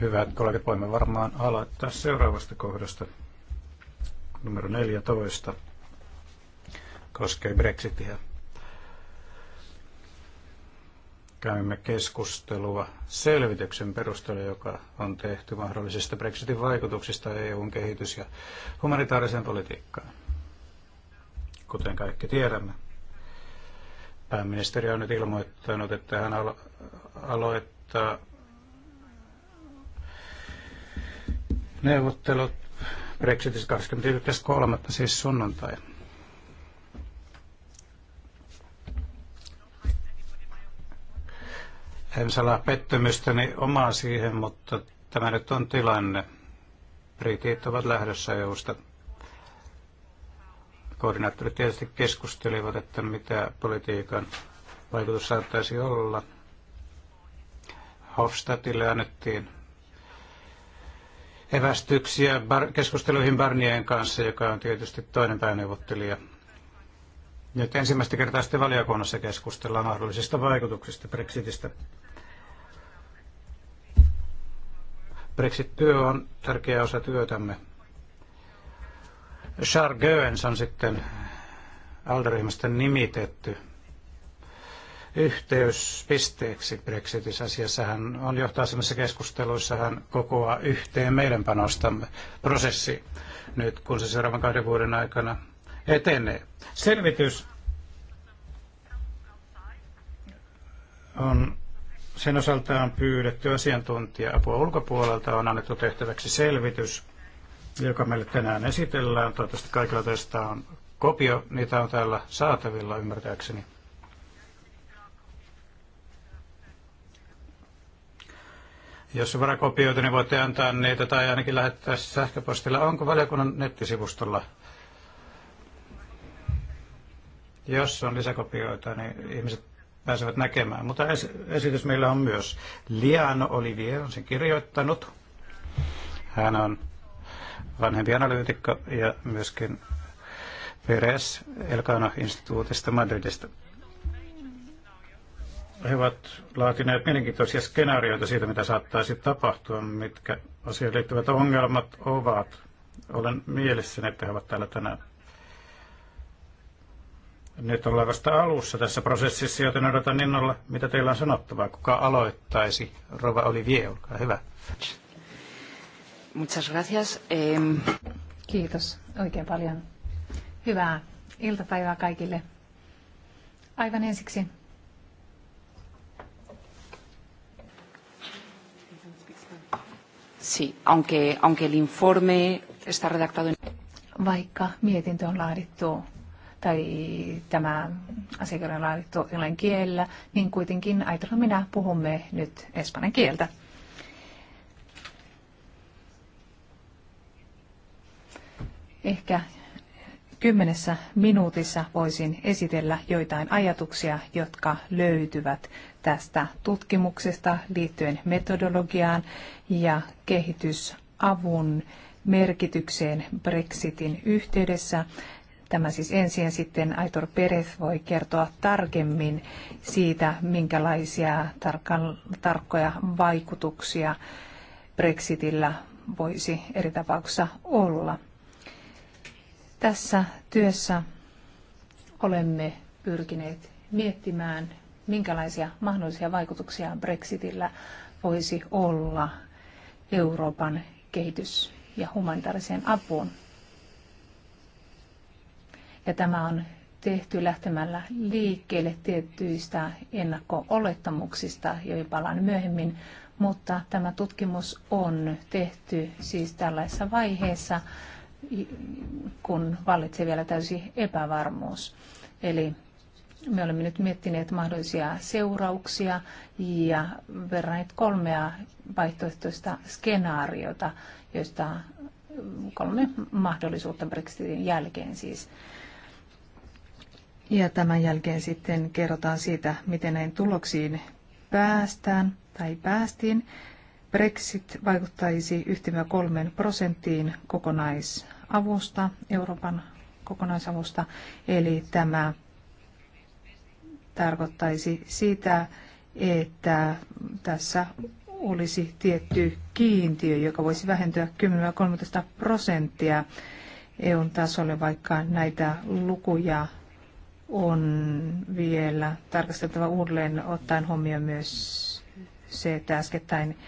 Hyvät kollegat, voimme varmaan aloittaa seuraavasta kohdasta. Numero 14 koskee Brexitia. Käymme keskustelua selvityksen perusteella, joka on tehty mahdollisista Brexitin vaikutuksista EUn kehitys- ja humanitaariseen politiikkaan. Kuten kaikki tiedämme, pääministeri on nyt ilmoittanut, että hän alo- aloittaa Neuvottelut Brexitissä 21.3. siis sunnuntai. En salaa pettymystäni omaa siihen, mutta tämä nyt on tilanne. Britit ovat lähdössä EUsta. Koordinaattorit tietysti keskustelivat, että mitä politiikan vaikutus saattaisi olla. Hofstadille annettiin evästyksiä bar- keskusteluihin Barnien kanssa, joka on tietysti toinen pääneuvottelija. Nyt ensimmäistä kertaa sitten valiokunnassa keskustellaan mahdollisista vaikutuksista Brexitistä. Brexit-työ on tärkeä osa työtämme. Charles Goens on sitten Alderyhmästä nimitetty yhteyspisteeksi Brexitissä asiassa. Hän on johtoasemassa keskusteluissa, hän kokoaa yhteen meidän panostamme prosessi nyt, kun se seuraavan kahden vuoden aikana etenee. Selvitys on sen osalta on pyydetty asiantuntija-apua ulkopuolelta, on annettu tehtäväksi selvitys, joka meille tänään esitellään. Toivottavasti kaikilla teistä on kopio, niitä on täällä saatavilla ymmärtääkseni. Jos varakopioita, niin voitte antaa niitä tai ainakin lähettää sähköpostilla. Onko valiokunnan nettisivustolla? Jos on lisäkopioita, niin ihmiset pääsevät näkemään. Mutta es- esitys meillä on myös. Liano Olivier on sen kirjoittanut. Hän on vanhempi analyytikko ja myöskin Peres Elcano-instituutista Madridista. He ovat laatineet mielenkiintoisia skenaarioita siitä, mitä saattaisi tapahtua, mitkä asiaan liittyvät ongelmat ovat. Olen mielessäni, että he ovat täällä tänään. Nyt ollaan vasta alussa tässä prosessissa, joten odotan innolla, mitä teillä on sanottavaa. Kuka aloittaisi? Rova Olivier, olkaa hyvä. Muchas gracias. Kiitos oikein paljon. Hyvää iltapäivää kaikille. Aivan ensiksi Sí, aunque, aunque el informe está redactado en... Vaikka mietintö on laadittu tai tämä asiakirja on laadittu jollain kielellä, niin kuitenkin Aitro minä puhumme nyt espanjan kieltä. Ehkä kymmenessä minuutissa voisin esitellä joitain ajatuksia, jotka löytyvät tästä tutkimuksesta liittyen metodologiaan ja kehitysavun merkitykseen Brexitin yhteydessä. Tämä siis ensin sitten Aitor Perez voi kertoa tarkemmin siitä, minkälaisia tarkkoja vaikutuksia Brexitillä voisi eri tapauksissa olla. Tässä työssä olemme pyrkineet miettimään minkälaisia mahdollisia vaikutuksia Brexitillä voisi olla Euroopan kehitys- ja humanitaariseen apuun. Ja tämä on tehty lähtemällä liikkeelle tiettyistä ennakko-olettamuksista, joihin palaan myöhemmin, mutta tämä tutkimus on tehty siis tällaisessa vaiheessa, kun vallitsee vielä täysi epävarmuus. Eli me olemme nyt miettineet mahdollisia seurauksia ja verranneet kolmea vaihtoehtoista skenaariota, joista kolme mahdollisuutta Brexitin jälkeen siis. Ja tämän jälkeen sitten kerrotaan siitä, miten näin tuloksiin päästään tai päästiin. Brexit vaikuttaisi 1,3 prosenttiin kokonaisavusta, Euroopan kokonaisavusta, eli tämä tarkoittaisi sitä, että tässä olisi tietty kiintiö, joka voisi vähentyä 10-13 prosenttia EUn tasolle, vaikka näitä lukuja on vielä tarkasteltava uudelleen ottaen huomioon myös se, että äskettäin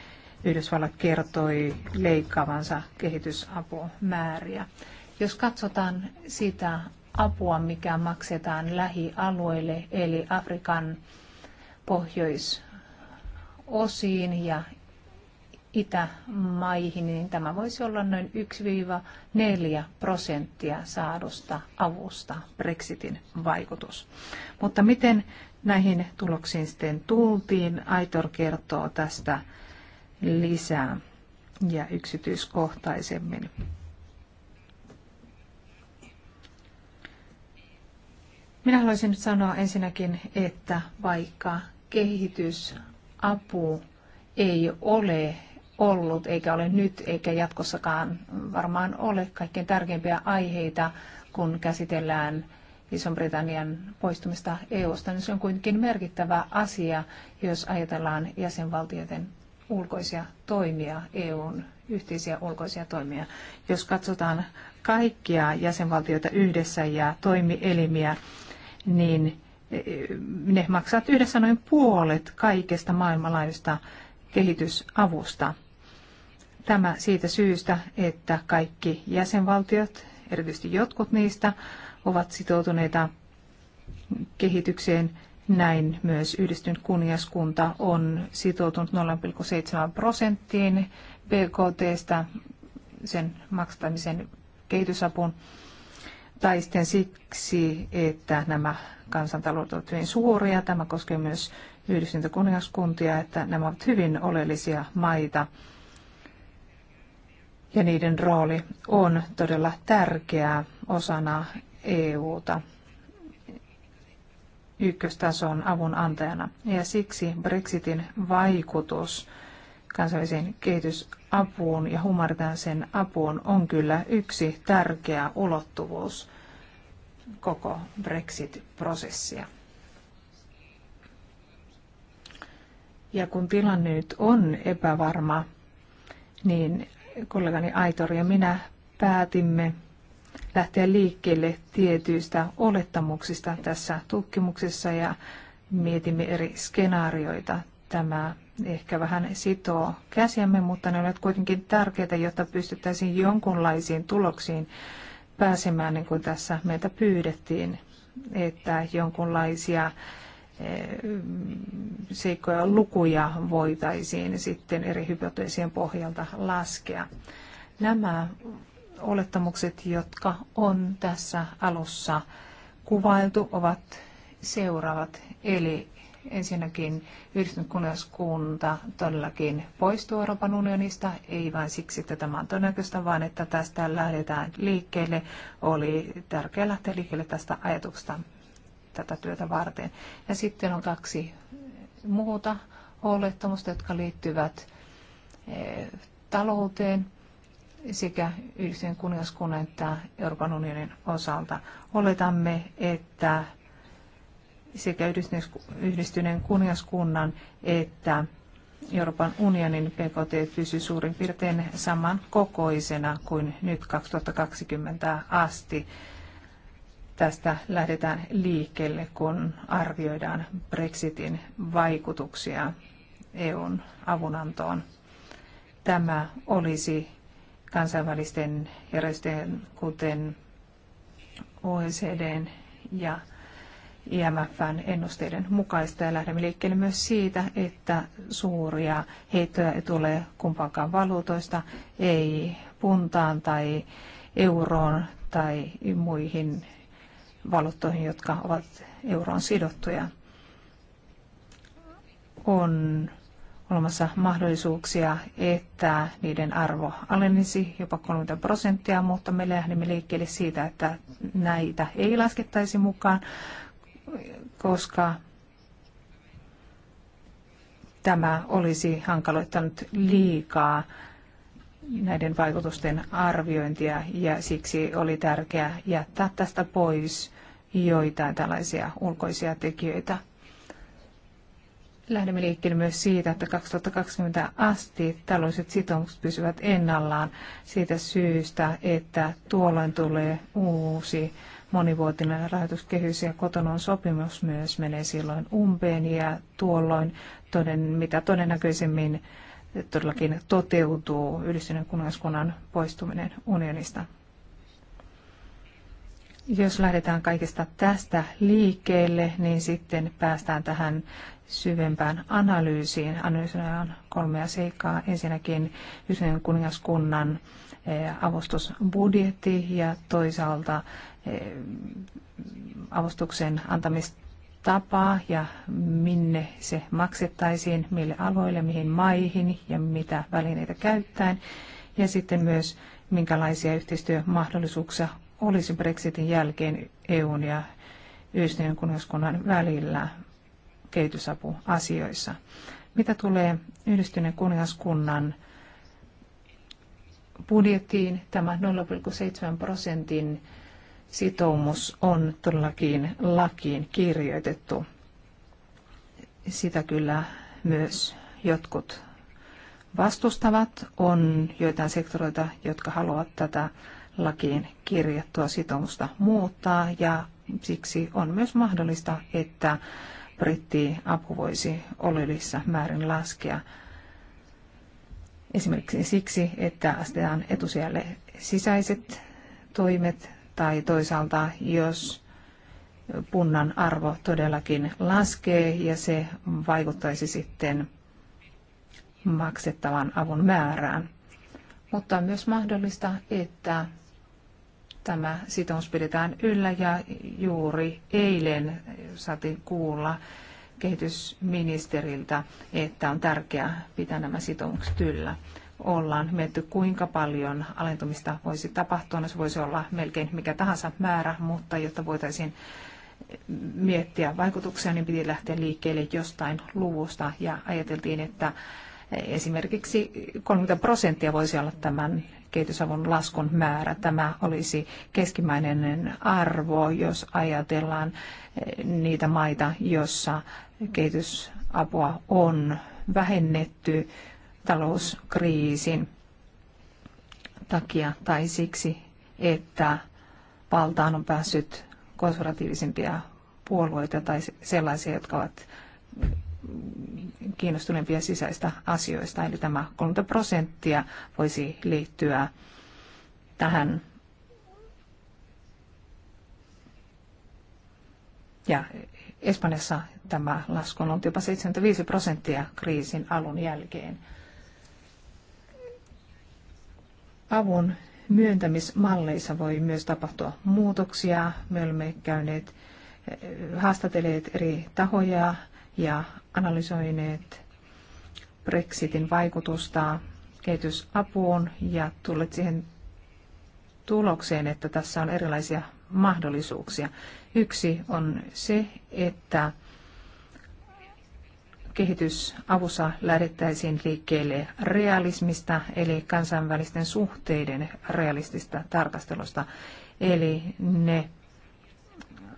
Yhdysvallat kertoi leikkaavansa kehitysapumääriä. Jos katsotaan sitä, apua, mikä maksetaan lähialueille, eli Afrikan pohjoisosiin ja itämaihin, niin tämä voisi olla noin 1-4 prosenttia saadusta avusta Brexitin vaikutus. Mutta miten näihin tuloksiin sitten tultiin? Aitor kertoo tästä lisää ja yksityiskohtaisemmin. Minä haluaisin nyt sanoa ensinnäkin, että vaikka kehitysapu ei ole ollut, eikä ole nyt, eikä jatkossakaan varmaan ole kaikkein tärkeimpiä aiheita, kun käsitellään iso britannian poistumista EUsta, niin se on kuitenkin merkittävä asia, jos ajatellaan jäsenvaltioiden ulkoisia toimia, EUn yhteisiä ulkoisia toimia. Jos katsotaan kaikkia jäsenvaltioita yhdessä ja toimielimiä, niin e, ne maksavat yhdessä noin puolet kaikesta maailmanlaajuista kehitysavusta. Tämä siitä syystä, että kaikki jäsenvaltiot, erityisesti jotkut niistä, ovat sitoutuneita kehitykseen. Näin myös yhdistynyt kuningaskunta on sitoutunut 0,7 prosenttiin BKTstä sen maksamisen kehitysapuun tai sitten siksi, että nämä kansantaloudet ovat hyvin suuria. Tämä koskee myös yhdistyntä kuningaskuntia, että nämä ovat hyvin oleellisia maita ja niiden rooli on todella tärkeää osana EUta ykköstason avun antajana. Ja siksi Brexitin vaikutus kansallisiin kehitys apuun ja sen apuun on kyllä yksi tärkeä ulottuvuus koko Brexit-prosessia. Ja kun tilanne nyt on epävarma, niin kollegani Aitor ja minä päätimme lähteä liikkeelle tietyistä olettamuksista tässä tutkimuksessa ja mietimme eri skenaarioita. Tämä ehkä vähän sitoo käsiämme, mutta ne ovat kuitenkin tärkeitä, jotta pystyttäisiin jonkunlaisiin tuloksiin pääsemään, niin kuin tässä meitä pyydettiin, että jonkunlaisia eh, seikkoja lukuja voitaisiin sitten eri hypoteesien pohjalta laskea. Nämä olettamukset, jotka on tässä alussa kuvailtu, ovat seuraavat. Eli Ensinnäkin yhdistynyt kuningaskunta todellakin poistuu Euroopan unionista, ei vain siksi, että tämä on todennäköistä, vaan että tästä lähdetään liikkeelle. Oli tärkeää lähteä liikkeelle tästä ajatuksesta tätä työtä varten. Ja sitten on kaksi muuta olettamusta, jotka liittyvät eh, talouteen sekä yhdistyneen kuningaskunnan että Euroopan unionin osalta. Oletamme, että sekä yhdistyneen kuningaskunnan että Euroopan unionin PKT pysyy suurin piirtein samankokoisena kuin nyt 2020 asti. Tästä lähdetään liikkeelle, kun arvioidaan Brexitin vaikutuksia EUn avunantoon. Tämä olisi kansainvälisten järjestöjen, kuten OECDn ja IMFn ennusteiden mukaista ja lähdemme liikkeelle myös siitä, että suuria heittoja ei tule kumpaankaan valuutoista, ei puntaan tai euroon tai muihin valuuttoihin, jotka ovat euroon sidottuja. On olemassa mahdollisuuksia, että niiden arvo alenisi jopa 30 prosenttia, mutta me lähdemme liikkeelle siitä, että näitä ei laskettaisi mukaan, koska tämä olisi hankaloittanut liikaa näiden vaikutusten arviointia ja siksi oli tärkeää jättää tästä pois joitain tällaisia ulkoisia tekijöitä. Lähdemme liikkeelle myös siitä, että 2020 asti taloudelliset sitoumukset pysyvät ennallaan siitä syystä, että tuolloin tulee uusi monivuotinen rahoituskehys ja kotonon sopimus myös menee silloin umpeen ja tuolloin toden, mitä todennäköisemmin todellakin toteutuu yhdistyneen kuningaskunnan poistuminen unionista. Jos lähdetään kaikesta tästä liikkeelle, niin sitten päästään tähän syvempään analyysiin. Analyysinä on kolmea seikkaa. Ensinnäkin Yhdistyneen kuningaskunnan Eh, avustusbudjetti ja toisaalta eh, avustuksen antamistapa ja minne se maksettaisiin, mille aloille, mihin maihin ja mitä välineitä käyttäen. Ja sitten myös minkälaisia yhteistyömahdollisuuksia olisi Brexitin jälkeen EUn ja Yhdistyneen kuningaskunnan välillä kehitysapuasioissa. Mitä tulee Yhdistyneen kuningaskunnan budjettiin. Tämä 0,7 prosentin sitoumus on todellakin lakiin kirjoitettu. Sitä kyllä myös jotkut vastustavat. On joitain sektoreita, jotka haluavat tätä lakiin kirjattua sitoumusta muuttaa ja siksi on myös mahdollista, että britti apu voisi oleellisessa määrin laskea. Esimerkiksi siksi, että astetaan etusijalle sisäiset toimet tai toisaalta, jos punnan arvo todellakin laskee ja se vaikuttaisi sitten maksettavan avun määrään. Mutta on myös mahdollista, että tämä sitoumus pidetään yllä ja juuri eilen saatiin kuulla kehitysministeriltä, että on tärkeää pitää nämä sitoumukset yllä. Ollaan mietitty, kuinka paljon alentumista voisi tapahtua. No, se voisi olla melkein mikä tahansa määrä, mutta jotta voitaisiin miettiä vaikutuksia, niin piti lähteä liikkeelle jostain luvusta ja ajateltiin, että esimerkiksi 30 prosenttia voisi olla tämän kehitysavun laskun määrä. Tämä olisi keskimmäinen arvo, jos ajatellaan niitä maita, jossa kehitysapua on vähennetty talouskriisin takia tai siksi, että valtaan on päässyt konservatiivisempia puolueita tai sellaisia, jotka ovat kiinnostuneempia sisäistä asioista. Eli tämä 30 prosenttia voisi liittyä tähän. Ja Espanjassa tämä lasku on ollut jopa 75 prosenttia kriisin alun jälkeen. Avun myöntämismalleissa voi myös tapahtua muutoksia. Me olemme käyneet eh, haastateleet eri tahoja ja analysoineet Brexitin vaikutusta kehitysapuun ja tulleet siihen tulokseen, että tässä on erilaisia mahdollisuuksia. Yksi on se, että kehitysavussa lähdettäisiin liikkeelle realismista, eli kansainvälisten suhteiden realistista tarkastelusta, eli ne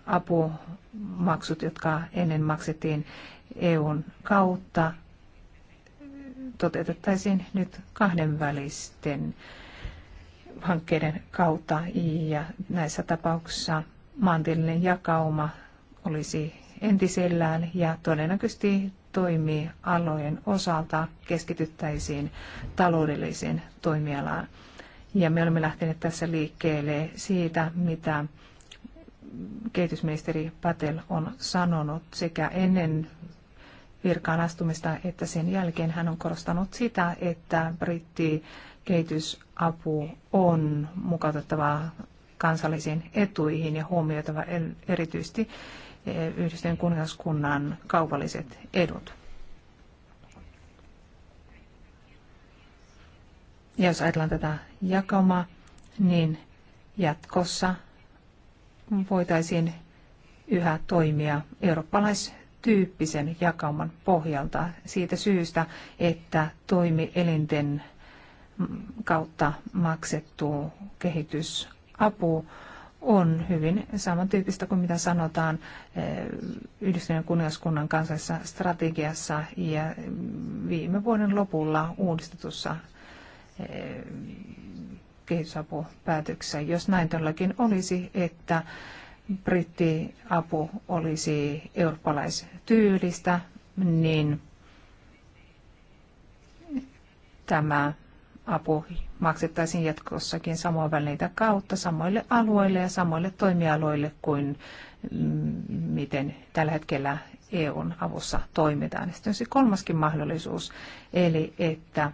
apumaksut, jotka ennen maksettiin EUn kautta, toteutettaisiin nyt kahdenvälisten hankkeiden kautta ja näissä tapauksissa maantillinen jakauma olisi entisellään ja todennäköisesti toimialojen osalta keskityttäisiin taloudelliseen toimialaan. Ja me olemme lähteneet tässä liikkeelle siitä, mitä kehitysministeri Patel on sanonut sekä ennen virkaan astumista että sen jälkeen hän on korostanut sitä, että britti kehitysapu on mukautettava kansallisiin etuihin ja huomioitava erityisesti yhdistyneen kuningaskunnan kaupalliset edut. Ja jos ajatellaan tätä jakamaa, niin jatkossa voitaisiin yhä toimia eurooppalaistyyppisen jakauman pohjalta siitä syystä, että toimielinten kautta maksettu kehitysapu on hyvin samantyyppistä kuin mitä sanotaan eh, Yhdistyneen kuningaskunnan kansallisessa strategiassa ja viime vuoden lopulla uudistetussa eh, kehitysapupäätöksessä. Jos näin todellakin olisi, että brittiapu olisi eurooppalaistyylistä, niin tämä apu maksettaisiin jatkossakin samoin välineitä kautta samoille alueille ja samoille toimialoille kuin mm, miten tällä hetkellä EUn avussa toimitaan. Sitten on se kolmaskin mahdollisuus, eli että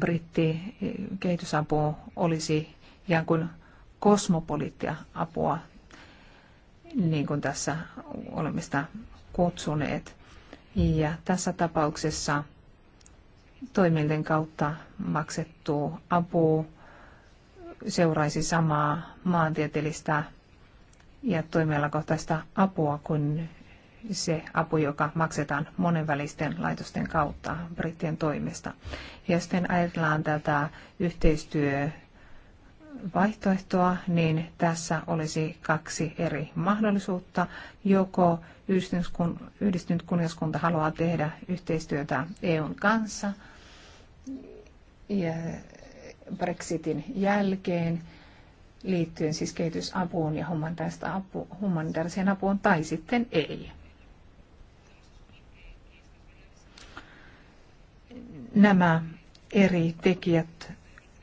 britti eh, kehitysapu olisi ikään kuin kosmopoliittia apua, niin kuin tässä olemme sitä kutsuneet. Ja tässä tapauksessa toimielten kautta maksettu apu seuraisi samaa maantieteellistä ja toimialakohtaista apua kuin se apu, joka maksetaan monenvälisten laitosten kautta brittien toimesta. Ja sitten ajatellaan tätä yhteistyövaihtoehtoa, niin tässä olisi kaksi eri mahdollisuutta. Joko yhdistynyt kuningaskunta haluaa tehdä yhteistyötä EUn kanssa – ja Brexitin jälkeen liittyen siis kehitysapuun ja apu, humanitaariseen apuun tai sitten ei. Nämä eri tekijät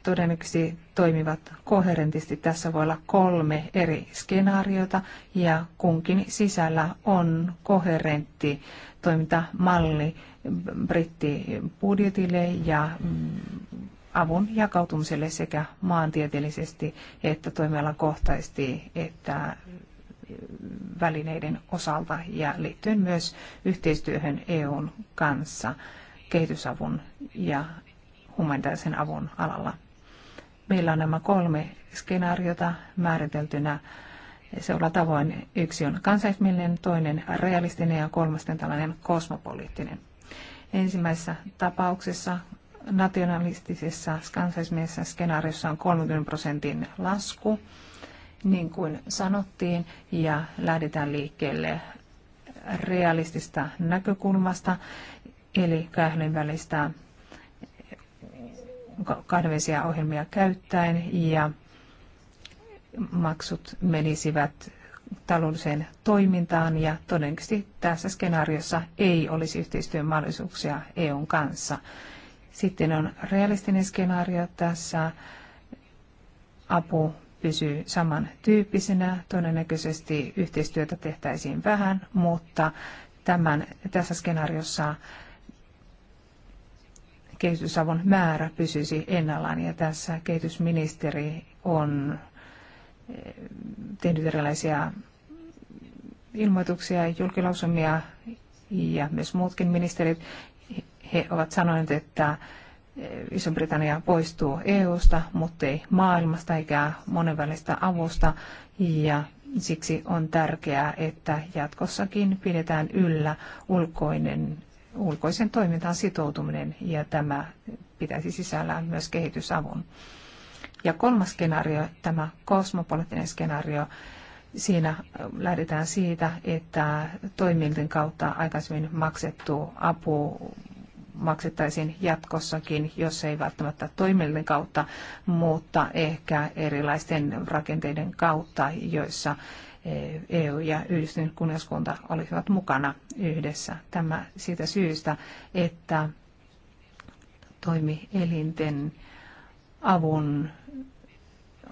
todennäköisesti toimivat koherentisti. Tässä voi olla kolme eri skenaariota ja kunkin sisällä on koherentti toimintamalli brittibudjetille ja mm, avun jakautumiselle sekä maantieteellisesti että toimialakohtaisesti että mm, välineiden osalta ja liittyen myös yhteistyöhön EUn kanssa kehitysavun ja humanitaarisen avun alalla. Meillä on nämä kolme skenaariota määriteltynä seuraavalla tavoin. Yksi on kansainvälinen, toinen realistinen ja kolmas tällainen kosmopoliittinen. Ensimmäisessä tapauksessa nationalistisessa kansallismielisessä skenaariossa on 30 prosentin lasku, niin kuin sanottiin, ja lähdetään liikkeelle realistista näkökulmasta, eli kahden välistä kahdenvälisiä ohjelmia käyttäen ja maksut menisivät taloudelliseen toimintaan ja todennäköisesti tässä skenaariossa ei olisi yhteistyön mahdollisuuksia EUn kanssa. Sitten on realistinen skenaario tässä. Apu pysyy samantyyppisenä. Todennäköisesti yhteistyötä tehtäisiin vähän, mutta tämän, tässä skenaariossa kehitysavun määrä pysyisi ennallaan ja tässä kehitysministeri on tehnyt erilaisia ilmoituksia, julkilausumia ja myös muutkin ministerit. He ovat sanoneet, että Iso-Britannia poistuu EU-sta, mutta ei maailmasta eikä monenvälistä avusta. Ja siksi on tärkeää, että jatkossakin pidetään yllä ulkoinen, ulkoisen toimintaan sitoutuminen ja tämä pitäisi sisällään myös kehitysavun. Ja kolmas skenaario, tämä kosmopoliittinen skenaario, siinä äh, lähdetään siitä, että toimijoiden kautta aikaisemmin maksettu apu maksettaisiin jatkossakin, jos ei välttämättä toimijoiden kautta, mutta ehkä erilaisten rakenteiden kautta, joissa EU eh, e ja yhdistynyt kuningaskunta olisivat mukana yhdessä. Tämä siitä syystä, että toimielinten avun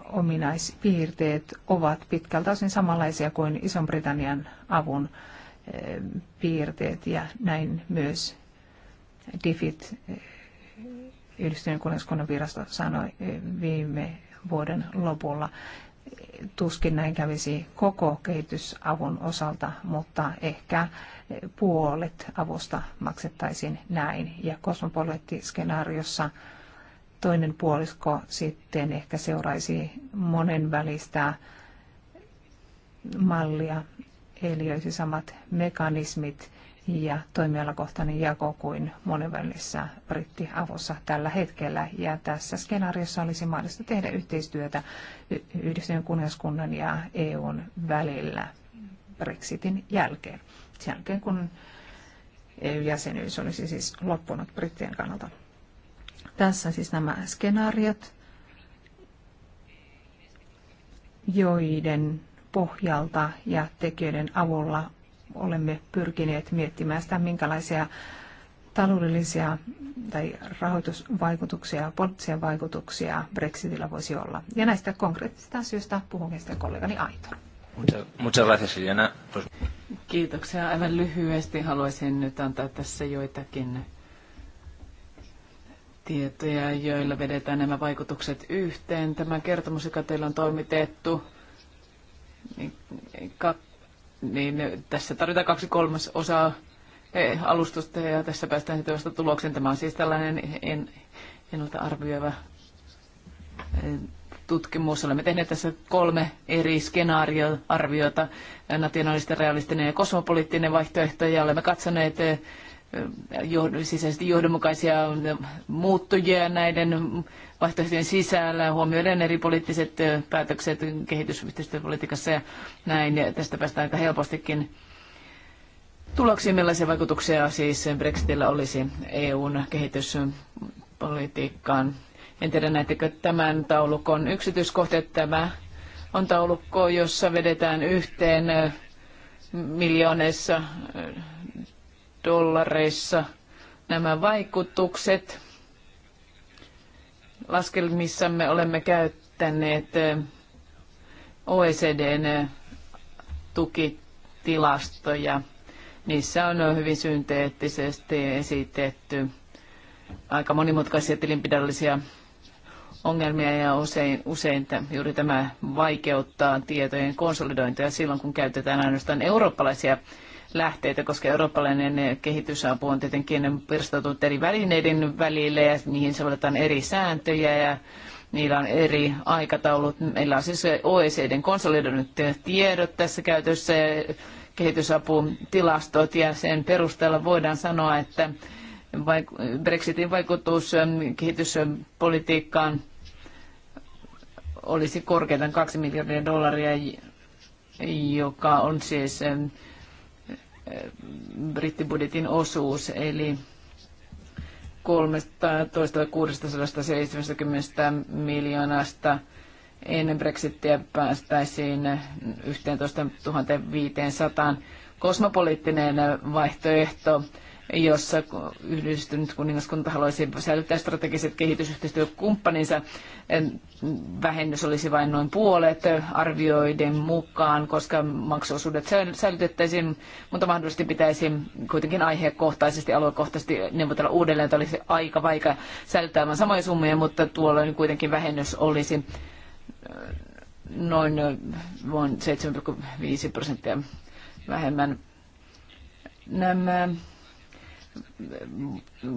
ominaispiirteet ovat pitkältä osin samanlaisia kuin Ison-Britannian avun eh, piirteet ja näin myös DFIT, eh, yhdistyneen virasto sanoi eh, viime vuoden lopulla. Tuskin näin kävisi koko kehitysavun osalta, mutta ehkä puolet avusta maksettaisiin näin. Ja kosmopoliittiskenaariossa skenaariossa toinen puolisko sitten ehkä seuraisi monenvälistä mallia, eli olisi samat mekanismit ja toimialakohtainen jako kuin monenvälisessä brittiavussa tällä hetkellä. Ja tässä skenaariossa olisi mahdollista tehdä yhteistyötä Yhdistyneen kuningaskunnan ja EUn välillä Brexitin jälkeen. Sen jälkeen, kun EU-jäsenyys olisi siis loppunut brittien kannalta. Tässä siis nämä skenaariot, joiden pohjalta ja tekijöiden avulla olemme pyrkineet miettimään sitä, minkälaisia taloudellisia tai rahoitusvaikutuksia, poliittisia vaikutuksia Brexitillä voisi olla. Ja näistä konkreettisista asioista puhun sitten kollegani Aitor. Muchas gracias, Kiitoksia. Aivan lyhyesti haluaisin nyt antaa tässä joitakin tietoja, joilla vedetään nämä vaikutukset yhteen. Tämä kertomus, joka teillä on toimitettu, niin, niin tässä tarvitaan kaksi kolmas osaa eh, alustusta ja tässä päästään sitten vasta tulokseen. Tämä on siis tällainen en, ennalta arvioiva eh, tutkimus. Olemme tehneet tässä kolme eri skenaarioarviota, nationalistinen, realistinen ja kosmopoliittinen vaihtoehto, ja olemme katsoneet eh, sisäisesti johdonmukaisia muuttujia näiden vaihtoehtojen sisällä, huomioiden eri poliittiset päätökset kehitysyhteistyöpolitiikassa ja näin. Ja tästä päästään aika helpostikin tuloksiin, millaisia vaikutuksia siis Brexitillä olisi EUn kehityspolitiikkaan. En tiedä näettekö tämän taulukon yksityiskohtia. Tämä on taulukko, jossa vedetään yhteen miljoonissa dollareissa nämä vaikutukset. Laskelmissamme olemme käyttäneet eh, OECDn eh, tukitilastoja. Niissä on eh, hyvin synteettisesti esitetty aika monimutkaisia tilinpidollisia ongelmia ja usein, usein juuri tämä vaikeuttaa tietojen konsolidointia silloin, kun käytetään ainoastaan eurooppalaisia lähteitä, koska eurooppalainen kehitysapu on tietenkin pirstoutunut eri välineiden välille ja niihin sovelletaan eri sääntöjä ja niillä on eri aikataulut. Meillä on siis OECDn konsolidoidut tiedot tässä käytössä, kehitysaputilastot ja sen perusteella voidaan sanoa, että Brexitin vaikutus kehityspolitiikkaan olisi korkeintaan 2 miljardia dollaria, joka on siis brittibudjetin osuus, eli 13670 miljoonasta ennen Brexittiä päästäisiin 11 500. Kosmopoliittinen vaihtoehto jossa yhdistynyt kuningaskunta haluaisi säilyttää strategiset kehitysyhteistyökumppaninsa. Vähennys olisi vain noin puolet arvioiden mukaan, koska maksuosuudet säilytettäisiin, mutta mahdollisesti pitäisi kuitenkin aihekohtaisesti, aluekohtaisesti neuvotella uudelleen, että olisi aika vaikea säilyttää vain samoja summia, mutta tuolloin kuitenkin vähennys olisi äh, noin, noin äh, 7,5 prosenttia vähemmän. Nämä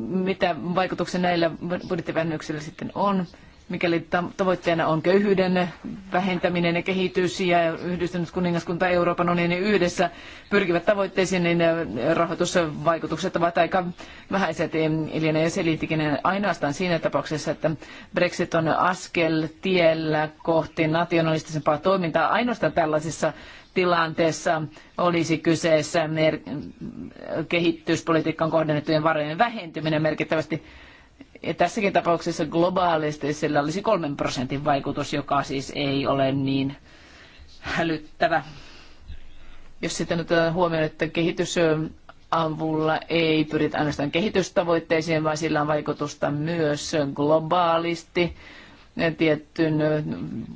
mitä vaikutuksia näillä budjettivähennyksillä sitten on mikäli tavoitteena on köyhyyden vähentäminen ja kehitys ja yhdistynyt kuningaskunta Euroopan unioni yhdessä pyrkivät tavoitteisiin, niin äh, rahoitusvaikutukset ovat aika vähäiset. Elina ja selitikin ainoastaan siinä tapauksessa, että Brexit on askel tiellä kohti nationalistisempaa toimintaa. Ainoastaan tällaisissa tilanteessa olisi kyseessä mer- kehityspolitiikkaan kohdennettujen varojen vähentyminen merkittävästi ja tässäkin tapauksessa globaalisti sillä olisi kolmen prosentin vaikutus, joka siis ei ole niin hälyttävä. Jos sitten nyt huomioon, että kehitysavulla ei pyritä ainoastaan kehitystavoitteisiin, vaan sillä on vaikutusta myös globaalisti tietyn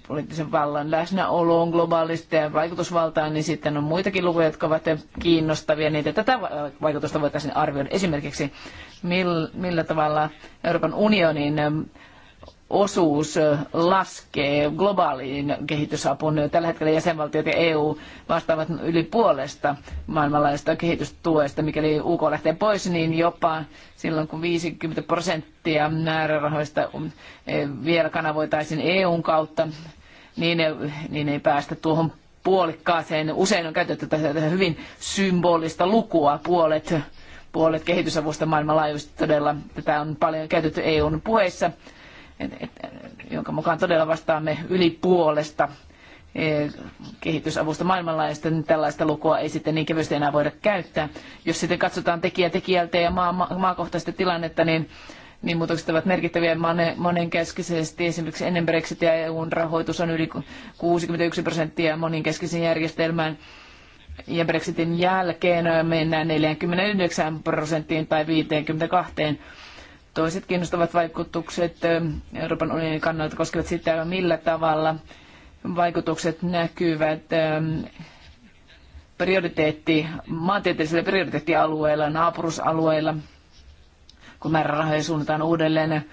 poliittisen vallan läsnäoloon globaalisti ja vaikutusvaltaan, niin sitten on muitakin lukuja, jotka ovat kiinnostavia, niin tätä vaikutusta voitaisiin arvioida. Esimerkiksi millä tavalla Euroopan unionin osuus laskee globaaliin kehitysapuun. Tällä hetkellä jäsenvaltiot ja EU vastaavat yli puolesta maailmanlaajuisesta kehitystuesta. Mikäli UK lähtee pois, niin jopa silloin kun 50 prosenttia määrärahoista vielä kanavoitaisiin EUn kautta, niin, niin ei päästä tuohon puolikkaaseen. Usein on käytetty tätä hyvin symbolista lukua, puolet, puolet kehitysavusta maailmanlaajuisesti todella. Tätä on paljon käytetty EUn puheissa et, et, jonka mukaan todella vastaamme yli puolesta e, kehitysavusta maailmanlaajuisesti, niin tällaista lukua ei sitten niin kevyesti enää voida käyttää. Jos sitten katsotaan tekijä tekijältä ja maa, maakohtaista tilannetta, niin, niin muutokset ovat merkittäviä monenkeskisesti. Esimerkiksi ennen Brexitia EUn rahoitus on yli 61 prosenttia moninkeskisen järjestelmään. Ja Brexitin jälkeen mennään 49 prosenttiin tai 52 Toiset kiinnostavat vaikutukset Euroopan unionin kannalta koskevat sitä, millä tavalla vaikutukset näkyvät prioriteetti, maantieteellisillä prioriteettialueilla, naapurusalueilla, kun määrärahoja suunnataan uudelleen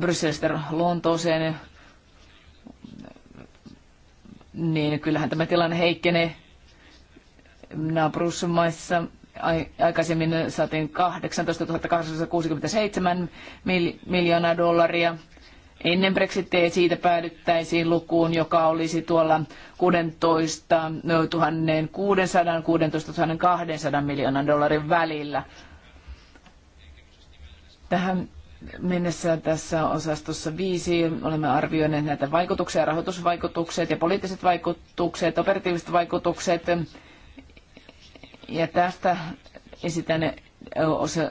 Brysselistä Lontooseen, niin kyllähän tämä tilanne heikkenee naapurusmaissa aikaisemmin saatiin 18 867 miljoonaa dollaria. Ennen Brexittiä siitä päädyttäisiin lukuun, joka olisi tuolla 16 600 16 200 miljoonan dollarin välillä. Tähän mennessä tässä osastossa viisi olemme arvioineet näitä vaikutuksia, rahoitusvaikutukset ja poliittiset vaikutukset, operatiiviset vaikutukset ja tästä esitän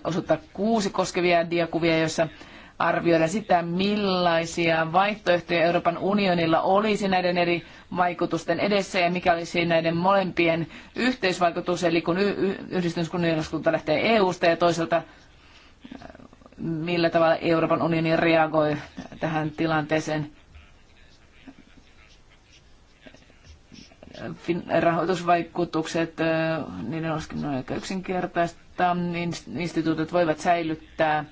osoittaa kuusi koskevia diakuvia, joissa arvioida sitä, millaisia vaihtoehtoja Euroopan unionilla olisi näiden eri vaikutusten edessä ja mikä olisi näiden molempien yhteisvaikutus, eli kun y- yhdistyskunnallisuuskunta lähtee EU-sta ja toisaalta äh, millä tavalla Euroopan unioni reagoi tähän tilanteeseen. rahoitusvaikutukset, niiden olisikin aika yksinkertaista. Niin instituutit voivat säilyttää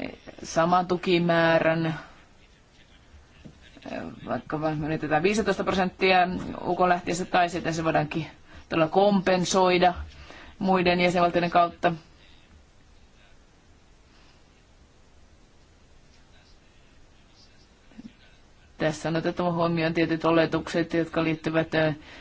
e, saman tukimäärän, e, vaikka menetetään 15 prosenttia lähtiessä, tai sitten se voidaankin todella kompensoida muiden jäsenvaltioiden kautta Tässä on otettava huomioon tietyt oletukset, jotka liittyvät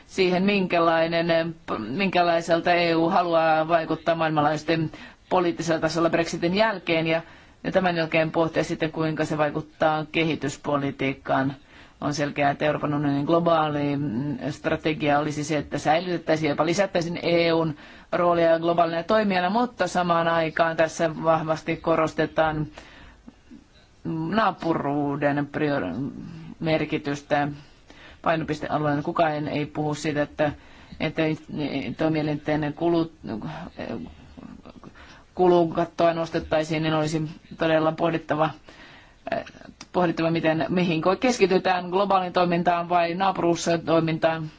siihen, minkälainen, minkälaiselta EU haluaa vaikuttaa maailmanlaajuisten poliittisella tasolla Brexitin jälkeen ja, ja tämän jälkeen pohtia sitten, kuinka se vaikuttaa kehityspolitiikkaan on selkeää, että Euroopan unionin globaali mm, strategia olisi se, että säilytettäisiin jopa lisättäisiin EUn roolia globaalina toimijana, mutta samaan aikaan tässä vahvasti korostetaan mm, naapuruuden merkitystä painopistealueen Kukaan ei puhu siitä, että, että toimielinten kulut, kulun kattoa nostettaisiin, niin olisi todella pohdittava, pohdittava miten, mihin keskitytään globaalin toimintaan vai naapuruustoimintaan,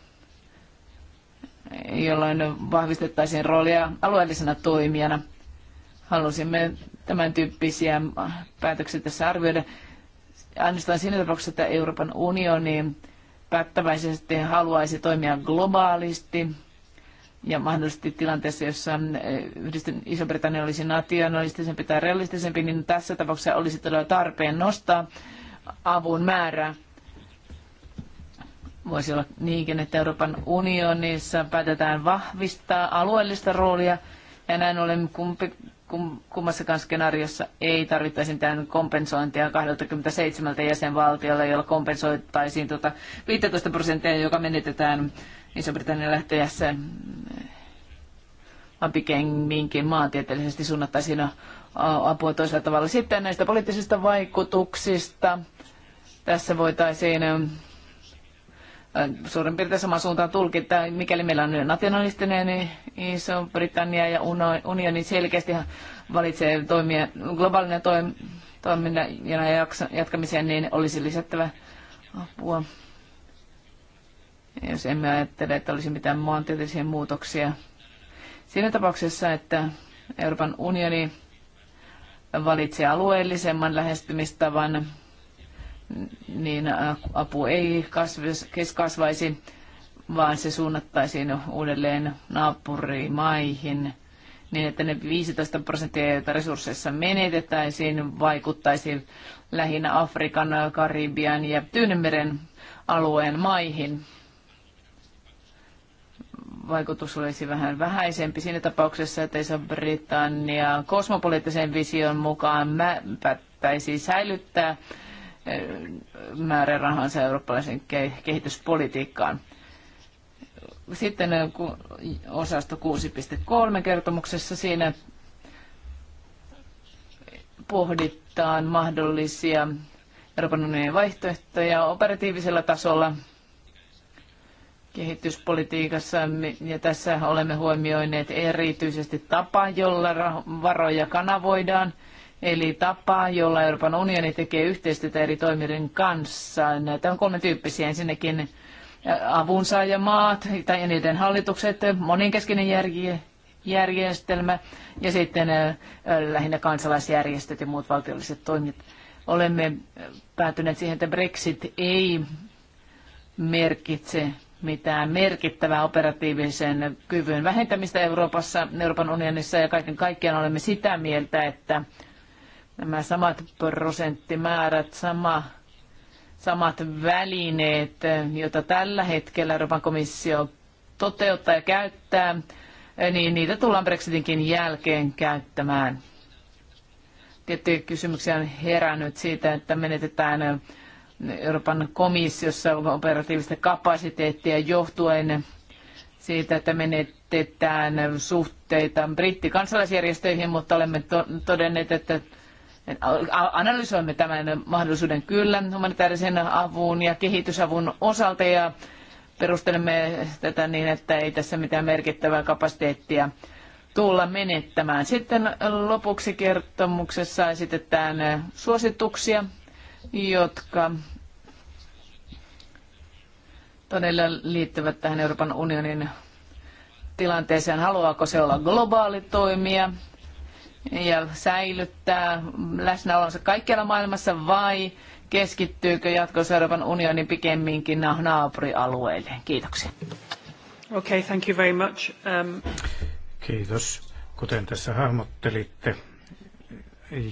jolloin vahvistettaisiin roolia alueellisena toimijana. Halusimme tämän tyyppisiä päätöksiä tässä arvioida ainoastaan siinä tapauksessa, että Euroopan unioni päättäväisesti haluaisi toimia globaalisti ja mahdollisesti tilanteessa, jossa eh, Iso-Britannia olisi nationalistisempi tai realistisempi, niin tässä tapauksessa olisi todella tarpeen nostaa avun määrää voisi olla niinkin, että Euroopan unionissa päätetään vahvistaa alueellista roolia ja näin ollen kumpi, kummassakaan skenaariossa ei tarvittaisi tämän kompensointia 27 jäsenvaltiolla, jolla kompensoitaisiin tuota 15 prosenttia, joka menetetään Iso-Britannian lähtöjässä vaan pikemminkin maantieteellisesti suunnattaisiin apua toisella tavalla. Sitten näistä poliittisista vaikutuksista. Tässä voitaisiin Äh, suurin piirtein samaan suuntaan tulkita, Mikäli meillä on nationalistinen, niin Iso-Britannia ja unioni selkeästi valitsee toimia, globaalinen toim, toiminnan ja jatkamiseen, niin olisi lisättävä apua. Jos emme ajattele, että olisi mitään maantieteellisiä muutoksia. Siinä tapauksessa, että Euroopan unioni valitsee alueellisemman lähestymistavan, niin apu ei kasvaisi, vaan se suunnattaisiin uudelleen naapurimaihin niin, että ne 15 prosenttia, joita resursseissa menetetäisiin, vaikuttaisi lähinnä Afrikan, Karibian ja Tyynemeren alueen maihin. Vaikutus olisi vähän vähäisempi siinä tapauksessa, että Iso-Britannia kosmopoliittisen vision mukaan päättäisi säilyttää määrärahansa eurooppalaisen kehityspolitiikkaan. Sitten osasto 6.3 kertomuksessa siinä pohditaan mahdollisia Euroopan unionin vaihtoehtoja operatiivisella tasolla kehityspolitiikassa, ja tässä olemme huomioineet erityisesti tapa, jolla varoja kanavoidaan – Eli tapa, jolla Euroopan unioni tekee yhteistyötä eri toimijoiden kanssa. Näitä on kolme tyyppisiä. Ensinnäkin äh, avunsaajamaat tai niiden hallitukset, moninkeskinen järjestelmä ja sitten äh, äh, lähinnä kansalaisjärjestöt ja muut valtiolliset toimijat. Olemme päätyneet siihen, että Brexit ei merkitse mitään merkittävää operatiivisen kyvyn vähentämistä Euroopassa, Euroopan unionissa ja kaiken kaikkiaan olemme sitä mieltä, että nämä samat prosenttimäärät, sama, samat välineet, joita tällä hetkellä Euroopan komissio toteuttaa ja käyttää, niin niitä tullaan Brexitinkin jälkeen käyttämään. Tiettyjä kysymyksiä on herännyt siitä, että menetetään Euroopan komissiossa operatiivista kapasiteettia johtuen siitä, että menetetään suhteita brittikansalaisjärjestöihin, mutta olemme todenneet, että analysoimme tämän mahdollisuuden kyllä humanitaarisen avun ja kehitysavun osalta ja perustelemme tätä niin, että ei tässä mitään merkittävää kapasiteettia tulla menettämään. Sitten lopuksi kertomuksessa esitetään suosituksia, jotka todella liittyvät tähän Euroopan unionin tilanteeseen. Haluaako se olla globaali toimija? ja säilyttää läsnäolonsa kaikkialla maailmassa vai keskittyykö jatkossa Euroopan unioni pikemminkin naapurialueille? Kiitoksia. Okay, thank you very much. Um... Kiitos. Kuten tässä hahmottelitte,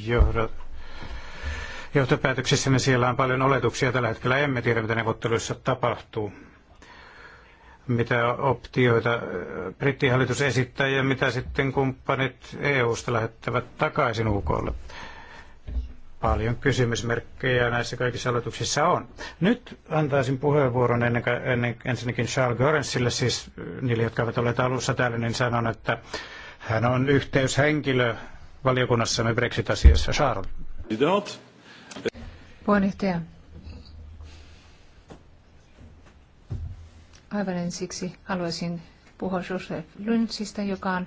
johdo, siellä on paljon oletuksia. Tällä hetkellä emme tiedä, mitä neuvotteluissa tapahtuu mitä optioita äh, brittihallitus esittää ja mitä sitten kumppanit EU-sta lähettävät takaisin UKlle. Paljon kysymysmerkkejä näissä kaikissa aloituksissa on. Nyt antaisin puheenvuoron ennen, ennen, ensinnäkin Charles Gorensille, siis niille, jotka ovat olleet alussa täällä, niin sanon, että hän on yhteyshenkilö valiokunnassamme Brexit-asiassa. Charles. Puheenjohtaja, Aivan ensiksi haluaisin puhua Joseph Lynchistä, joka on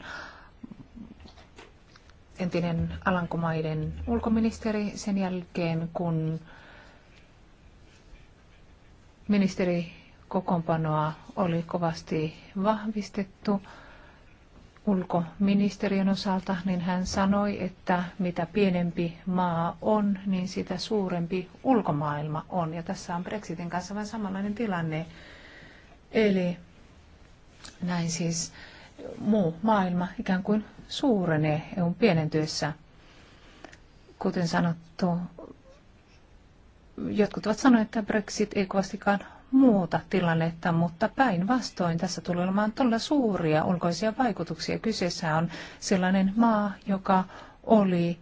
entinen Alankomaiden ulkoministeri sen jälkeen, kun ministeri kokoonpanoa oli kovasti vahvistettu ulkoministeriön osalta, niin hän sanoi, että mitä pienempi maa on, niin sitä suurempi ulkomaailma on. Ja tässä on Brexitin kanssa vähän samanlainen tilanne. Eli näin siis muu maailma ikään kuin suurenee EUn pienentyessä. Kuten sanottu, jotkut ovat sanoneet, että Brexit ei kovastikaan muuta tilannetta, mutta päinvastoin tässä tulee olemaan todella suuria ulkoisia vaikutuksia. Kyseessä on sellainen maa, joka oli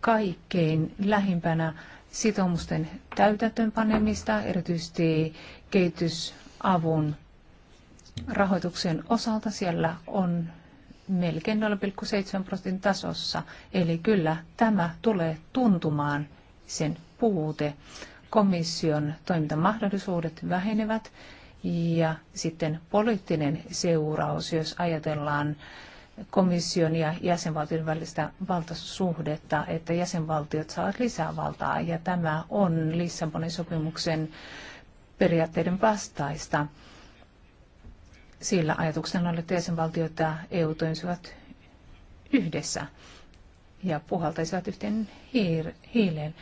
kaikkein lähimpänä sitoumusten täytäntöönpanemista, erityisesti kehitys avun rahoituksen osalta. Siellä on melkein 0,7 prosentin tasossa. Eli kyllä tämä tulee tuntumaan sen puute. Komission toimintamahdollisuudet vähenevät ja sitten poliittinen seuraus, jos ajatellaan komission ja jäsenvaltion välistä valtasuhdetta, että jäsenvaltiot saavat lisää valtaa ja tämä on Lissabonin sopimuksen periaatteiden vastaista. Sillä ajatuksena oli, että jäsenvaltiot ja EU toimisivat yhdessä ja puhaltaisivat yhteen hiileen.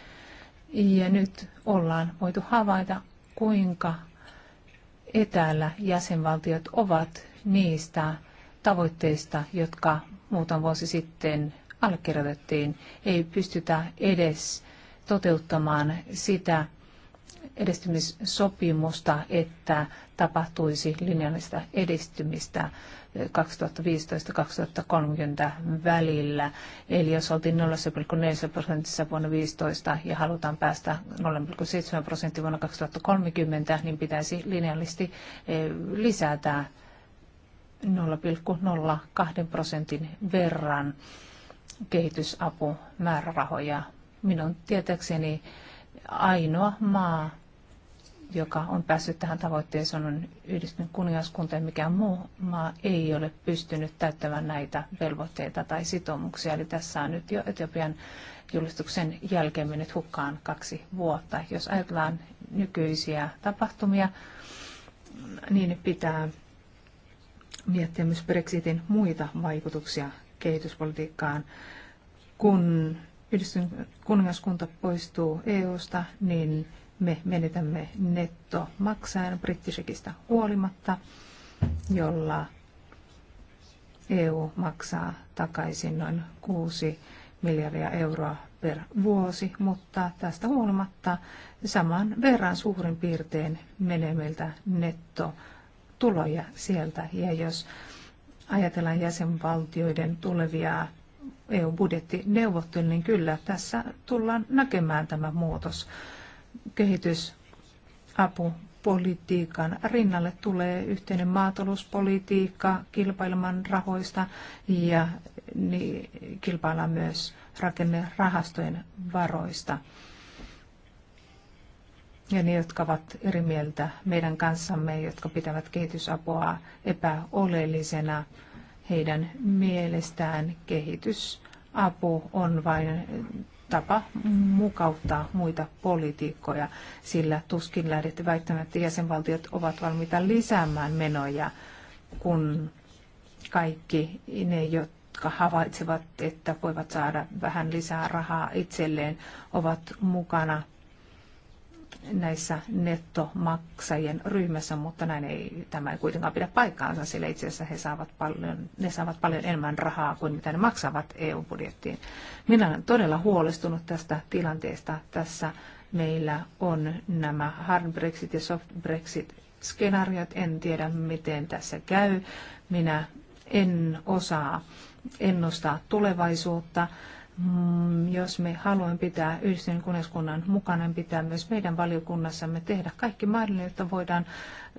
Ja nyt ollaan voitu havaita, kuinka etäällä jäsenvaltiot ovat niistä tavoitteista, jotka muutama vuosi sitten allekirjoitettiin. Ei pystytä edes toteuttamaan sitä, edistymissopimusta, että tapahtuisi linjallista edistymistä 2015-2030 välillä. Eli jos oltiin 0,4 prosentissa vuonna 2015 ja halutaan päästä 0,7 prosenttia vuonna 2030, niin pitäisi linjallisesti eh, lisätä 0,02 prosentin verran kehitysapumäärärahoja. Minun tietääkseni ainoa maa joka on päässyt tähän tavoitteeseen, on yhdistynyt kuningaskunta mikä muu maa ei ole pystynyt täyttämään näitä velvoitteita tai sitoumuksia. Eli tässä on nyt jo Etiopian julistuksen jälkeen mennyt hukkaan kaksi vuotta. Jos ajatellaan nykyisiä tapahtumia, niin pitää miettiä myös Brexitin muita vaikutuksia kehityspolitiikkaan. Kun yhdistynyt kuningaskunta poistuu EUsta, niin me menetämme nettomaksajan brittisekistä huolimatta, jolla EU maksaa takaisin noin 6 miljardia euroa per vuosi, mutta tästä huolimatta saman verran suurin piirtein menee meiltä nettotuloja sieltä. Ja jos ajatellaan jäsenvaltioiden tulevia EU-budjettineuvotteluja, niin kyllä tässä tullaan näkemään tämä muutos kehitysapupolitiikan rinnalle tulee yhteinen maatalouspolitiikka kilpailman rahoista ja niin kilpaillaan myös rakennerahastojen varoista. Ja ne, jotka ovat eri mieltä meidän kanssamme, jotka pitävät kehitysapua epäoleellisena, heidän mielestään kehitysapu on vain tapa mukauttaa muita poliitikkoja, sillä tuskin lähdette väittämään, että jäsenvaltiot ovat valmiita lisäämään menoja, kun kaikki ne, jotka havaitsevat, että voivat saada vähän lisää rahaa itselleen, ovat mukana näissä nettomaksajien ryhmässä, mutta näin ei, tämä ei kuitenkaan pidä paikkaansa, sillä itse asiassa he saavat paljon, ne saavat paljon enemmän rahaa kuin mitä ne maksavat EU-budjettiin. Minä olen todella huolestunut tästä tilanteesta. Tässä meillä on nämä hard Brexit ja soft Brexit skenaariot. En tiedä, miten tässä käy. Minä en osaa ennustaa tulevaisuutta Mm, jos me haluamme pitää yhdistyneen kuningaskunnan mukana, niin pitää myös meidän valiokunnassamme tehdä kaikki mahdollinen, jotta voidaan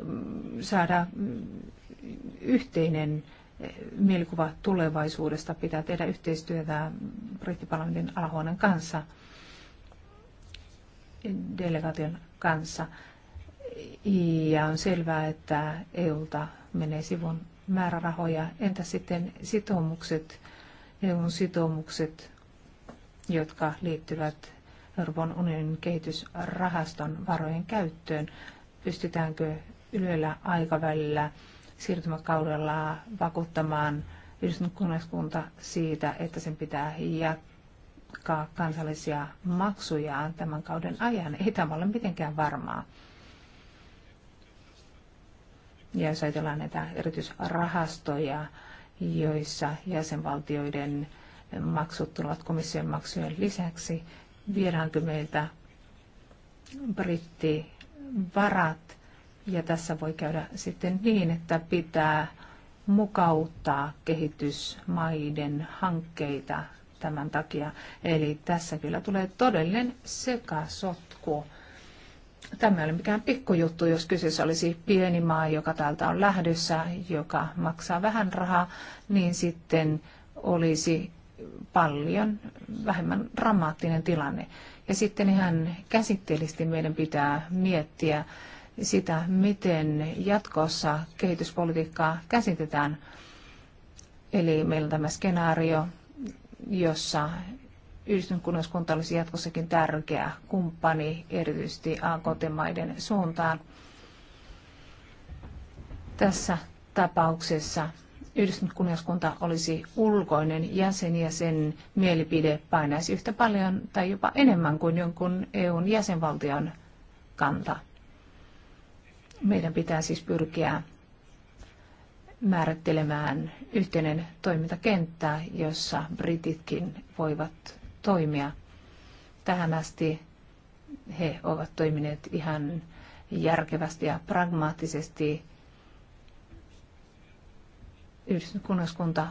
mm, saada mm, yhteinen eh, mielikuva tulevaisuudesta. Pitää tehdä yhteistyötä brittiparlamentin alahuoneen kanssa, delegaation kanssa. Ja on selvää, että EUlta menee sivun määrärahoja. Entä sitten sitoumukset, EUn sitoumukset jotka liittyvät Euroopan unionin kehitysrahaston varojen käyttöön. Pystytäänkö ylellä aikavälillä siirtymäkaudella vakuuttamaan yhdistynyt siitä, että sen pitää jatkaa kansallisia maksujaan tämän kauden ajan. Ei tämä ole mitenkään varmaa. Ja jos ajatellaan näitä erityisrahastoja, joissa jäsenvaltioiden maksut tulevat komission maksujen lisäksi. Viedäänkö meiltä brittivarat? Ja tässä voi käydä sitten niin, että pitää mukauttaa kehitysmaiden hankkeita tämän takia. Eli tässä kyllä tulee todellinen sekasotku. Tämä ei ole mikään pikkujuttu, jos kyseessä olisi pieni maa, joka täältä on lähdössä, joka maksaa vähän rahaa, niin sitten olisi paljon vähemmän dramaattinen tilanne. Ja sitten ihan käsitteellisesti meidän pitää miettiä sitä, miten jatkossa kehityspolitiikkaa käsitetään. Eli meillä on tämä skenaario, jossa yhdistynyt olisi jatkossakin tärkeä kumppani erityisesti AKT-maiden suuntaan. Tässä tapauksessa yhdistynyt kuningaskunta olisi ulkoinen jäsen ja sen mielipide painaisi yhtä paljon tai jopa enemmän kuin jonkun EUn jäsenvaltion kanta. Meidän pitää siis pyrkiä määrittelemään yhteinen toimintakenttä, jossa brititkin voivat toimia. Tähän asti he ovat toimineet ihan järkevästi ja pragmaattisesti yhdistynyt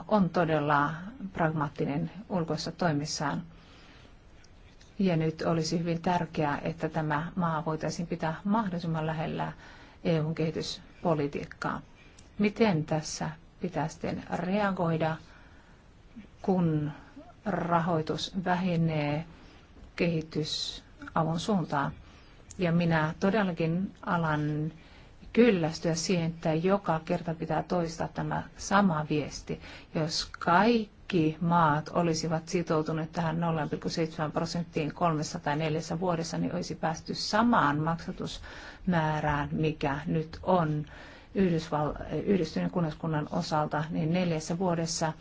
on todella pragmaattinen ulkoissa toimissaan. Ja nyt olisi hyvin tärkeää, että tämä maa voitaisiin pitää mahdollisimman lähellä EUn kehityspolitiikkaa. Miten tässä pitäisi sitten reagoida, kun rahoitus vähenee kehitysavun suuntaan? Ja minä todellakin alan kyllästyä siihen, että joka kerta pitää toistaa tämä sama viesti. Jos kaikki maat olisivat sitoutuneet tähän 0,7 prosenttiin 304 vuodessa, niin olisi päästy samaan maksatusmäärään, mikä nyt on Yhdysval- yhdistyneen kunnaskunnan osalta, niin neljässä vuodessa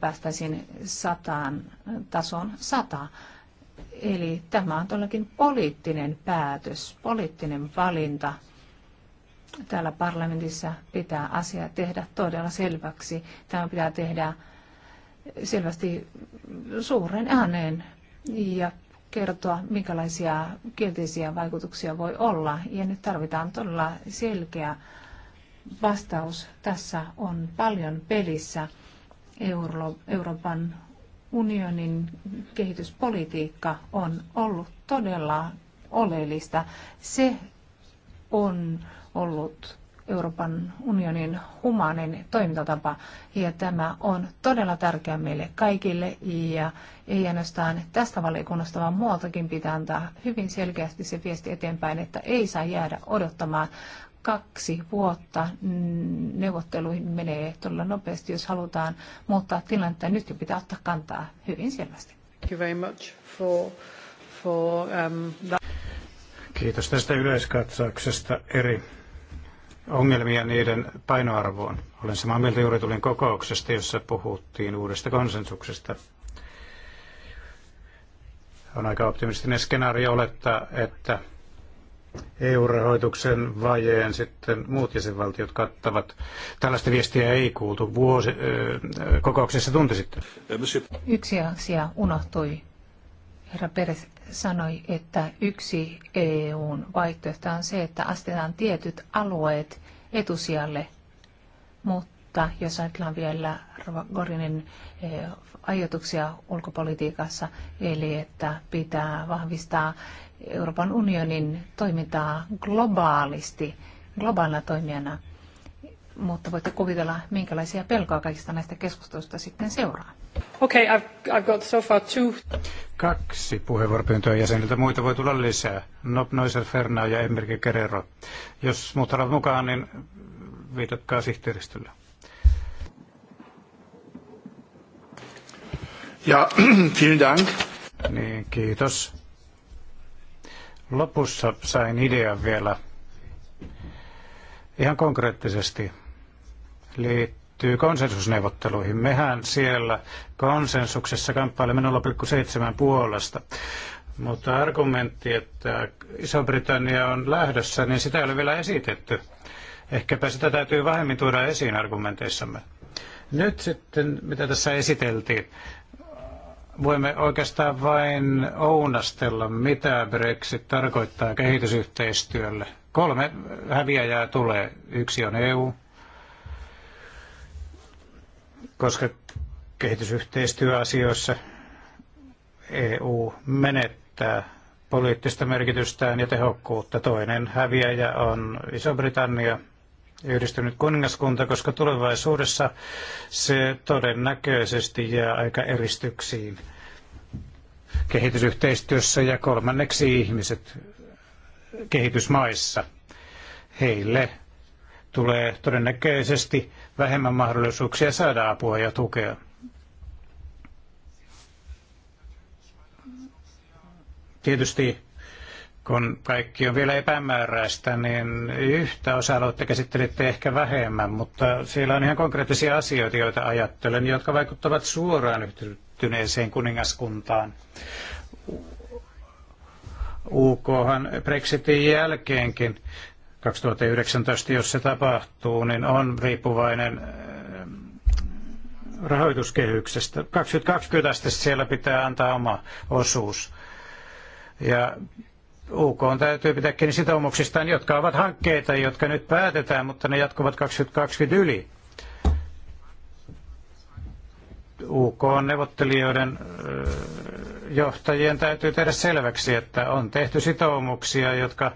päästäisiin sataan, tason sata. Eli tämä on todellakin poliittinen päätös, poliittinen valinta. Täällä parlamentissa pitää asia tehdä todella selväksi. Tämä pitää tehdä selvästi suuren ääneen ja kertoa, minkälaisia kielteisiä vaikutuksia voi olla. Ja nyt tarvitaan todella selkeä vastaus. Tässä on paljon pelissä. Euro, Euroopan unionin kehityspolitiikka on ollut todella oleellista. Se on ollut Euroopan unionin humanen toimintatapa ja tämä on todella tärkeä meille kaikille ja ei ainoastaan tästä valiokunnasta, vaan muualtakin pitää antaa hyvin selkeästi se viesti eteenpäin, että ei saa jäädä odottamaan, kaksi vuotta neuvotteluihin menee todella nopeasti, jos halutaan muuttaa tilannetta. Nyt jo pitää ottaa kantaa hyvin selvästi. Thank you very much for, for, um, that. Kiitos tästä yleiskatsauksesta eri ongelmia niiden painoarvoon. Olen samaa mieltä juuri tulin kokouksesta, jossa puhuttiin uudesta konsensuksesta. On aika optimistinen skenaario olettaa, että EU-rahoituksen vajeen sitten muut jäsenvaltiot kattavat. Tällaista viestiä ei kuultu vuosi, äh, kokouksessa tunti sitten. Yksi asia unohtui. Herra Peres sanoi, että yksi EUn vaihtoehto on se, että astetaan tietyt alueet etusijalle, mutta jos ajatellaan vielä Gorinin ajatuksia ulkopolitiikassa, eli että pitää vahvistaa Euroopan unionin toimintaa globaalisti, globaalina toimijana, mutta voitte kuvitella, minkälaisia pelkoa kaikista näistä keskusteluista sitten seuraa. Okay, I've, I've got so far two. Kaksi puheenvuoropyyntöä jäseniltä. Muita voi tulla lisää. Nob Noiser, Fernau ja Emmerke Kerero. Jos muut ovat mukaan, niin viitatkaa sihteeristölle. Ja, vielen Dank. Niin, kiitos lopussa sain idean vielä ihan konkreettisesti liittyy konsensusneuvotteluihin. Mehän siellä konsensuksessa kamppailemme 0,7 puolesta. Mutta argumentti, että Iso-Britannia on lähdössä, niin sitä ei ole vielä esitetty. Ehkäpä sitä täytyy vähemmin tuoda esiin argumenteissamme. Nyt sitten, mitä tässä esiteltiin, voimme oikeastaan vain ounastella, mitä Brexit tarkoittaa kehitysyhteistyölle. Kolme häviäjää tulee. Yksi on EU, koska kehitysyhteistyöasioissa EU menettää poliittista merkitystään ja tehokkuutta. Toinen häviäjä on Iso-Britannia – yhdistynyt kuningaskunta, koska tulevaisuudessa se todennäköisesti jää aika eristyksiin kehitysyhteistyössä ja kolmanneksi ihmiset kehitysmaissa. Heille tulee todennäköisesti vähemmän mahdollisuuksia saada apua ja tukea. Tietysti kun kaikki on vielä epämääräistä, niin yhtä osa-aluetta käsittelitte ehkä vähemmän, mutta siellä on ihan konkreettisia asioita, joita ajattelen, jotka vaikuttavat suoraan yhtyneeseen kuningaskuntaan. UKhan Brexitin jälkeenkin 2019, jos se tapahtuu, niin on riippuvainen eh, rahoituskehyksestä. 2020 siellä pitää antaa oma osuus. Ja UK on täytyy pitää kiinni sitoumuksistaan, jotka ovat hankkeita, jotka nyt päätetään, mutta ne jatkuvat 2020 yli. UK on neuvottelijoiden johtajien täytyy tehdä selväksi, että on tehty sitoumuksia, jotka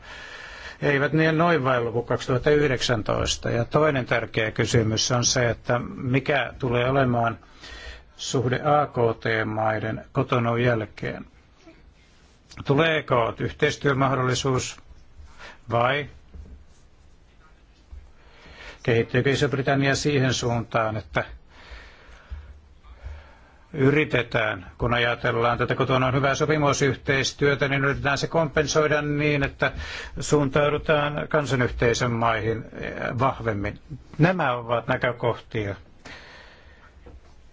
eivät niin noin vain luku 2019. Ja toinen tärkeä kysymys on se, että mikä tulee olemaan suhde AKT-maiden kotonon jälkeen. Tuleeko yhteistyömahdollisuus vai kehittyykö Iso-Britannia siihen suuntaan, että yritetään, kun ajatellaan tätä kotona on hyvää sopimusyhteistyötä, niin yritetään se kompensoida niin, että suuntaudutaan kansanyhteisön maihin eh, vahvemmin. Nämä ovat näkökohtia,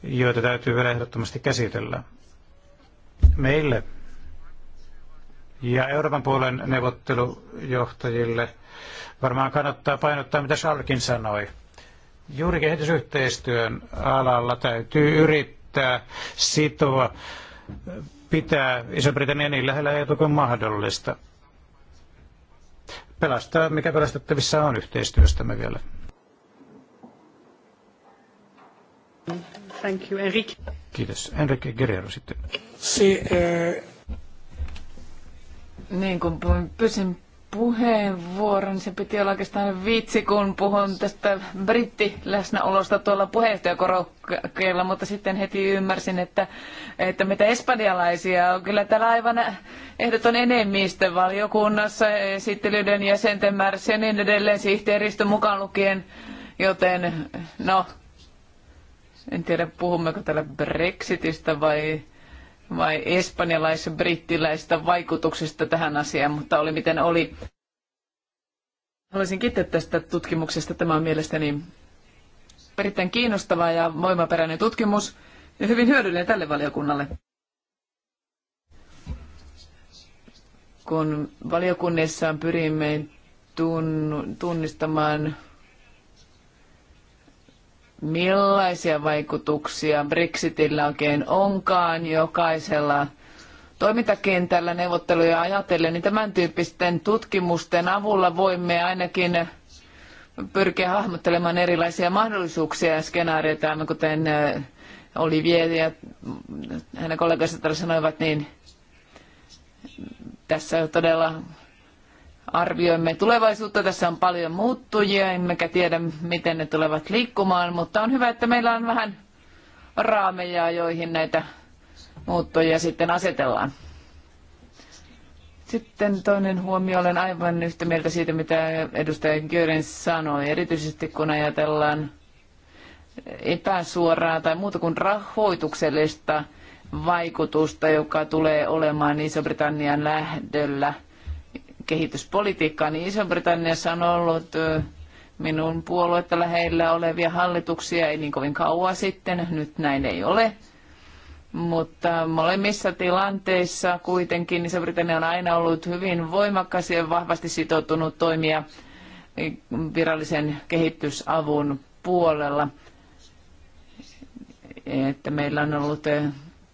joita täytyy vielä ehdottomasti käsitellä. Meille ja Euroopan puolen neuvottelujohtajille varmaan kannattaa painottaa, mitä Salkin sanoi. Juuri kehitysyhteistyön alalla täytyy yrittää sitoa, pitää Iso-Britannia niin lähellä etu kuin mahdollista. Pelastaa, mikä pelastettavissa on yhteistyöstämme vielä. Thank you, Enrique. Kiitos. Enrique Guerrero sitten. Si, eh... Niin kun pysin puheenvuoron, se piti olla oikeastaan vitsi, kun puhun tästä brittiläsnäolosta tuolla puheenjohtajakorokkeella, mutta sitten heti ymmärsin, että, että mitä espanjalaisia on kyllä täällä aivan ehdoton enemmistö valiokunnassa, esittelyiden jäsenten määrässä ja niin edelleen sihteeristön mukaan lukien, joten no, en tiedä puhummeko täällä Brexitistä vai vai espanjalais-brittiläistä vaikutuksista tähän asiaan, mutta oli miten oli. Haluaisin kiittää tästä tutkimuksesta. Tämä on mielestäni erittäin kiinnostava ja voimaperäinen tutkimus ja hyvin hyödyllinen tälle valiokunnalle. Kun valiokunnissa pyrimme tunnistamaan millaisia vaikutuksia Brexitillä oikein onkaan jokaisella toimintakentällä neuvotteluja ajatellen, niin tämän tyyppisten tutkimusten avulla voimme ainakin pyrkiä hahmottelemaan erilaisia mahdollisuuksia ja skenaarioita, kuten eh, Olivier ja hänen kollegansa täällä sanoivat, niin tässä todella arvioimme tulevaisuutta. Tässä on paljon muuttujia, emmekä tiedä miten ne tulevat liikkumaan, mutta on hyvä, että meillä on vähän raameja, joihin näitä muuttujia sitten asetellaan. Sitten toinen huomio, olen aivan yhtä mieltä siitä, mitä edustaja Gören sanoi, erityisesti kun ajatellaan epäsuoraa tai muuta kuin rahoituksellista vaikutusta, joka tulee olemaan Iso-Britannian lähdöllä – kehityspolitiikkaa, niin Iso-Britanniassa on ollut minun puoluetta lähellä olevia hallituksia ei niin kovin kauan sitten, nyt näin ei ole. Mutta molemmissa tilanteissa kuitenkin Iso-Britannia on aina ollut hyvin voimakas ja vahvasti sitoutunut toimia virallisen kehitysavun puolella. Että meillä on ollut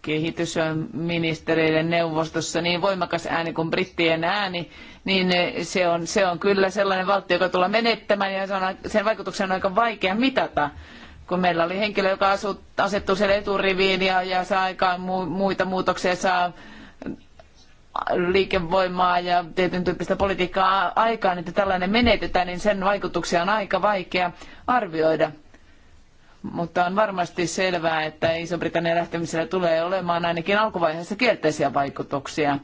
kehitysministereiden neuvostossa niin voimakas ääni kuin brittien ääni, niin se on, se on kyllä sellainen valtio, joka tulee menettämään ja se on, sen vaikutuksen on aika vaikea mitata. Kun meillä oli henkilö, joka asut, asettui siellä eturiviin ja, ja saa aikaan muita muutoksia, saa liikevoimaa ja tietyn tyyppistä politiikkaa aikaan, että tällainen menetetään, niin sen vaikutuksia on aika vaikea arvioida. Mutta on varmasti selvää, että Iso-Britannian lähtemisellä tulee olemaan ainakin alkuvaiheessa kielteisiä vaikutuksia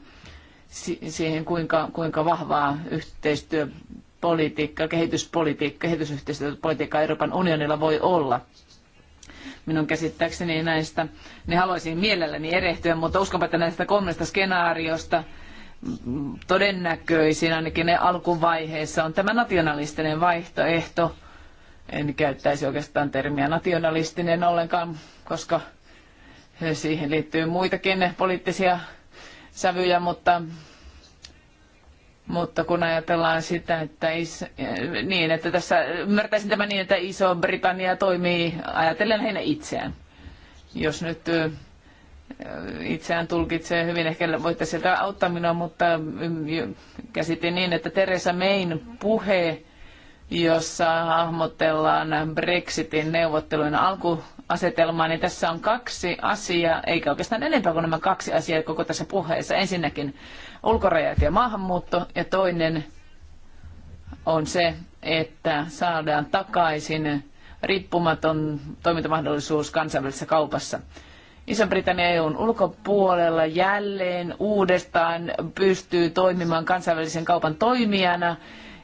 siihen, kuinka, kuinka vahvaa yhteistyöpolitiikka, kehityspolitiikka, kehitysyhteistyöpolitiikka Euroopan unionilla voi olla. Minun käsittääkseni näistä, niin haluaisin mielelläni erehtyä, mutta uskonpa, että näistä kolmesta skenaariosta todennäköisin ainakin ne alkuvaiheessa on tämä nationalistinen vaihtoehto – en käyttäisi oikeastaan termiä nationalistinen ollenkaan, koska siihen liittyy muitakin poliittisia sävyjä, mutta, mutta kun ajatellaan sitä, että, is, niin, että tässä ymmärtäisin tämä niin, että Iso-Britannia toimii ajatellen heidän itseään. Jos nyt itseään tulkitsee hyvin, ehkä voitte sieltä auttaa minua, mutta käsitin niin, että Teresa Mayn puhe jossa hahmotellaan Brexitin neuvottelujen alkuasetelmaa, niin tässä on kaksi asiaa, eikä oikeastaan enempää kuin nämä kaksi asiaa koko tässä puheessa. Ensinnäkin ulkorajat ja maahanmuutto, ja toinen on se, että saadaan takaisin riippumaton toimintamahdollisuus kansainvälisessä kaupassa. Iso-Britannia EUn ulkopuolella jälleen uudestaan pystyy toimimaan kansainvälisen kaupan toimijana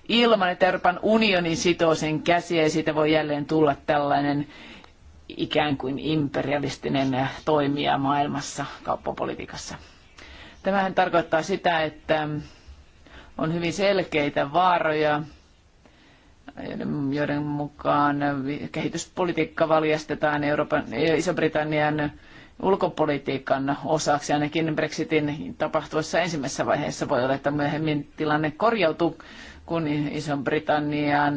ilman, että Euroopan unioni sitoo sen käsiä ja siitä voi jälleen tulla tällainen ikään kuin imperialistinen toimija maailmassa kauppapolitiikassa. Tämähän tarkoittaa sitä, että on hyvin selkeitä vaaroja, joiden mukaan kehityspolitiikka valjastetaan Euroopan, Iso-Britannian ulkopolitiikan osaksi, ainakin Brexitin tapahtuessa ensimmäisessä vaiheessa voi olla, että myöhemmin tilanne korjautuu kun Ison-Britannian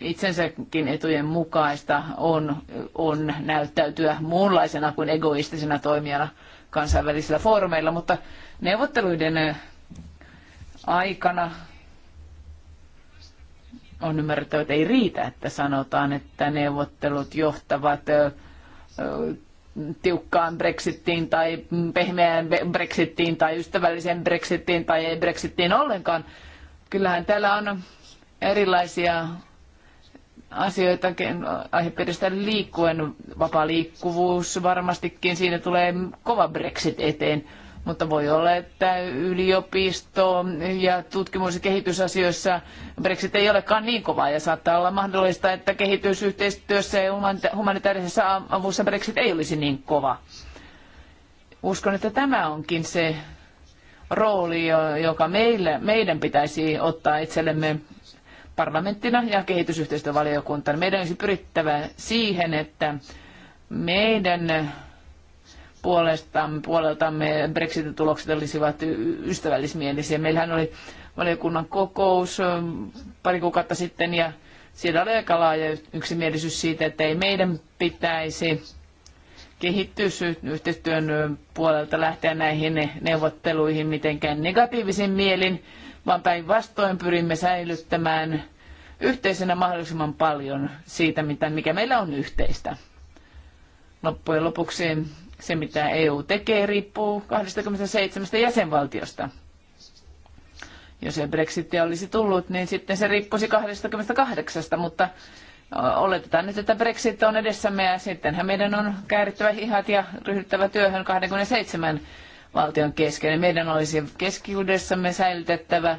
itsensäkin etujen mukaista on, on näyttäytyä muunlaisena kuin egoistisena toimijana kansainvälisillä foorumeilla, mutta neuvotteluiden aikana on ymmärrettävä, että ei riitä, että sanotaan, että neuvottelut johtavat tiukkaan Brexittiin tai pehmeään Brexittiin tai ystävälliseen Brexittiin tai ei Brexittiin ollenkaan Kyllähän täällä on erilaisia asioita aihepiiristä liikkuen. Vapaa liikkuvuus varmastikin, siinä tulee kova Brexit eteen. Mutta voi olla, että yliopisto ja tutkimus- ja kehitysasioissa Brexit ei olekaan niin kova ja saattaa olla mahdollista, että kehitysyhteistyössä ja humanitaarisessa avussa Brexit ei olisi niin kova. Uskon, että tämä onkin se rooli, joka meille, meidän pitäisi ottaa itsellemme parlamenttina ja kehitysyhteistyövaliokuntana. Meidän olisi pyrittävä siihen, että meidän puolestamme, puoleltamme Brexitin tulokset olisivat ystävällismielisiä. Meillähän oli valiokunnan kokous pari kuukautta sitten ja siellä oli aika laaja yksimielisyys siitä, että ei meidän pitäisi kehitysyhteistyön puolelta lähteä näihin neuvotteluihin mitenkään negatiivisin mielin, vaan päinvastoin pyrimme säilyttämään yhteisenä mahdollisimman paljon siitä, mitä, mikä meillä on yhteistä. Loppujen lopuksi se, mitä EU tekee, riippuu 27 jäsenvaltiosta. Jos ei Brexitia olisi tullut, niin sitten se riippuisi 28, mutta Oletetaan nyt, että Brexit on edessämme ja sittenhän meidän on käärittävä hihat ja ryhdyttävä työhön 27 valtion kesken. Meidän olisi keskiudessamme säilytettävä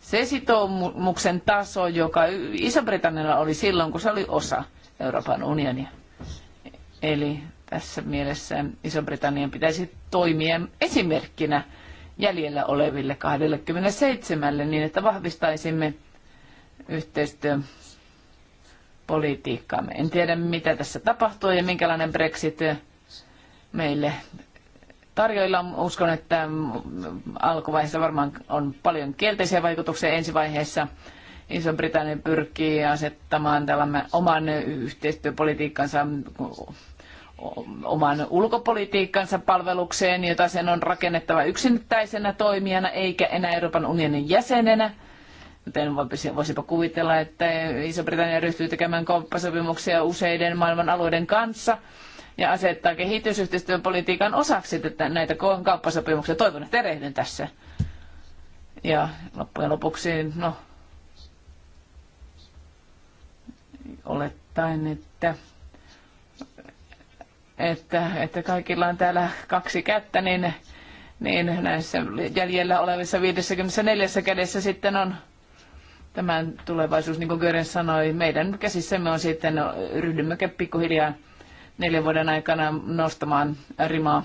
se sitoumuksen taso, joka Iso-Britannialla oli silloin, kun se oli osa Euroopan unionia. Eli tässä mielessä Iso-Britannian pitäisi toimia esimerkkinä jäljellä oleville 27, niin että vahvistaisimme yhteistyön politiikkaamme. En tiedä, mitä tässä tapahtuu ja minkälainen Brexit meille tarjoilla. Uskon, että alkuvaiheessa varmaan on paljon kielteisiä vaikutuksia ensi vaiheessa. Iso-Britannia pyrkii asettamaan tämän oman yhteistyöpolitiikkansa oman ulkopolitiikkansa palvelukseen, jota sen on rakennettava yksittäisenä toimijana eikä enää Euroopan unionin jäsenenä. Joten voisipa kuvitella, että Iso-Britannia ryhtyy tekemään kauppasopimuksia useiden maailman alueiden kanssa ja asettaa kehitysyhteistyön politiikan osaksi että näitä kauppasopimuksia. Toivon, että erehdyn tässä. Ja loppujen lopuksi, no, olettaen, että, että, että kaikilla on täällä kaksi kättä, niin, niin näissä jäljellä olevissa 54 kädessä sitten on tämän tulevaisuus, niin kuin Gören sanoi, meidän käsissämme on sitten, no, ryhdymmekö pikkuhiljaa neljän vuoden aikana nostamaan rimaa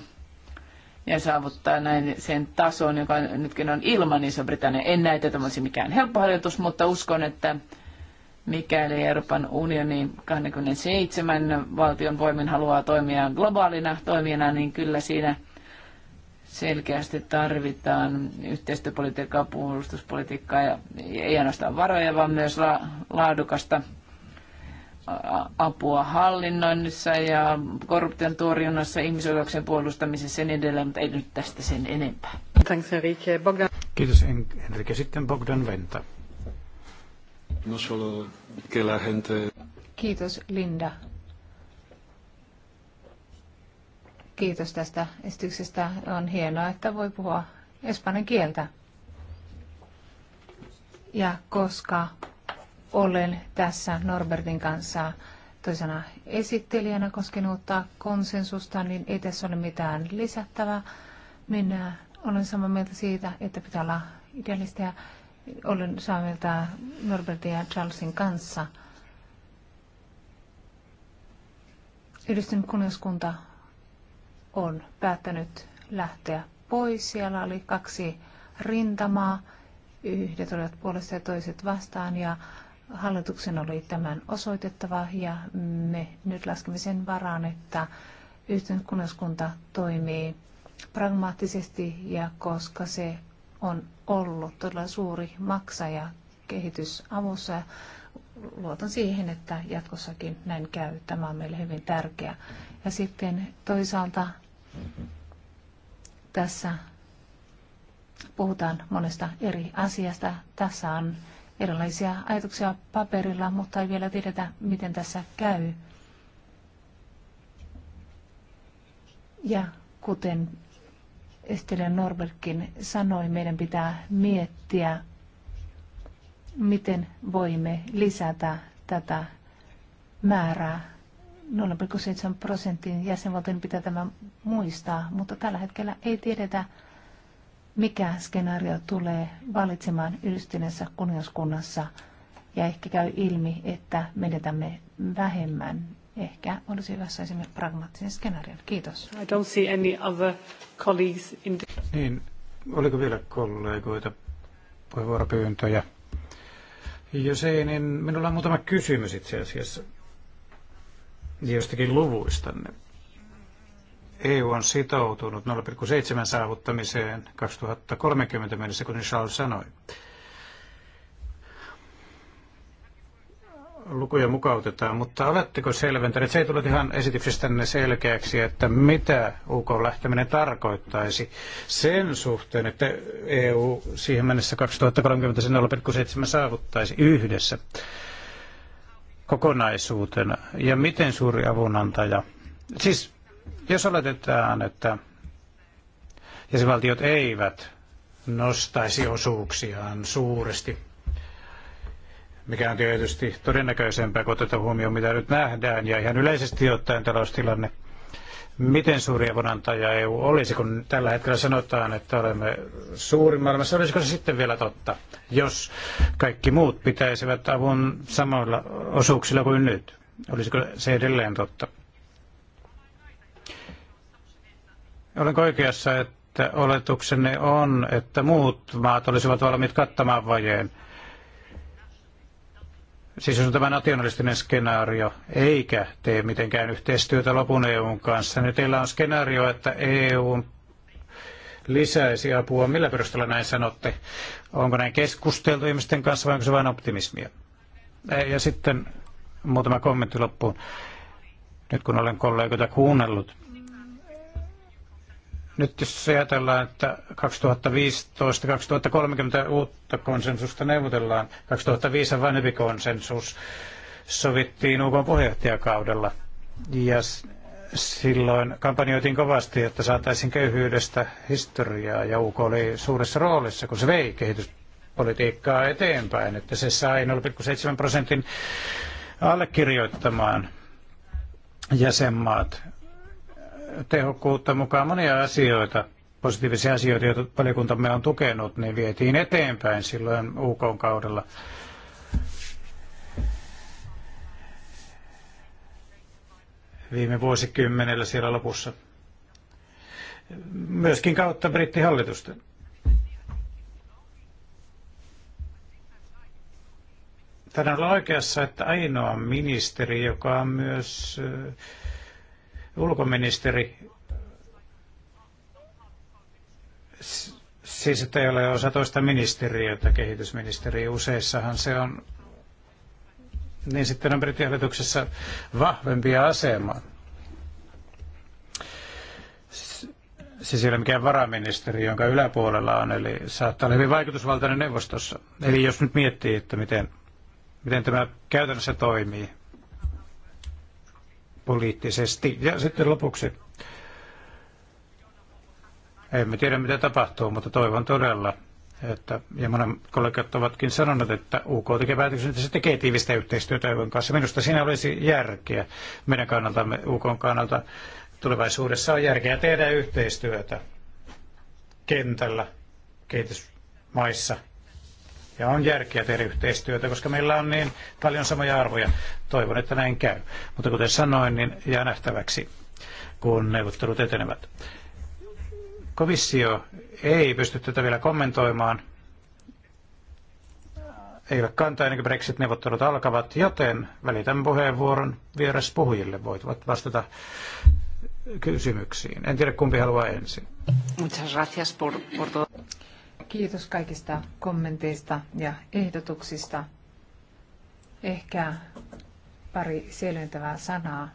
ja saavuttaa näin sen tason, joka nytkin on ilman Iso-Britannia. En näe, tätä olisi mikään helppo harjoitus, mutta uskon, että mikäli Euroopan unioni 27 valtion voimin haluaa toimia globaalina toimijana, niin kyllä siinä selkeästi tarvitaan yhteistyöpolitiikkaa, puolustuspolitiikkaa ja ei ainoastaan varoja, vaan myös la- laadukasta apua hallinnoinnissa ja korruption torjunnassa, ihmisoikeuksien puolustamisessa ja niin edelleen, mutta ei nyt tästä sen enempää. Thanks, Enrique. Bogdan. Kiitos Enrique. Sitten Bogdan Venta. No solo que la gente... Kiitos Linda. Kiitos tästä esityksestä. On hienoa, että voi puhua espanjan kieltä. Ja koska olen tässä Norbertin kanssa toisena esittelijänä uutta konsensusta, niin ei tässä ole mitään lisättävää. Minä olen samaa mieltä siitä, että pitää olla idealista ja olen samaa mieltä Norbertin ja Charlesin kanssa. Yhdistynyt kunnioskunta on päättänyt lähteä pois. Siellä oli kaksi rintamaa, yhdet olivat puolesta ja toiset vastaan ja hallituksen oli tämän osoitettava ja me nyt laskemme sen varaan, että yhteiskunnaskunta toimii pragmaattisesti ja koska se on ollut todella suuri maksaja kehitysavussa, luotan siihen, että jatkossakin näin käy. Tämä on meille hyvin tärkeä Ja sitten toisaalta tässä puhutaan monesta eri asiasta. Tässä on erilaisia ajatuksia paperilla, mutta ei vielä tiedetä, miten tässä käy. Ja kuten Estelle Norbergkin sanoi, meidän pitää miettiä, miten voimme lisätä tätä määrää 0,7 prosentin jäsenvaltion pitää tämä muistaa, mutta tällä hetkellä ei tiedetä, mikä skenaario tulee valitsemaan yhdistyneessä kuningaskunnassa ja ehkä käy ilmi, että menetämme vähemmän. Ehkä olisi hyvä saisimme pragmaattisen skenaarion. Kiitos. I don't see any other colleagues in the... Niin, oliko vielä kollegoita puheenvuoropyyntöjä? Jos ei, niin minulla on muutama kysymys itse asiassa. Jostakin luvuista EU on sitoutunut 0,7 saavuttamiseen 2030 mennessä, kuten Charles sanoi. Lukuja mukautetaan, mutta oletteko selventäneet, se ei tullut ihan esityksestänne selkeäksi, että mitä UK-lähteminen tarkoittaisi sen suhteen, että EU siihen mennessä 2030 sen 0,7 saavuttaisi yhdessä kokonaisuutena ja miten suuri avunantaja. Siis jos oletetaan, että jäsenvaltiot eivät nostaisi osuuksiaan suuresti, mikä on tietysti todennäköisempää, kun otetaan huomioon, mitä nyt nähdään, ja ihan yleisesti ottaen taloustilanne – miten suuri avunantaja EU olisi, kun tällä hetkellä sanotaan, että olemme suurin maailmassa. Olisiko se sitten vielä totta, jos kaikki muut pitäisivät avun samoilla osuuksilla kuin nyt? Olisiko se edelleen totta? Olenko oikeassa, että oletuksenne on, että muut maat olisivat valmiit kattamaan vajeen? Siis jos on tämä nationalistinen skenaario, eikä tee mitenkään yhteistyötä lopun EUn kanssa, niin teillä on skenaario, että EU lisäisi apua. Millä perusteella näin sanotte? Onko näin keskusteltu ihmisten kanssa vai onko se vain optimismia? Ja sitten muutama kommentti loppuun. Nyt kun olen kollegoita kuunnellut, nyt jos ajatellaan, että 2015-2030 uutta konsensusta neuvotellaan, 2005 vanhempi konsensus sovittiin UK puheenjohtajakaudella. Ja silloin kampanjoitiin kovasti, että saataisiin köyhyydestä historiaa ja UK oli suuressa roolissa, kun se vei kehityspolitiikkaa eteenpäin, että se sai 0,7 prosentin allekirjoittamaan jäsenmaat tehokkuutta mukaan monia asioita, positiivisia asioita, joita valiokuntamme on tukenut, niin vietiin eteenpäin silloin UK-kaudella. Viime vuosikymmenellä siellä lopussa. Myöskin kautta brittihallitusten. Tänään ollaan oikeassa, että ainoa ministeri, joka on myös äh, ulkoministeri, siis että ei ole osa toista ministeriötä, kehitysministeri, useissahan se on, niin sitten on brittihallituksessa vahvempia asema siis ei ole mikään varaministeri, jonka yläpuolella on, eli saattaa olla hyvin vaikutusvaltainen neuvostossa. Eli jos nyt miettii, että miten, miten tämä käytännössä toimii, poliittisesti. Ja sitten lopuksi, emme tiedä mitä tapahtuu, mutta toivon todella, että, ja monen kollegat ovatkin sanoneet, että UK tekee päätöksen, että se tekee tiivistä yhteistyötä EUn kanssa. Minusta siinä olisi järkeä meidän kannaltamme, UK kannalta tulevaisuudessa on järkeä tehdä yhteistyötä kentällä kehitysmaissa ja on järkeä tehdä yhteistyötä, koska meillä on niin paljon samoja arvoja. Toivon, että näin käy. Mutta kuten sanoin, niin jää nähtäväksi, kun neuvottelut etenevät. Komissio ei pysty tätä vielä kommentoimaan. Ei ole kantaa ennen kuin Brexit-neuvottelut alkavat, joten välitän puheenvuoron puhujille. Voivat vastata kysymyksiin. En tiedä kumpi haluaa ensin. Muchas gracias por, por todo. Kiitos kaikista kommenteista ja ehdotuksista. Ehkä pari selventävää sanaa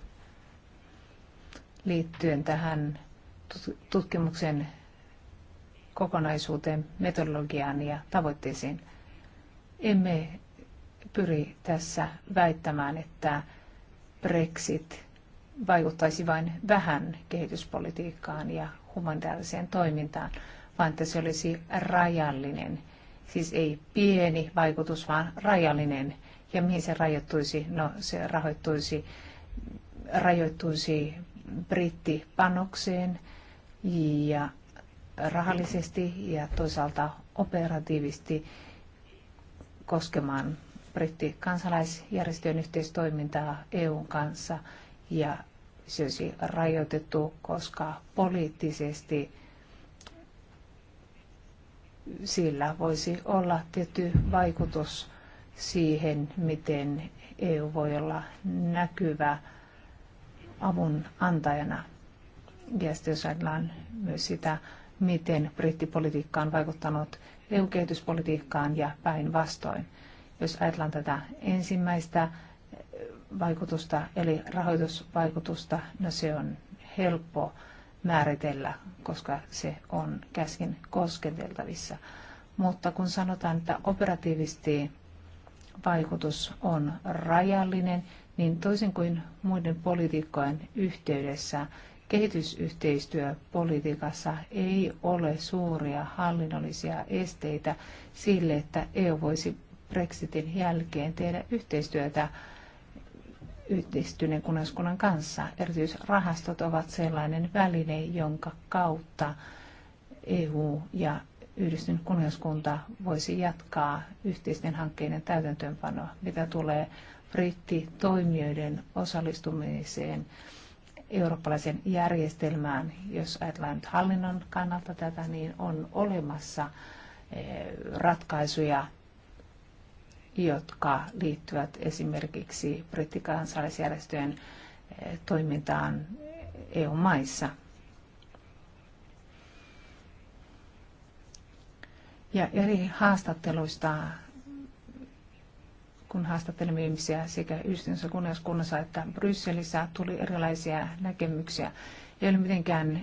liittyen tähän tutkimuksen kokonaisuuteen, metodologiaan ja tavoitteisiin. Emme pyri tässä väittämään, että Brexit vaikuttaisi vain vähän kehityspolitiikkaan ja humanitaariseen toimintaan vaan että se olisi rajallinen. Siis ei pieni vaikutus, vaan rajallinen. Ja mihin se rajoittuisi? No se rahoittuisi, rajoittuisi brittipanokseen ja rahallisesti ja toisaalta operatiivisesti koskemaan brittikansalaisjärjestöjen yhteistoimintaa EUn kanssa ja se olisi rajoitettu, koska poliittisesti sillä voisi olla tietty vaikutus siihen, miten EU voi olla näkyvä avun antajana. Ja sitten jos ajatellaan myös sitä, miten brittipolitiikka on vaikuttanut EU-kehityspolitiikkaan ja päinvastoin. Jos ajatellaan tätä ensimmäistä vaikutusta, eli rahoitusvaikutusta, no se on helppo määritellä, koska se on käskin kosketeltavissa. Mutta kun sanotaan, että operatiivisesti vaikutus on rajallinen, niin toisin kuin muiden politiikkojen yhteydessä, kehitysyhteistyöpolitiikassa ei ole suuria hallinnollisia esteitä sille, että EU voisi Brexitin jälkeen tehdä yhteistyötä yhteistyneen kunnaskunnan kanssa. Erityisrahastot ovat sellainen väline, jonka kautta EU ja yhdistynyt kuningaskunta voisi jatkaa yhteisten hankkeiden täytäntöönpanoa, mitä tulee brittitoimijoiden osallistumiseen eurooppalaisen järjestelmään, jos ajatellaan nyt hallinnon kannalta tätä, niin on olemassa eh, ratkaisuja jotka liittyvät esimerkiksi brittikansalaisjärjestöjen eh, toimintaan EU-maissa. Ja eri haastatteluista, kun haastattelimme ihmisiä sekä yhdistyneessä kunnassa että Brysselissä, tuli erilaisia näkemyksiä. Ei ole mitenkään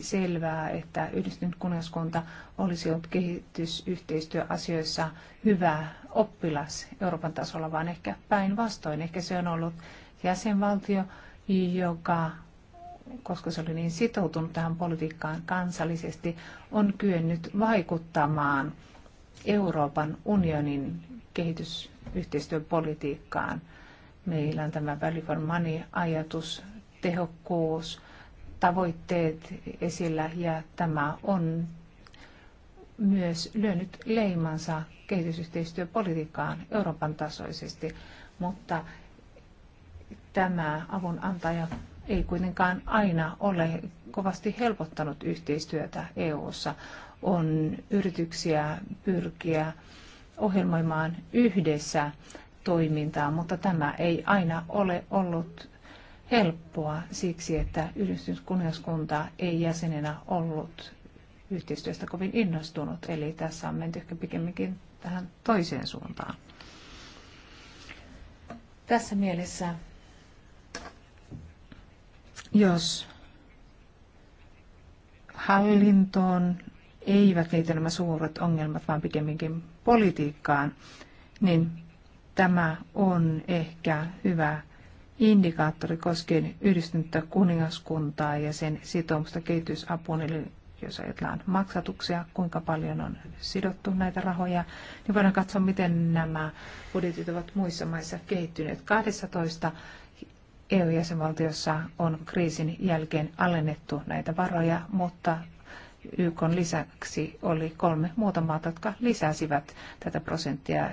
selvää, että yhdistynyt kuningaskunta olisi ollut kehitysyhteistyöasioissa hyvä oppilas Euroopan tasolla, vaan ehkä päinvastoin. Ehkä se on ollut jäsenvaltio, joka, koska se oli niin sitoutunut tähän politiikkaan kansallisesti, on kyennyt vaikuttamaan Euroopan unionin kehitysyhteistyöpolitiikkaan. Meillä on tämä value for money-ajatus, tehokkuus, tavoitteet esillä ja tämä on myös lyönyt leimansa kehitysyhteistyöpolitiikkaan Euroopan tasoisesti, mutta tämä avun antaja ei kuitenkaan aina ole kovasti helpottanut yhteistyötä EU:ssa. On yrityksiä pyrkiä ohjelmoimaan yhdessä toimintaa, mutta tämä ei aina ole ollut helppoa siksi, että yhdistyskunnaskunta ei jäsenenä ollut yhteistyöstä kovin innostunut, eli tässä on menty ehkä pikemminkin tähän toiseen suuntaan. Tässä mielessä, jos hallintoon eivät liity nämä suuret ongelmat, vaan pikemminkin politiikkaan, niin tämä on ehkä hyvä indikaattori koskien yhdistynyttä kuningaskuntaa ja sen sitoumusta kehitysapuun, eli jos ajatellaan maksatuksia, kuinka paljon on sidottu näitä rahoja, niin voidaan katsoa, miten nämä budjetit ovat muissa maissa kehittyneet. 12 EU-jäsenvaltiossa on kriisin jälkeen alennettu näitä varoja, mutta YK lisäksi oli kolme muuta maata, jotka lisäsivät tätä prosenttia.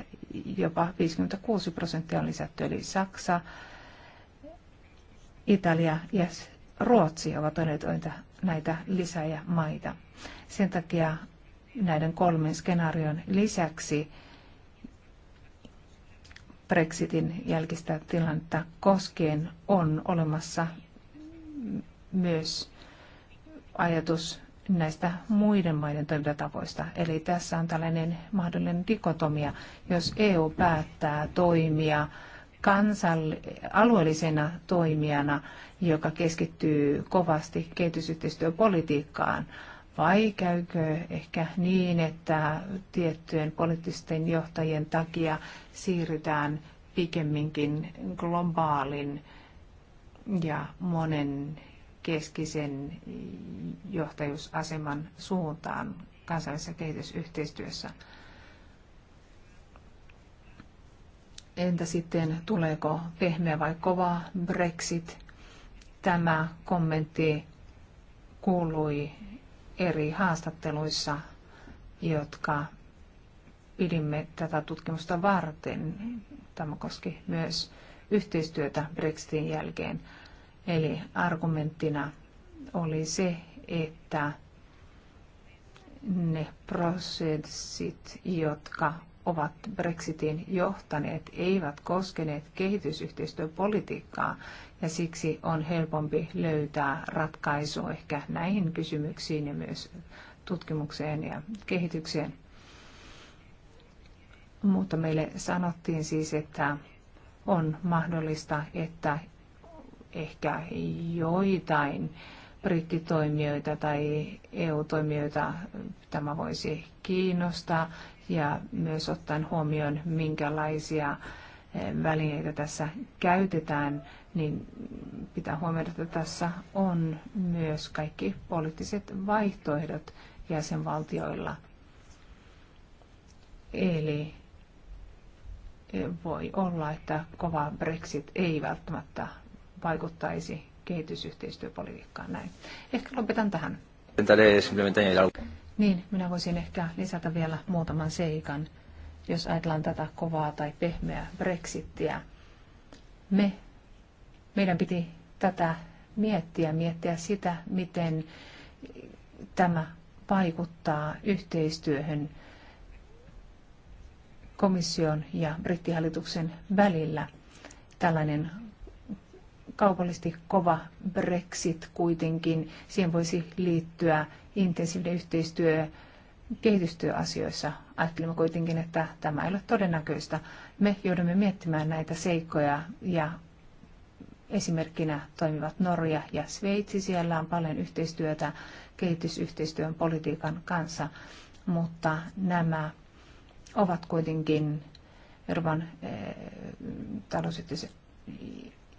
Jopa 56 prosenttia on lisätty, eli Saksa, Italia ja Ruotsi ovat olleet näitä lisäjämaita. Sen takia näiden kolmen skenaarion lisäksi Brexitin jälkistä tilannetta koskien on olemassa myös ajatus näistä muiden maiden toimintatavoista. Eli tässä on tällainen mahdollinen dikotomia, jos EU päättää toimia kansall- alueellisena toimijana, joka keskittyy kovasti kehitysyhteistyöpolitiikkaan? Vai käykö ehkä niin, että tiettyjen poliittisten johtajien takia siirrytään pikemminkin globaalin ja monen keskisen johtajuusaseman suuntaan kansainvälisessä kehitysyhteistyössä. Entä sitten tuleeko pehmeä vai kova Brexit? Tämä kommentti kuului eri haastatteluissa, jotka pidimme tätä tutkimusta varten. Tämä koski myös yhteistyötä Brexitin jälkeen. Eli argumenttina oli se, että ne prosessit, jotka ovat Brexitin johtaneet, eivät koskeneet kehitysyhteistyöpolitiikkaa ja siksi on helpompi löytää ratkaisu ehkä näihin kysymyksiin ja myös tutkimukseen ja kehitykseen. Mutta meille sanottiin siis, että on mahdollista, että ehkä joitain brittitoimijoita tai EU-toimijoita tämä voisi kiinnostaa ja myös ottaen huomioon, minkälaisia eh, välineitä tässä käytetään, niin pitää huomioida, että tässä on myös kaikki poliittiset vaihtoehdot jäsenvaltioilla. Eli eh, voi olla, että kova Brexit ei välttämättä vaikuttaisi kehitysyhteistyöpolitiikkaan näin. Ehkä lopetan tähän. Niin, minä voisin ehkä lisätä vielä muutaman seikan, jos ajatellaan tätä kovaa tai pehmeää brexittiä. Me, meidän piti tätä miettiä, miettiä sitä, miten tämä vaikuttaa yhteistyöhön komission ja brittihallituksen välillä. Tällainen kaupallisesti kova Brexit kuitenkin, siihen voisi liittyä intensiivinen yhteistyö kehitystyöasioissa. Ajattelemme kuitenkin, että tämä ei ole todennäköistä. Me joudumme miettimään näitä seikkoja ja esimerkkinä toimivat Norja ja Sveitsi. Siellä on paljon yhteistyötä kehitysyhteistyön politiikan kanssa, mutta nämä ovat kuitenkin Euroopan eh, talousyhteisön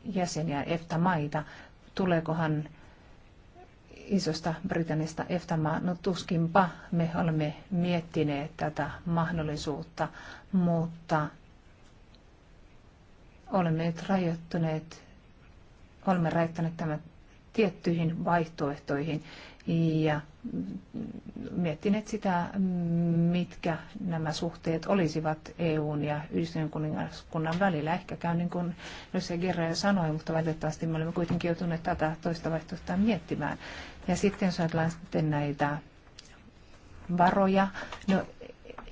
jäseniä EFTA-maita. Tuleekohan isosta Britannista EFTA-maa. No tuskinpa me olemme miettineet tätä mahdollisuutta, mutta olemme nyt rajoittuneet, olemme rajoittaneet tämän tiettyihin vaihtoehtoihin ja miettineet sitä, mitkä nämä suhteet olisivat EUn ja Yhdistyneen kuningaskunnan välillä. Ehkä käy niin kuin Jussi Gerre sanoi, mutta valitettavasti me olemme kuitenkin joutuneet tätä toista vaihtoehtoa miettimään. Ja sitten jos ajatellaan sitten näitä varoja, no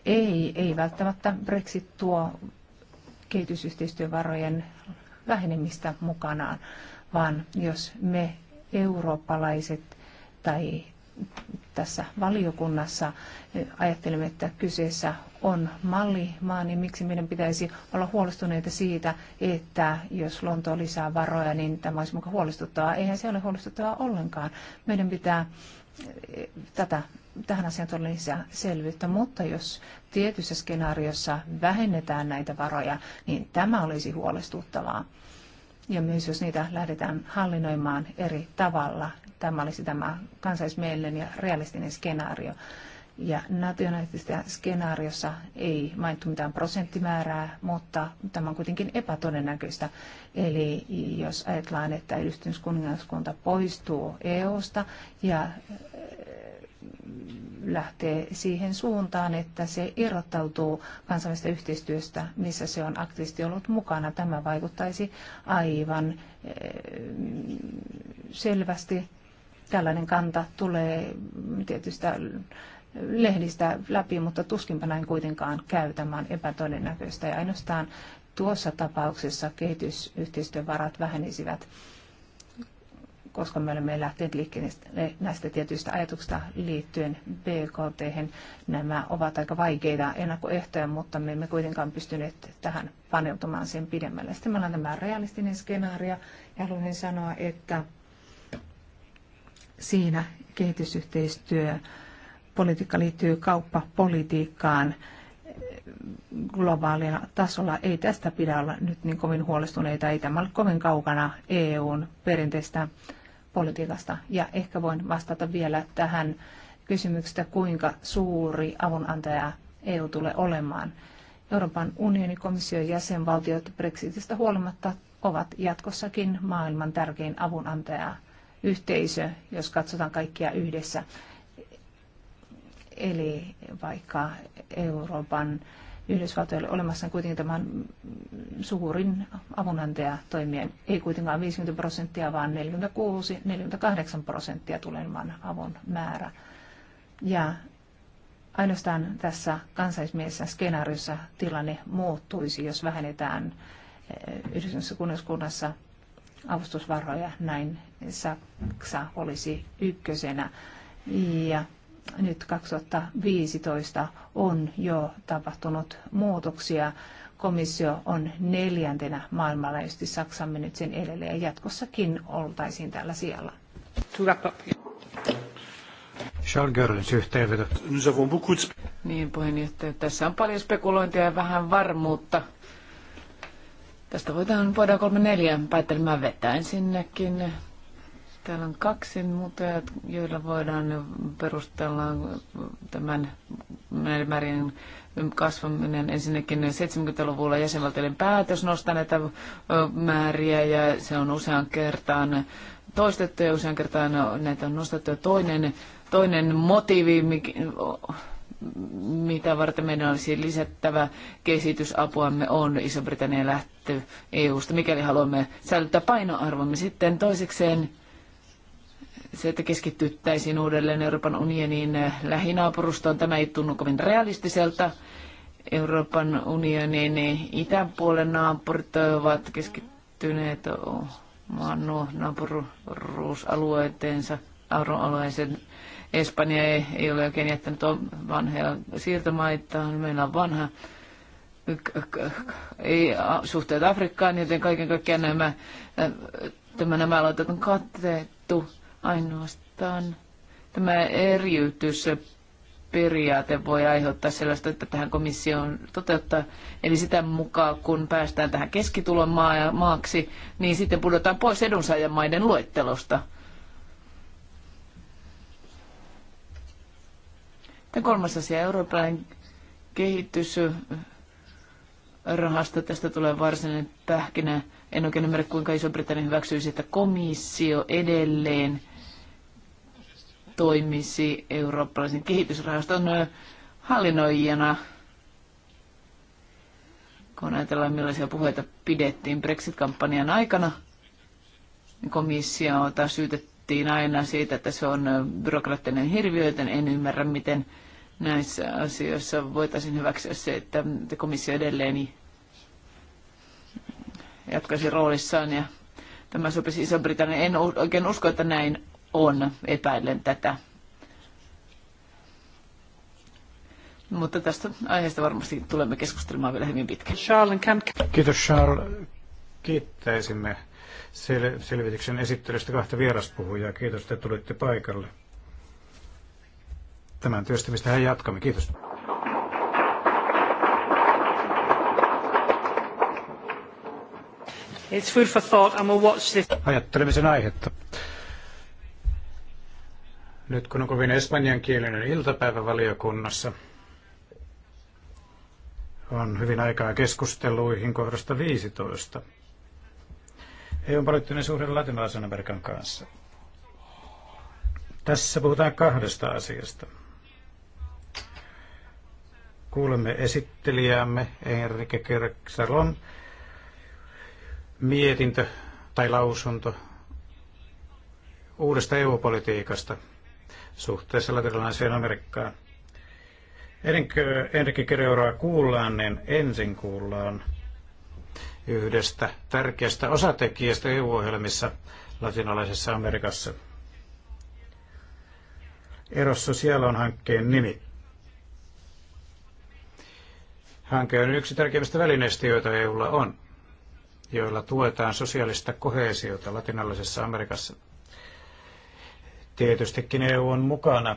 ei, ei välttämättä Brexit tuo kehitysyhteistyövarojen vähenemistä mukanaan, vaan jos me eurooppalaiset tai tässä valiokunnassa ajattelemme, että kyseessä on mallimaa, niin miksi meidän pitäisi olla huolestuneita siitä, että jos Lonto lisää varoja, niin tämä olisi mukaan huolestuttavaa. Eihän se ole huolestuttavaa ollenkaan. Meidän pitää eh, tätä, tähän asiaan tuoda lisää selvyyttä, mutta jos tietyssä skenaariossa vähennetään näitä varoja, niin tämä olisi huolestuttavaa. Ja myös jos niitä lähdetään hallinnoimaan eri tavalla, Tämä olisi tämä kansallismielinen ja realistinen skenaario. Ja nationalistisessa skenaariossa ei mainittu mitään prosenttimäärää, mutta tämä on kuitenkin epätodennäköistä. Eli jos ajatellaan, että yhdistyskuningaskunta poistuu EU-sta ja äh, lähtee siihen suuntaan, että se irrottautuu kansainvälisestä yhteistyöstä, missä se on aktiivisesti ollut mukana. Tämä vaikuttaisi aivan äh, selvästi Tällainen kanta tulee tietystä lehdistä läpi, mutta tuskinpa näin kuitenkaan käy. Tämä epätodennäköistä ja ainoastaan tuossa tapauksessa kehitysyhteistyövarat vähenisivät koska me olemme lähteneet liikkeelle näistä tietyistä ajatuksista liittyen BKT. -hän. Nämä ovat aika vaikeita ennakkoehtoja, mutta me emme kuitenkaan pystyneet tähän paneutumaan sen pidemmälle. Sitten meillä on tämä realistinen skenaario ja haluaisin sanoa, että siinä kehitysyhteistyö politiikka liittyy kauppapolitiikkaan globaalilla tasolla. Ei tästä pidä olla nyt niin kovin huolestuneita. Ei tämä ole kovin kaukana EUn perinteistä politiikasta. Ja ehkä voin vastata vielä tähän kysymyksestä, kuinka suuri avunantaja EU tulee olemaan. Euroopan unionin komission jäsenvaltiot Brexitistä huolimatta ovat jatkossakin maailman tärkein avunantaja yhteisö, jos katsotaan kaikkia yhdessä. Eli vaikka Euroopan Yhdysvaltoille olemassa, niin kuitenkin tämän suurin avunantaja toimien. Ei kuitenkaan 50 prosenttia, vaan 46-48 prosenttia tulemaan avun määrä. Ja ainoastaan tässä kansallismielessä skenaariossa tilanne muuttuisi, jos vähennetään eh, yhdistyneessä kunnassa avustusvaroja. Näin Saksa olisi ykkösenä. Ja nyt 2015 on jo tapahtunut muutoksia. Komissio on neljäntenä josti Saksa mennyt sen edelleen ja jatkossakin oltaisiin tällä sijalla. Charles yhteenveto. Niin, puheenjohtaja, tässä on paljon spekulointia ja vähän varmuutta. Tästä voidaan, voidaan kolme neljä päätelmää vetää. Ensinnäkin täällä on kaksi muuta, joilla voidaan perustella tämän määrin kasvaminen. Ensinnäkin 70-luvulla jäsenvaltioiden päätös nostaa näitä määriä ja se on usean kertaan toistettu ja usean kertaan näitä on nostettu. toinen, toinen motiivi, mitä varten meidän olisi lisättävä kehitysapuamme on Iso-Britannian lähtö EU-sta, mikäli haluamme säilyttää painoarvomme. Sitten toisekseen se, että keskittyttäisiin uudelleen Euroopan unionin lähinaapurustoon, tämä ei tunnu kovin realistiselta. Euroopan unionin itäpuolen naapurit ovat keskittyneet maan naapuruusalueeteensa, euroalueeseen Espanja ei, ei ole oikein jättänyt vanhoja siirtomaita, Meillä on vanha ei, suhteet Afrikkaan, joten kaiken kaikkiaan nämä, tämä, nämä aloitat on katteettu ainoastaan. Tämä eriytys periaate voi aiheuttaa sellaista, että tähän komissioon toteuttaa. Eli sitä mukaan, kun päästään tähän keskitulon maaksi, niin sitten pudotaan pois edunsaajamaiden luettelosta. Ja kolmas asia, eurooppalainen kehitysrahasto. Tästä tulee varsinainen pähkinä. En oikein ymmärrä, kuinka Iso-Britannia hyväksyisi, että komissio edelleen toimisi eurooppalaisen kehitysrahaston hallinnoijana. Kun ajatellaan, millaisia puheita pidettiin Brexit-kampanjan aikana, niin komissiota syytettiin aina siitä, että se on byrokraattinen hirviö, joten en ymmärrä, miten näissä asioissa voitaisiin hyväksyä se, että komissio edelleen jatkaisi roolissaan ja tämä sopisi Iso-Britannian. En oikein usko, että näin on, epäilen tätä. Mutta tästä aiheesta varmasti tulemme keskustelemaan vielä hyvin pitkään. Kiitos Charles. Kiittäisimme sel- selvityksen esittelystä kahta vieraspuhujaa. Kiitos, että tulitte paikalle tämän työstämistä hän jatkamme. Kiitos. It's food for thought and we'll watch this. Ajattelemisen aihetta. Nyt kun on kovin espanjankielinen iltapäivä valiokunnassa, on hyvin aikaa keskusteluihin kohdasta 15. Ei on poliittinen suhde latinalaisen Amerikan kanssa. Tässä puhutaan kahdesta asiasta. Kuulemme esittelijäämme Enrique Kerksalon mietintö tai lausunto uudesta EU-politiikasta suhteessa latinalaiseen Amerikkaan. Ennen kuin Enrique Kereuraa kuullaan, niin ensin kuullaan yhdestä tärkeästä osatekijästä EU-ohjelmissa latinalaisessa Amerikassa. Erossa siellä on hankkeen nimi. Hanke on yksi tärkeimmistä välineistä, joita EUlla on, joilla tuetaan sosiaalista kohesiota latinalaisessa Amerikassa. Tietystikin EU on mukana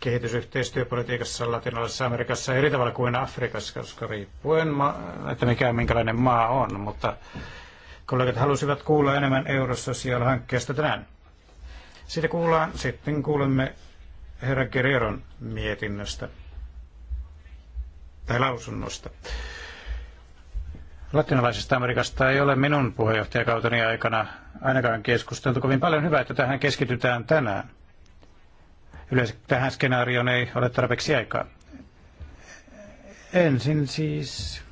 kehitysyhteistyöpolitiikassa latinalaisessa Amerikassa eri tavalla kuin Afrikassa, koska riippuen, että mikä minkälainen maa on, mutta kollegat halusivat kuulla enemmän Eurosocial-hankkeesta tänään. Siitä kuullaan, sitten kuulemme herra Guerreron mietinnöstä tai lausunnosta. Latinalaisesta Amerikasta ei ole minun puheenjohtajakauteni aikana ainakaan keskusteltu kovin paljon. Hyvä, että tähän keskitytään tänään. Yleensä tähän skenaarioon ei ole tarpeeksi aikaa. Ensin siis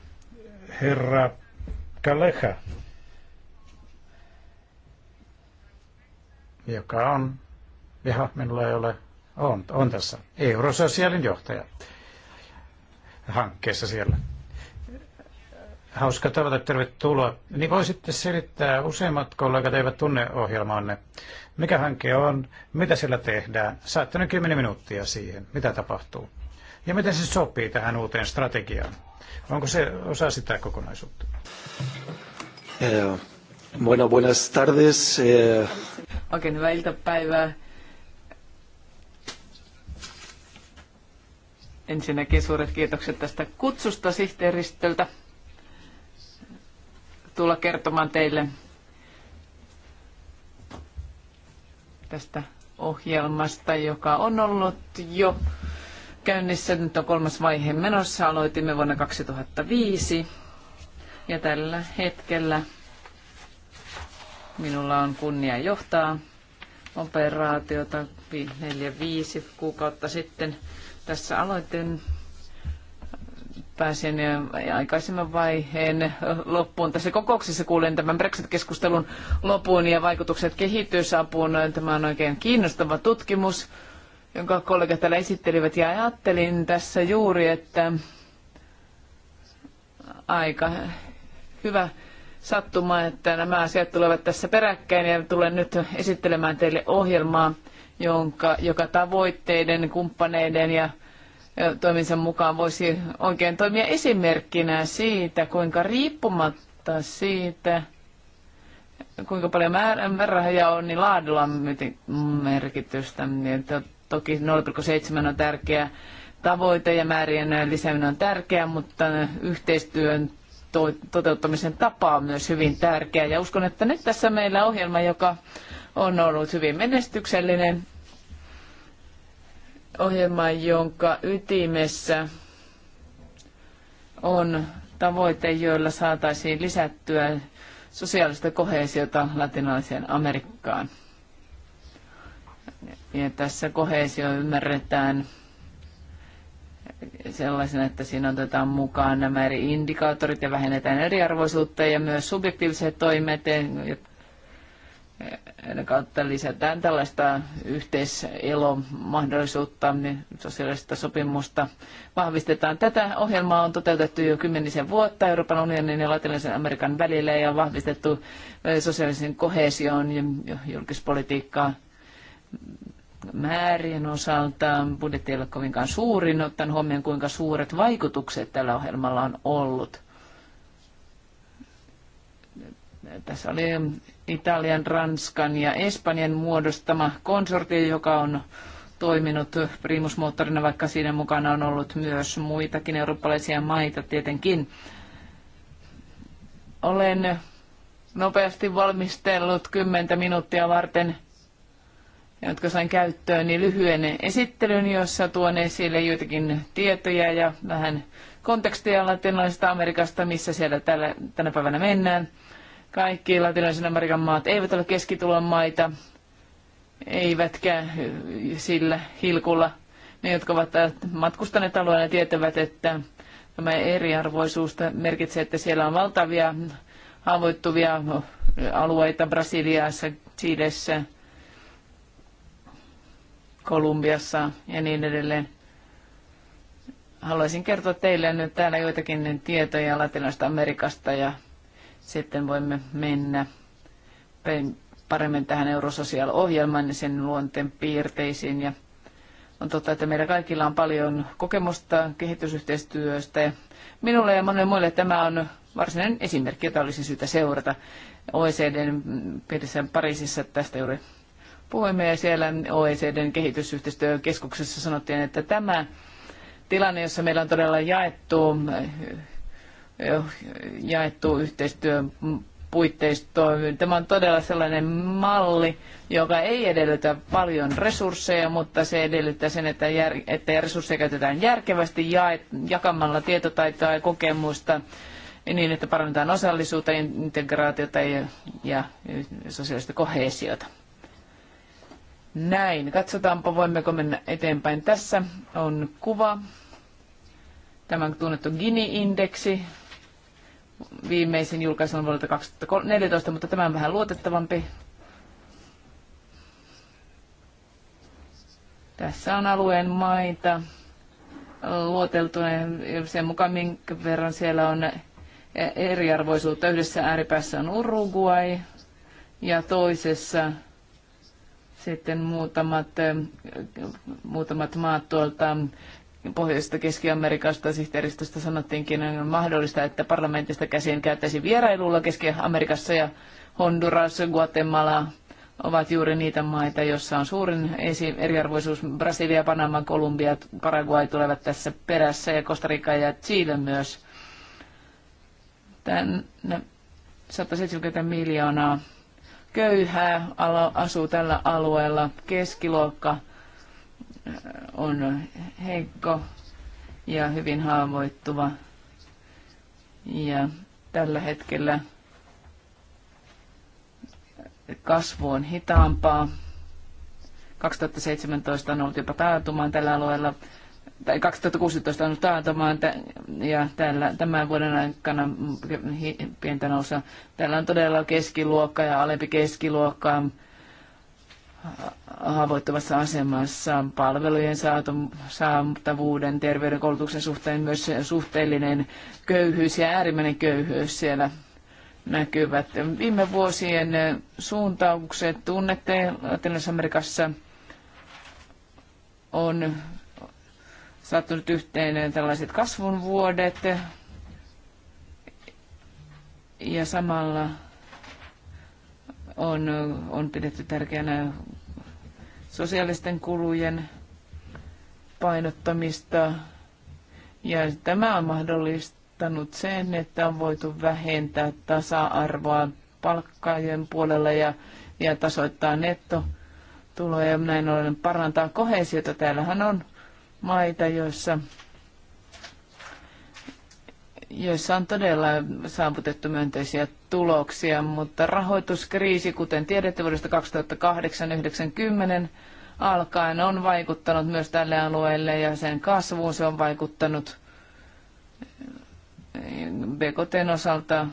herra Kaleha, joka on, ja minulla ei ole, on, on tässä, eurososiaalin johtaja hankkeessa siellä. Hauska tavata, tervetuloa. Niin voisitte selittää, useimmat kollegat eivät tunne ohjelmaanne. Mikä hanke on, mitä sillä tehdään? Saatte noin 10 minuuttia siihen, mitä tapahtuu. Ja miten se sopii tähän uuteen strategiaan? Onko se osa sitä kokonaisuutta? Eh, bueno, buenas tardes. Eh... okay, hyvää iltapäivää. Ensinnäkin suuret kiitokset tästä kutsusta sihteeristöltä tulla kertomaan teille tästä ohjelmasta, joka on ollut jo käynnissä. Nyt on kolmas vaihe menossa. Aloitimme vuonna 2005 ja tällä hetkellä minulla on kunnia johtaa operaatiota 4-5 kuukautta sitten – tässä aloitteen pääsen aikaisemman vaiheen loppuun. Tässä kokouksessa kuulen tämän Brexit-keskustelun lopun ja vaikutukset kehitysapuun. Tämä on oikein kiinnostava tutkimus, jonka kollegat täällä esittelivät. Ja ajattelin tässä juuri, että aika hyvä sattuma, että nämä asiat tulevat tässä peräkkäin ja tulen nyt esittelemään teille ohjelmaa, jonka, joka tavoitteiden, kumppaneiden ja toiminsa mukaan voisi oikein toimia esimerkkinä siitä, kuinka riippumatta siitä, kuinka paljon määrärahoja on, niin laadulla on merkitystä. Ja toki 0,7 on tärkeä tavoite ja määrien lisääminen on tärkeää, mutta yhteistyön toteuttamisen tapa on myös hyvin tärkeä. Ja uskon, että nyt tässä meillä on ohjelma, joka on ollut hyvin menestyksellinen ohjelma, jonka ytimessä on tavoite, joilla saataisiin lisättyä sosiaalista kohesiota latinalaiseen Amerikkaan. Ja tässä kohesio ymmärretään sellaisena, että siinä otetaan mukaan nämä eri indikaattorit ja vähennetään eriarvoisuutta ja myös subjektiiviset toimet, kautta lisätään tällaista yhteiselomahdollisuutta, niin sosiaalista sopimusta vahvistetaan. Tätä ohjelmaa on toteutettu jo kymmenisen vuotta Euroopan unionin ja Latinalaisen Amerikan välillä ja vahvistettu eh, sosiaalisen koheesion ja julkispolitiikkaa määrien osalta. Budjetti ei ole kovinkaan suurin, no ottaen huomioon kuinka suuret vaikutukset tällä ohjelmalla on ollut. Tässä oli Italian, Ranskan ja Espanjan muodostama konsortio, joka on toiminut primusmoottorina, vaikka siinä mukana on ollut myös muitakin eurooppalaisia maita tietenkin. Olen nopeasti valmistellut kymmentä minuuttia varten, jotka sain käyttöön, niin lyhyen esittelyn, jossa tuon esille joitakin tietoja ja vähän kontekstia latinalaisesta Amerikasta, missä siellä tällä, tänä päivänä mennään. Kaikki latinalaisen Amerikan maat eivät ole keskitulon maita, eivätkä sillä hilkulla. Ne, jotka ovat matkustaneet alueella, tietävät, että tämä eriarvoisuus merkitsee, että siellä on valtavia haavoittuvia alueita Brasiliassa, Chilessä, Kolumbiassa ja niin edelleen. Haluaisin kertoa teille nyt täällä joitakin tietoja Latinalaisesta Amerikasta ja sitten voimme mennä paremmin tähän eurososiaaliohjelmaan ja sen luonteen piirteisiin. Ja on totta, että meillä kaikilla on paljon kokemusta kehitysyhteistyöstä. Minulle ja monelle muille tämä on varsinainen esimerkki, jota olisi syytä seurata. OECDn piirissä Pariisissa tästä juuri puhuimme ja siellä OECDn kehitysyhteistyökeskuksessa sanottiin, että tämä tilanne, jossa meillä on todella jaettu jaettu yhteistyön puitteisto. Tämä on todella sellainen malli, joka ei edellytä paljon resursseja, mutta se edellyttää sen, että, jär, että resursseja käytetään järkevästi jaet, jakamalla tietotaitoa ja kokemusta niin, että parannetaan osallisuutta, integraatiota ja, ja sosiaalista kohesiota. Näin, katsotaanpa voimmeko mennä eteenpäin. Tässä on kuva, tämän tunnettu Gini-indeksi, Viimeisin julkaisu on vuodelta 2014, mutta tämä on vähän luotettavampi. Tässä on alueen maita luoteltu sen mukaan, minkä verran siellä on eriarvoisuutta. Yhdessä ääripäässä on Uruguay ja toisessa sitten muutamat, muutamat maat tuolta Pohjoisesta Keski-Amerikasta sihteeristöstä sanottiinkin, on mahdollista, että parlamentista käsin käyttäisi vierailulla Keski-Amerikassa ja Honduras, Guatemala ovat juuri niitä maita, joissa on suurin eriarvoisuus. Brasilia, Panama, Kolumbia, Paraguay tulevat tässä perässä ja Costa Rica ja Chile myös. Tän, 170 miljoonaa köyhää asuu tällä alueella. Keskiluokka on heikko ja hyvin haavoittuva. Ja tällä hetkellä kasvu on hitaampaa. 2017 on ollut jopa taantumaan tällä alueella, tai 2016 on ollut taantumaan, ja tällä, tämän vuoden aikana pientä nousua. Täällä on todella keskiluokka ja alempi keskiluokka, haavoittuvassa asemassa palvelujen saatavuuden, terveydenkoulutuksen suhteen myös suhteellinen köyhyys ja äärimmäinen köyhyys siellä näkyvät. Viime vuosien suuntaukset tunnette latinalais Amerikassa on sattunut yhteen tällaiset kasvun vuodet ja samalla on, on pidetty tärkeänä sosiaalisten kulujen painottamista. Ja tämä on mahdollistanut sen, että on voitu vähentää tasa-arvoa palkkaajien puolella ja, ja tasoittaa nettotuloja. Näin ollen parantaa kohesiota. Täällähän on maita, joissa joissa on todella saavutettu myönteisiä tuloksia, mutta rahoituskriisi, kuten tiedätte vuodesta 2008-90 alkaen, on vaikuttanut myös tälle alueelle ja sen kasvuun se on vaikuttanut BKTn osalta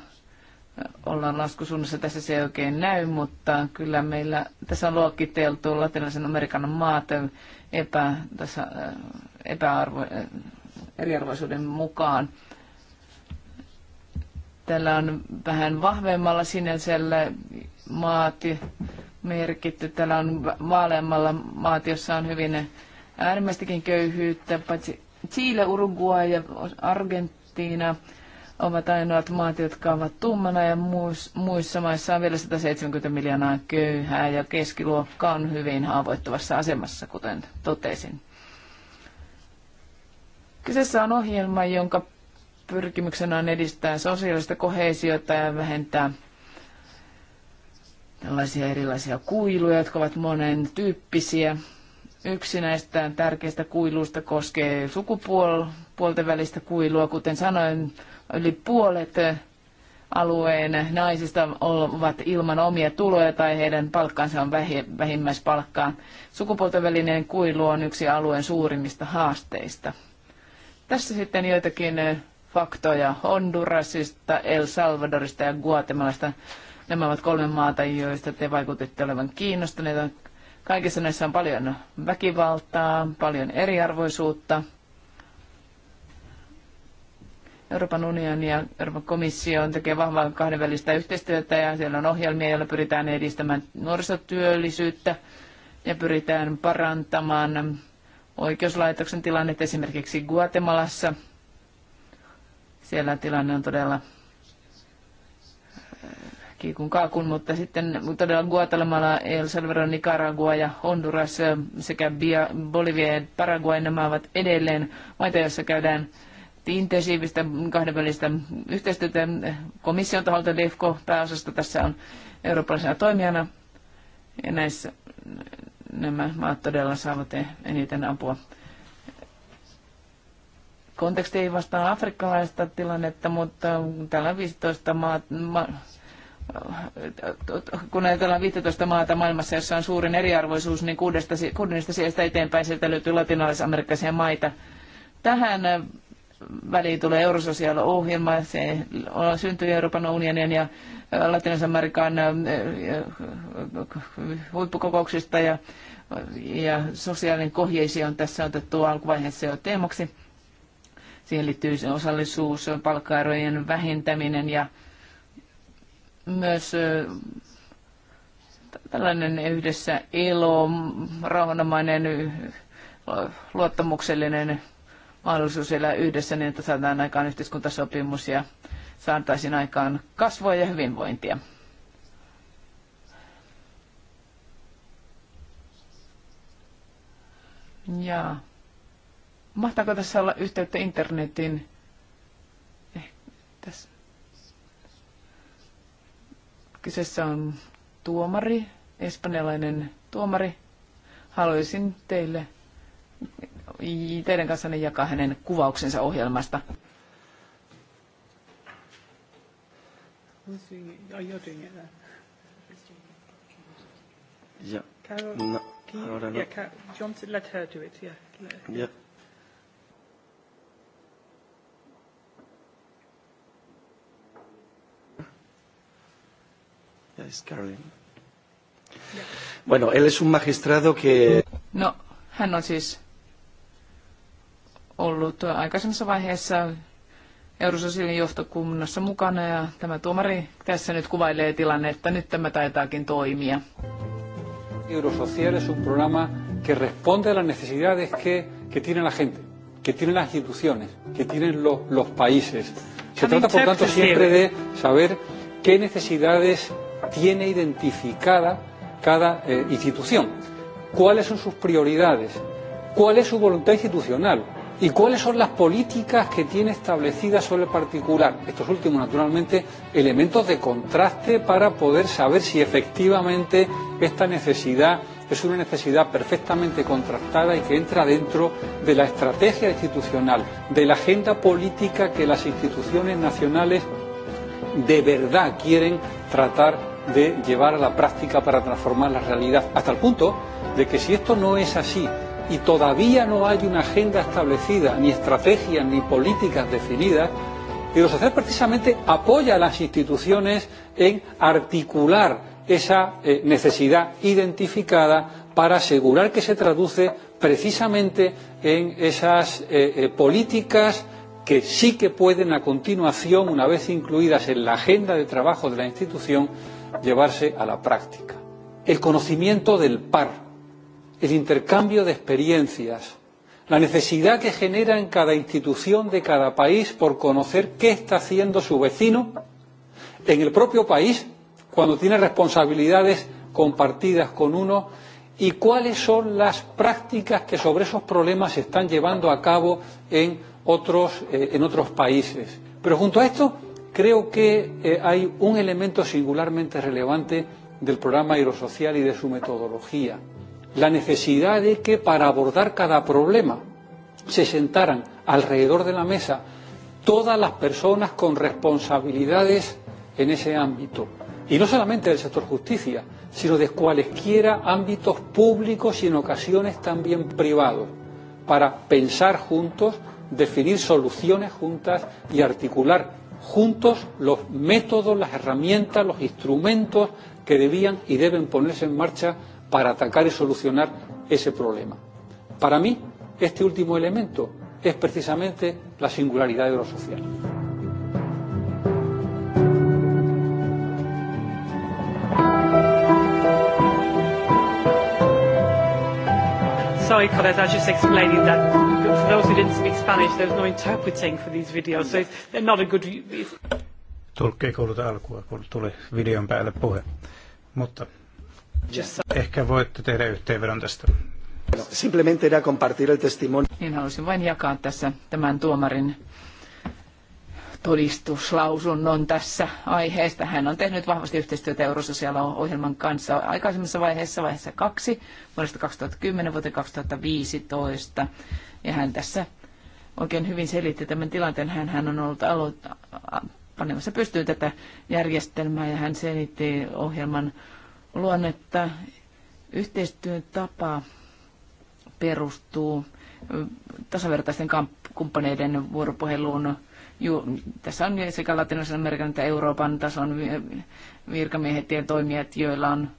ollaan laskusuunnassa. Tässä se ei oikein näy, mutta kyllä meillä tässä on luokiteltu latinalaisen Amerikan maat epä, tässä, epäarvo, eriarvoisuuden mukaan. Tällä on vähän vahvemmalla sinänsellä maati merkitty. Täällä on vaaleammalla maat, jossa on hyvin äärimmäistäkin köyhyyttä, paitsi Chile, Uruguay ja Argentiina ovat ainoat maat, jotka ovat tummana ja muissa maissa on vielä 170 miljoonaa köyhää ja keskiluokka on hyvin haavoittuvassa asemassa, kuten totesin. Kyseessä on ohjelma, jonka pyrkimyksenä on edistää sosiaalista kohesiota ja vähentää tällaisia erilaisia kuiluja, jotka ovat monen tyyppisiä. Yksi näistä tärkeistä kuiluista koskee sukupuolten välistä kuilua. Kuten sanoin, yli puolet alueen naisista ovat ilman omia tuloja tai heidän palkkansa on vähimmäispalkkaa. Sukupuolten välinen kuilu on yksi alueen suurimmista haasteista. Tässä sitten joitakin faktoja Hondurasista, El Salvadorista ja Guatemalasta. Nämä ovat kolme maata, joista te vaikutitte olevan kiinnostuneita. Kaikissa näissä on paljon väkivaltaa, paljon eriarvoisuutta. Euroopan unioni ja Euroopan komissio on tekee vahvaa kahdenvälistä yhteistyötä ja siellä on ohjelmia, joilla pyritään edistämään nuorisotyöllisyyttä ja pyritään parantamaan oikeuslaitoksen tilannetta esimerkiksi Guatemalassa – siellä tilanne on todella äh, kiikun kaakun, mutta sitten todella Guatemala, El Salvador, Nicaragua ja Honduras äh, sekä Bolivia ja Paraguay, nämä ovat edelleen maita, joissa käydään intensiivistä kahdenvälistä yhteistyötä komission taholta, DEFCO pääosasta tässä on eurooppalaisena toimijana ja näissä nämä maat todella saavat eniten apua Konteksti ei vastaa afrikkalaista tilannetta, mutta täällä on 15 maat, ma, kun ajatellaan 15 maata maailmassa, jossa on suurin eriarvoisuus, niin kuudesta, kuudesta sijasta eteenpäin sieltä löytyy latinalaisamerikkaisia maita. Tähän väliin tulee eurososiaaliohjelma, se on syntyi Euroopan unionin ja Latinalaisamerikan huippukokouksista ja, ja sosiaalinen kohjeisi on tässä otettu alkuvaiheessa jo teemaksi. Siihen liittyy osallisuus, palkkaerojen vähentäminen ja myös tällainen yhdessä ilo, rauhanomainen, luottamuksellinen mahdollisuus elää yhdessä niin, että saadaan aikaan yhteiskuntasopimus ja saataisiin aikaan kasvua ja hyvinvointia. Ja Mahtaako tässä olla yhteyttä internetin? Eh, tässä. Kyseessä on tuomari, espanjalainen tuomari. Haluaisin teille, teidän kanssanne jakaa hänen kuvauksensa ohjelmasta. Oh, yeah. Carol, no, can you, no, no, yeah, Carol, do you want to let her do it? Yeah. Let Yeah. Yes, Yeah. Bueno, él es un magistrado que... No, hän on siis ollut aikaisemmassa vaiheessa Eurososiaalin johtokunnassa mukana ja tämä tuomari tässä nyt kuvailee tilannetta. Nyt tämä taitaakin toimia. Eurosocial es un programa que responde a las necesidades que, que tiene la gente, que tienen las instituciones, que tienen los, los países. Se trata, por tanto, siempre de saber qué necesidades tiene identificada cada eh, institución, cuáles son sus prioridades, cuál es su voluntad institucional y cuáles son las políticas que tiene establecidas sobre el particular. Estos últimos, naturalmente, elementos de contraste para poder saber si efectivamente esta necesidad es una necesidad perfectamente contrastada y que entra dentro de la estrategia institucional, de la agenda política que las instituciones nacionales de verdad quieren tratar de llevar a la práctica para transformar la realidad, hasta el punto de que si esto no es así y todavía no hay una agenda establecida, ni estrategias, ni políticas definidas, los hacer precisamente apoya a las instituciones en articular esa eh, necesidad identificada para asegurar que se traduce precisamente en esas eh, eh, políticas que sí que pueden a continuación, una vez incluidas en la agenda de trabajo de la institución, llevarse a la práctica. El conocimiento del par, el intercambio de experiencias, la necesidad que genera en cada institución de cada país por conocer qué está haciendo su vecino en el propio país cuando tiene responsabilidades compartidas con uno y cuáles son las prácticas que sobre esos problemas se están llevando a cabo en otros eh, en otros países. Pero junto a esto, creo que eh, hay un elemento singularmente relevante del programa aerosocial y de su metodología. La necesidad de que para abordar cada problema se sentaran alrededor de la mesa todas las personas con responsabilidades en ese ámbito. Y no solamente del sector justicia, sino de cualesquiera ámbitos públicos y en ocasiones también privados, para pensar juntos definir soluciones juntas y articular juntos los métodos, las herramientas, los instrumentos que debían y deben ponerse en marcha para atacar y solucionar ese problema. Para mí, este último elemento es precisamente la singularidad de lo social. sorry, Carlos, I was just explaining that for those who didn't speak Spanish, there was no interpreting for these videos, so they're not a good... Tulkki ei kuuluta alkua, kun tuli videon päälle puhe. Mutta just... ehkä voitte tehdä yhteenvedon tästä. No, Simplemente era compartir el testimonio. Niin halusin vain jakaa tässä tämän tuomarin todistuslausunnon tässä aiheesta. Hän on tehnyt vahvasti yhteistyötä Eurososiaalo-ohjelman kanssa aikaisemmassa vaiheessa, vaiheessa kaksi, vuodesta 2010 vuoteen 2015. Ja hän tässä oikein hyvin selitti tämän tilanteen. Hän, hän on ollut alo- panemassa pystyyn tätä järjestelmää ja hän selitti ohjelman luonnetta. Yhteistyön tapa perustuu tasavertaisten kumppaneiden vuoropuheluun ju, tässä on sekä latinalaisen Amerikan että Euroopan tason virkamiehet ja toimijat, joilla on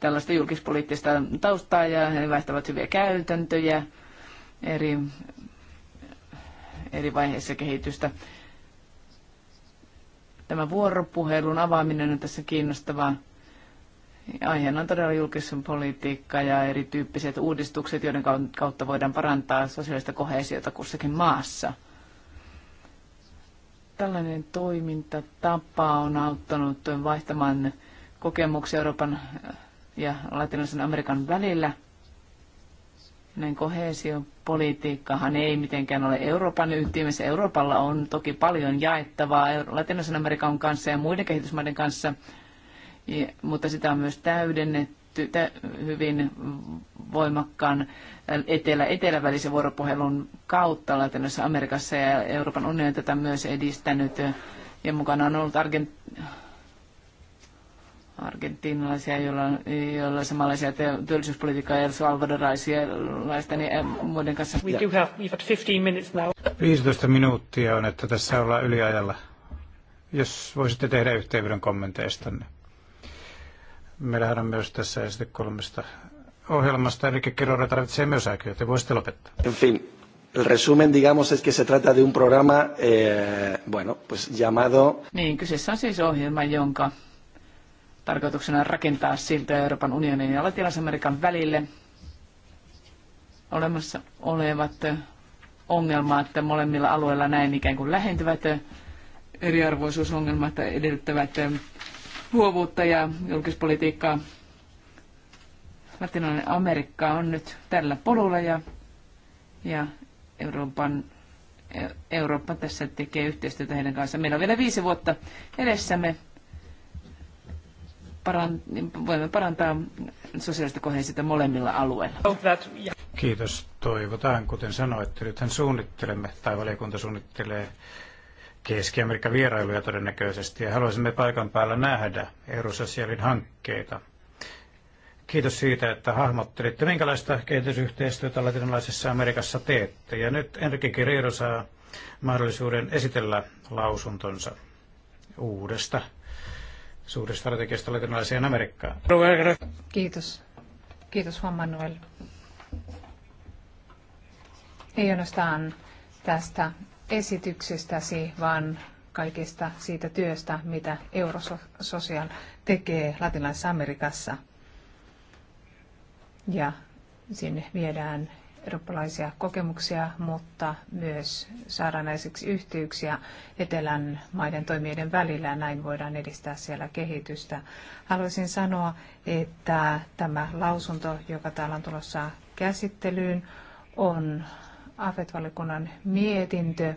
tällaista julkispoliittista taustaa ja he vaihtavat hyviä käytäntöjä eri, eri vaiheissa kehitystä. Tämä vuoropuhelun avaaminen on tässä kiinnostavaa. Aiheena on todella julkisen politiikka ja erityyppiset uudistukset, joiden kautta voidaan parantaa sosiaalista kohesiota kussakin maassa. Tällainen toimintatapa on auttanut vaihtamaan kokemuksia Euroopan äh, ja latinalaisen Amerikan välillä. Näin kohesiopolitiikkahan ei mitenkään ole Euroopan ytimessä. Euroopalla on toki paljon jaettavaa latinalaisen Amerikan kanssa ja muiden kehitysmaiden kanssa – mutta sitä on myös täydennetty hyvin voimakkaan etelä-etelä vuoropuhelun kautta Latinassa Amerikassa ja Euroopan unioni tätä myös edistänyt. Ja mukana on ollut Argent- argentinalaisia, joilla on, joilla on samanlaisia työllisyyspolitiikkaa ja laista, niin muiden kanssa. We do have, we've had 15 minutes now. 15 minuuttia on, että tässä ollaan yliajalla. Jos voisitte tehdä yhteenvedon kommenteista. Niin. Meillähän on myös tässä esite kolmesta ohjelmasta, eli kerrora tarvitsee myös aikaa, joten voisitte lopettaa. En fin, el resumen, digamos, es que se trata de un programa, eh, bueno, pues llamado... Niin, kyseessä on siis ohjelma, jonka tarkoituksena on rakentaa siltoja Euroopan unionin ja Latinalais-Amerikan välille. Olemassa olevat ongelmat molemmilla alueilla näin ikään kuin lähentyvät eriarvoisuusongelmat edellyttävät luovuutta ja julkispolitiikkaa. Latinalainen Amerikka on nyt tällä polulla ja, ja Euroopan, e, Eurooppa tässä tekee yhteistyötä heidän kanssaan. Meillä on vielä viisi vuotta edessämme. voimme parantaa sosiaalista kohdista molemmilla alueilla. Kiitos. Toivotaan, kuten sanoitte, nythän suunnittelemme tai valiokunta suunnittelee Keski-Amerikan vierailuja todennäköisesti ja haluaisimme paikan päällä nähdä Eurososiaalin hankkeita. Kiitos siitä, että hahmottelitte, minkälaista kehitysyhteistyötä latinalaisessa Amerikassa teette. Ja nyt Enrique Guerrero saa mahdollisuuden esitellä lausuntonsa uudesta suuresta strategiasta latinalaiseen Amerikkaan. Kiitos. Kiitos Juan Manuel. Ei ainoastaan tästä esityksestäsi, vaan kaikesta siitä työstä, mitä Eurososial tekee Latinalaisessa Amerikassa. Ja sinne viedään eurooppalaisia kokemuksia, mutta myös saadaan näiseksi yhteyksiä etelän maiden toimijoiden välillä ja näin voidaan edistää siellä kehitystä. Haluaisin sanoa, että tämä lausunto, joka täällä on tulossa käsittelyyn, on afet mietintö,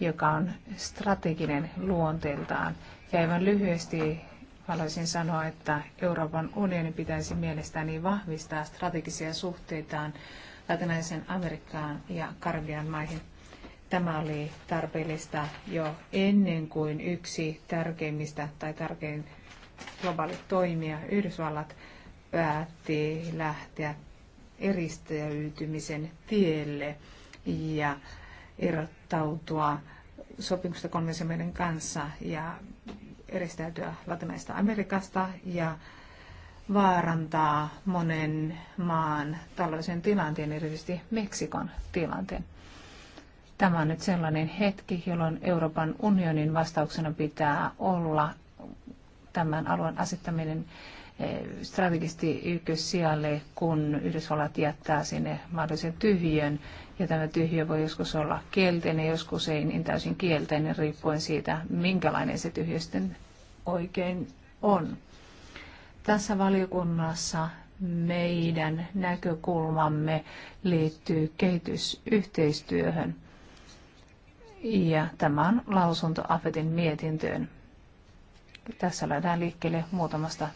joka on strateginen luonteeltaan. Ja aivan lyhyesti haluaisin sanoa, että Euroopan unionin pitäisi mielestäni vahvistaa strategisia suhteitaan Latinalaisen Amerikkaan ja Karibian maihin. Tämä oli tarpeellista jo ennen kuin yksi tärkeimmistä tai tärkein globaali toimija, Yhdysvallat, päätti lähteä eristäytymisen tielle ja erottautua sopimusta konvensioiden kanssa ja eristäytyä Latinalaisesta Amerikasta ja vaarantaa monen maan taloudellisen tilanteen, erityisesti Meksikon tilanteen. Tämä on nyt sellainen hetki, jolloin Euroopan unionin vastauksena pitää olla tämän alueen asettaminen Eh, strategisesti ykkössijalle, kun Yhdysvallat jättää sinne mahdollisen tyhjön. Ja tämä tyhjö voi joskus olla kielteinen, joskus ei niin täysin kielteinen, riippuen siitä, minkälainen se tyhjö sitten oikein on. Tässä valiokunnassa meidän näkökulmamme liittyy kehitysyhteistyöhön. Ja tämä on lausunto AFETin mietintöön. Tässä lähdetään liikkeelle muutamasta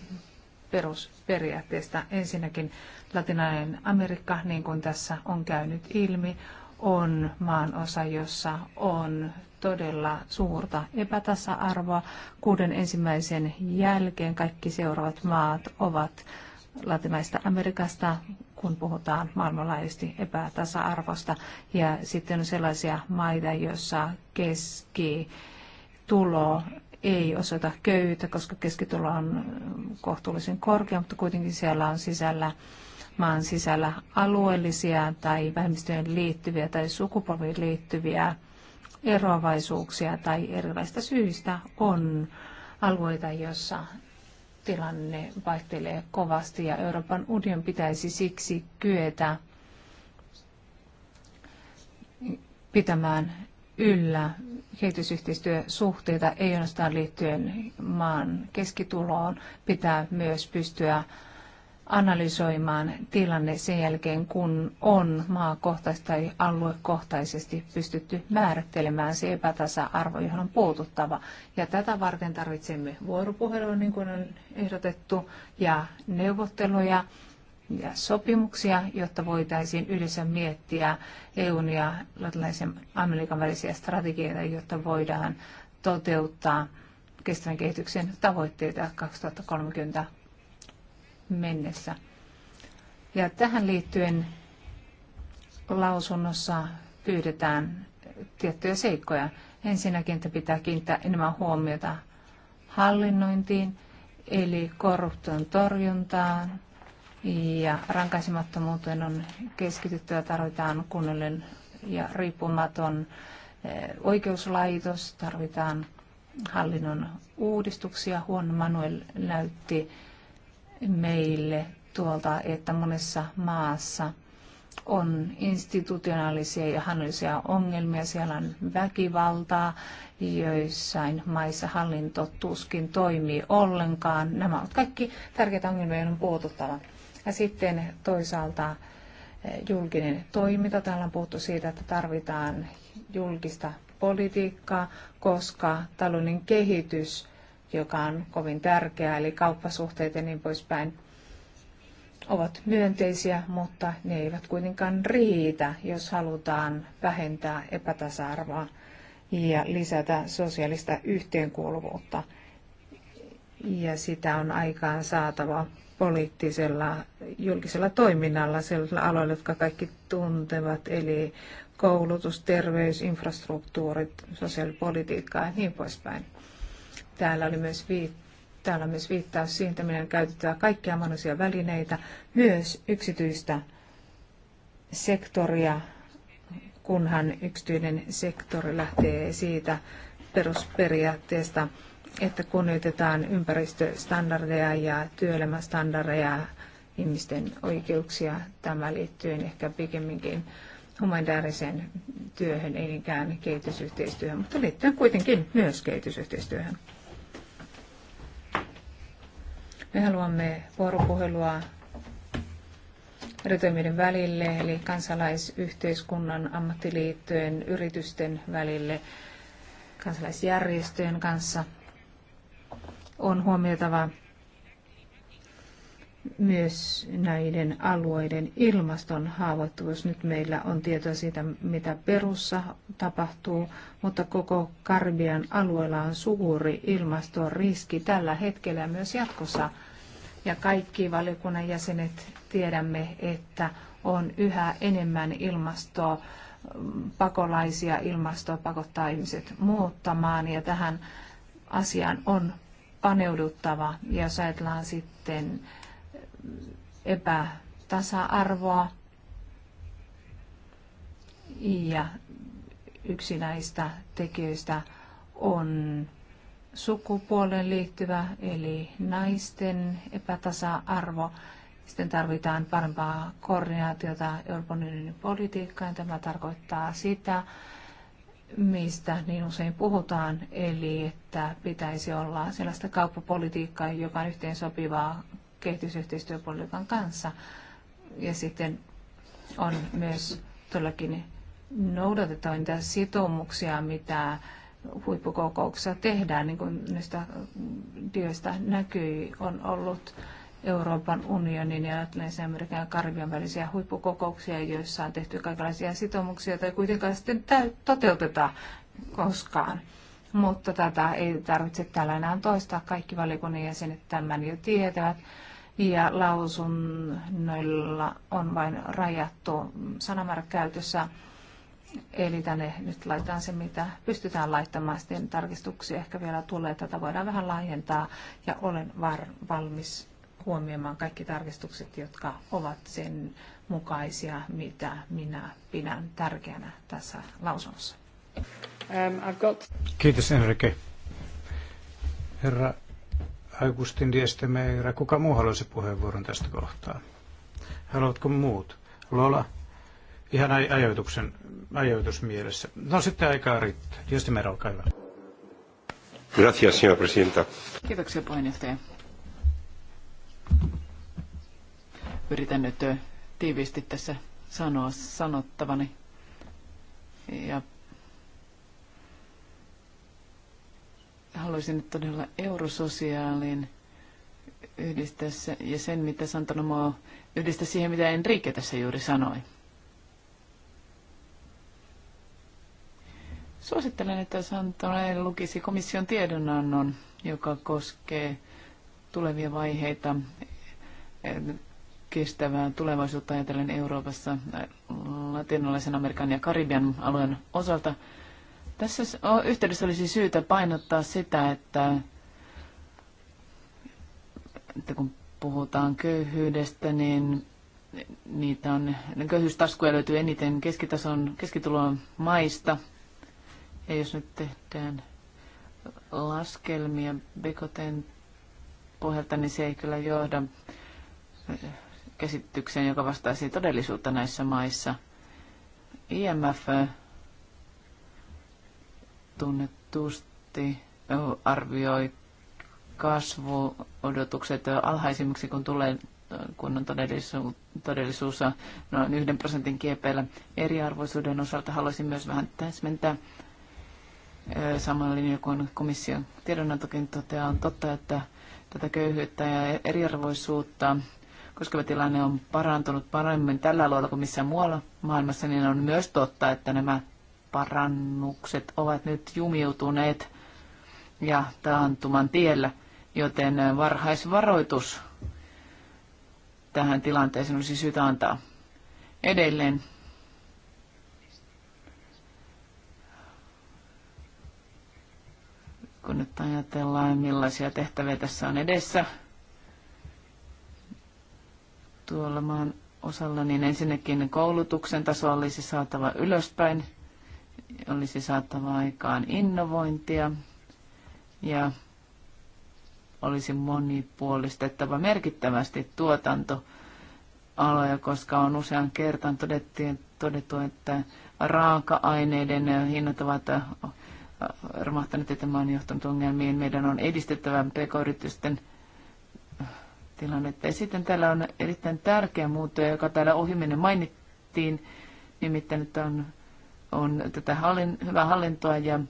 perusperiaatteista Ensinnäkin latinalainen Amerikka, niin kuin tässä on käynyt ilmi, on maanosa, jossa on todella suurta epätasa-arvoa. Kuuden ensimmäisen jälkeen kaikki seuraavat maat ovat Latinalaisesta Amerikasta, kun puhutaan maailmanlaajuisesti epätasa-arvosta. Ja sitten on sellaisia maita, joissa keski tulo ei osoita köyhyyttä, koska keskitulo on kohtuullisen korkea, mutta kuitenkin siellä on sisällä maan sisällä alueellisia tai vähemmistöjen liittyviä tai sukupolviin liittyviä eroavaisuuksia tai erilaista syistä on alueita, joissa tilanne vaihtelee kovasti ja Euroopan union pitäisi siksi kyetä pitämään yllä kehitysyhteistyösuhteita, ei ainoastaan liittyen maan keskituloon, pitää myös pystyä analysoimaan tilanne sen jälkeen, kun on maakohtaisesti tai aluekohtaisesti pystytty määrittelemään se epätasa-arvo, johon on puututtava. Ja tätä varten tarvitsemme vuoropuhelua, niin kuin on ehdotettu, ja neuvotteluja ja sopimuksia, jotta voitaisiin yhdessä miettiä EUn ja Latinalaisen Amerikan välisiä strategioita, jotta voidaan toteuttaa kestävän kehityksen tavoitteita 2030 mennessä. Ja tähän liittyen lausunnossa pyydetään tiettyjä seikkoja. Ensinnäkin, että pitää kiinnittää enemmän huomiota hallinnointiin, eli korruption torjuntaan, ja rankaisemattomuuteen on keskityttyä. Tarvitaan kunnollinen ja riippumaton eh, oikeuslaitos, tarvitaan hallinnon uudistuksia. Juan Manuel näytti meille tuolta, että monessa maassa on institutionaalisia ja hallinnollisia ongelmia. Siellä on väkivaltaa, joissain maissa hallinto tuskin toimii ollenkaan. Nämä ovat kaikki tärkeitä ongelmia, joiden on puututtava. Ja sitten toisaalta eh, julkinen toiminta. Täällä on puhuttu siitä, että tarvitaan julkista politiikkaa, koska talouden kehitys, joka on kovin tärkeää, eli kauppasuhteet ja niin poispäin, ovat myönteisiä, mutta ne eivät kuitenkaan riitä, jos halutaan vähentää epätasa-arvoa ja lisätä sosiaalista yhteenkuuluvuutta ja sitä on aikaan saatava poliittisella julkisella toiminnalla sellaisilla aloilla, jotka kaikki tuntevat, eli koulutus, terveys, infrastruktuurit, sosiaalipolitiikka ja niin poispäin. Täällä oli myös viittaus Täällä on myös viittaus siihen, että meidän on käytettävä kaikkia mahdollisia välineitä, myös yksityistä sektoria, kunhan yksityinen sektori lähtee siitä perusperiaatteesta, että kunnioitetaan ympäristöstandardeja ja työelämästandardeja, ihmisten oikeuksia. Tämä liittyy ehkä pikemminkin humanitaariseen työhön, ei niinkään kehitysyhteistyöhön, mutta liittyy kuitenkin myös kehitysyhteistyöhön. Me haluamme vuoropuhelua eri välille, eli kansalaisyhteiskunnan, ammattiliittojen, yritysten välille, kansalaisjärjestöjen kanssa – on huomioitava myös näiden alueiden ilmaston haavoittuvuus. Nyt meillä on tietoa siitä, mitä perussa tapahtuu, mutta koko Karibian alueella on suuri riski tällä hetkellä ja myös jatkossa. Ja kaikki valiokunnan jäsenet tiedämme, että on yhä enemmän ilmastoa pakolaisia, ilmastoa pakottaa ihmiset muuttamaan ja tähän asiaan on paneuduttava. Ja jos ajatellaan sitten epätasa-arvoa ja yksi näistä tekijöistä on sukupuolen liittyvä, eli naisten epätasa-arvo. Sitten tarvitaan parempaa koordinaatiota Euroopan unionin politiikkaan. Tämä tarkoittaa sitä, mistä niin usein puhutaan, eli että pitäisi olla sellaista kauppapolitiikkaa, joka on yhteen sopivaa kehitysyhteistyöpolitiikan kanssa. Ja sitten on myös todellakin noudatetaan niitä sitoumuksia, mitä huippukokouksessa tehdään, niin kuin näistä työstä näkyy, on ollut Euroopan unionin ja Latinalaisen Amerikan ja Karibian välisiä huippukokouksia, joissa on tehty kaikenlaisia sitoumuksia tai kuitenkaan sitten toteuteta koskaan. Mutta tätä ei tarvitse täällä enää toistaa. Kaikki valiokunnan jäsenet tämän jo tietävät. Ja lausunnoilla on vain rajattu sanamäärä käytössä. Eli tänne nyt laitetaan se, mitä pystytään laittamaan. Sitten tarkistuksia ehkä vielä tulee. Tätä voidaan vähän laajentaa ja olen var- valmis huomioimaan kaikki tarkistukset, jotka ovat sen mukaisia, mitä minä pidän tärkeänä tässä lausunnossa. Um, got... Kiitos Enrique. Herra Augustin Diestemeira, kuka muu haluaisi puheenvuoron tästä kohtaa? Haluatko muut? Lola? Ihan ajoituksen, ajoitus mielessä. No sitten aikaa riittää. Diestemeira, olkaa hyvä. Gracias, señora presidenta. Kiitoksia puheenjohtaja. yritän nyt tiiviisti tässä sanoa sanottavani. Ja haluaisin nyt todella eurososiaalin yhdistää ja sen, mitä Santanomo yhdistää siihen, mitä Enrique tässä juuri sanoi. Suosittelen, että Santone lukisi komission tiedonannon, joka koskee tulevia vaiheita kestävää tulevaisuutta ajatellen Euroopassa latinalaisen Amerikan ja Karibian alueen osalta. Tässä yhteydessä olisi syytä painottaa sitä, että, että kun puhutaan köyhyydestä, niin niitä on, köyhyystaskuja löytyy eniten keskitason, keskitulon maista. Ja jos nyt tehdään laskelmia Bekoten pohjalta, niin se ei kyllä johda käsitykseen, joka vastaisi todellisuutta näissä maissa. IMF tunnetusti arvioi kasvuodotukset alhaisimmiksi, kun tulee kun on todellisuus, todellisuus noin yhden prosentin kiepeillä. Eriarvoisuuden osalta haluaisin myös vähän täsmentää saman linjan kuin komission tiedonantokin toteaa. On totta, että tätä köyhyyttä ja eriarvoisuutta koska tilanne on parantunut paremmin tällä alueella kuin missään muualla maailmassa, niin on myös totta, että nämä parannukset ovat nyt jumiutuneet ja taantuman tiellä, joten varhaisvaroitus tähän tilanteeseen olisi syytä antaa edelleen. Kun nyt ajatellaan, millaisia tehtäviä tässä on edessä, tuolla maan osalla, niin ensinnäkin koulutuksen taso olisi saatava ylöspäin, olisi saatava aikaan innovointia ja olisi monipuolistettava merkittävästi tuotantoaloja, koska on usean kertaan todettu, että raaka-aineiden hinnat ovat äh, romahtaneet ja tämä on johtanut ongelmiin. Meidän on edistettävä pk-yritysten tilannetta. Ja sitten täällä on erittäin tärkeä muuttuja, joka täällä ohiminen mainittiin, nimittäin nyt on, on tätä hallin, hyvää hallintoa ja,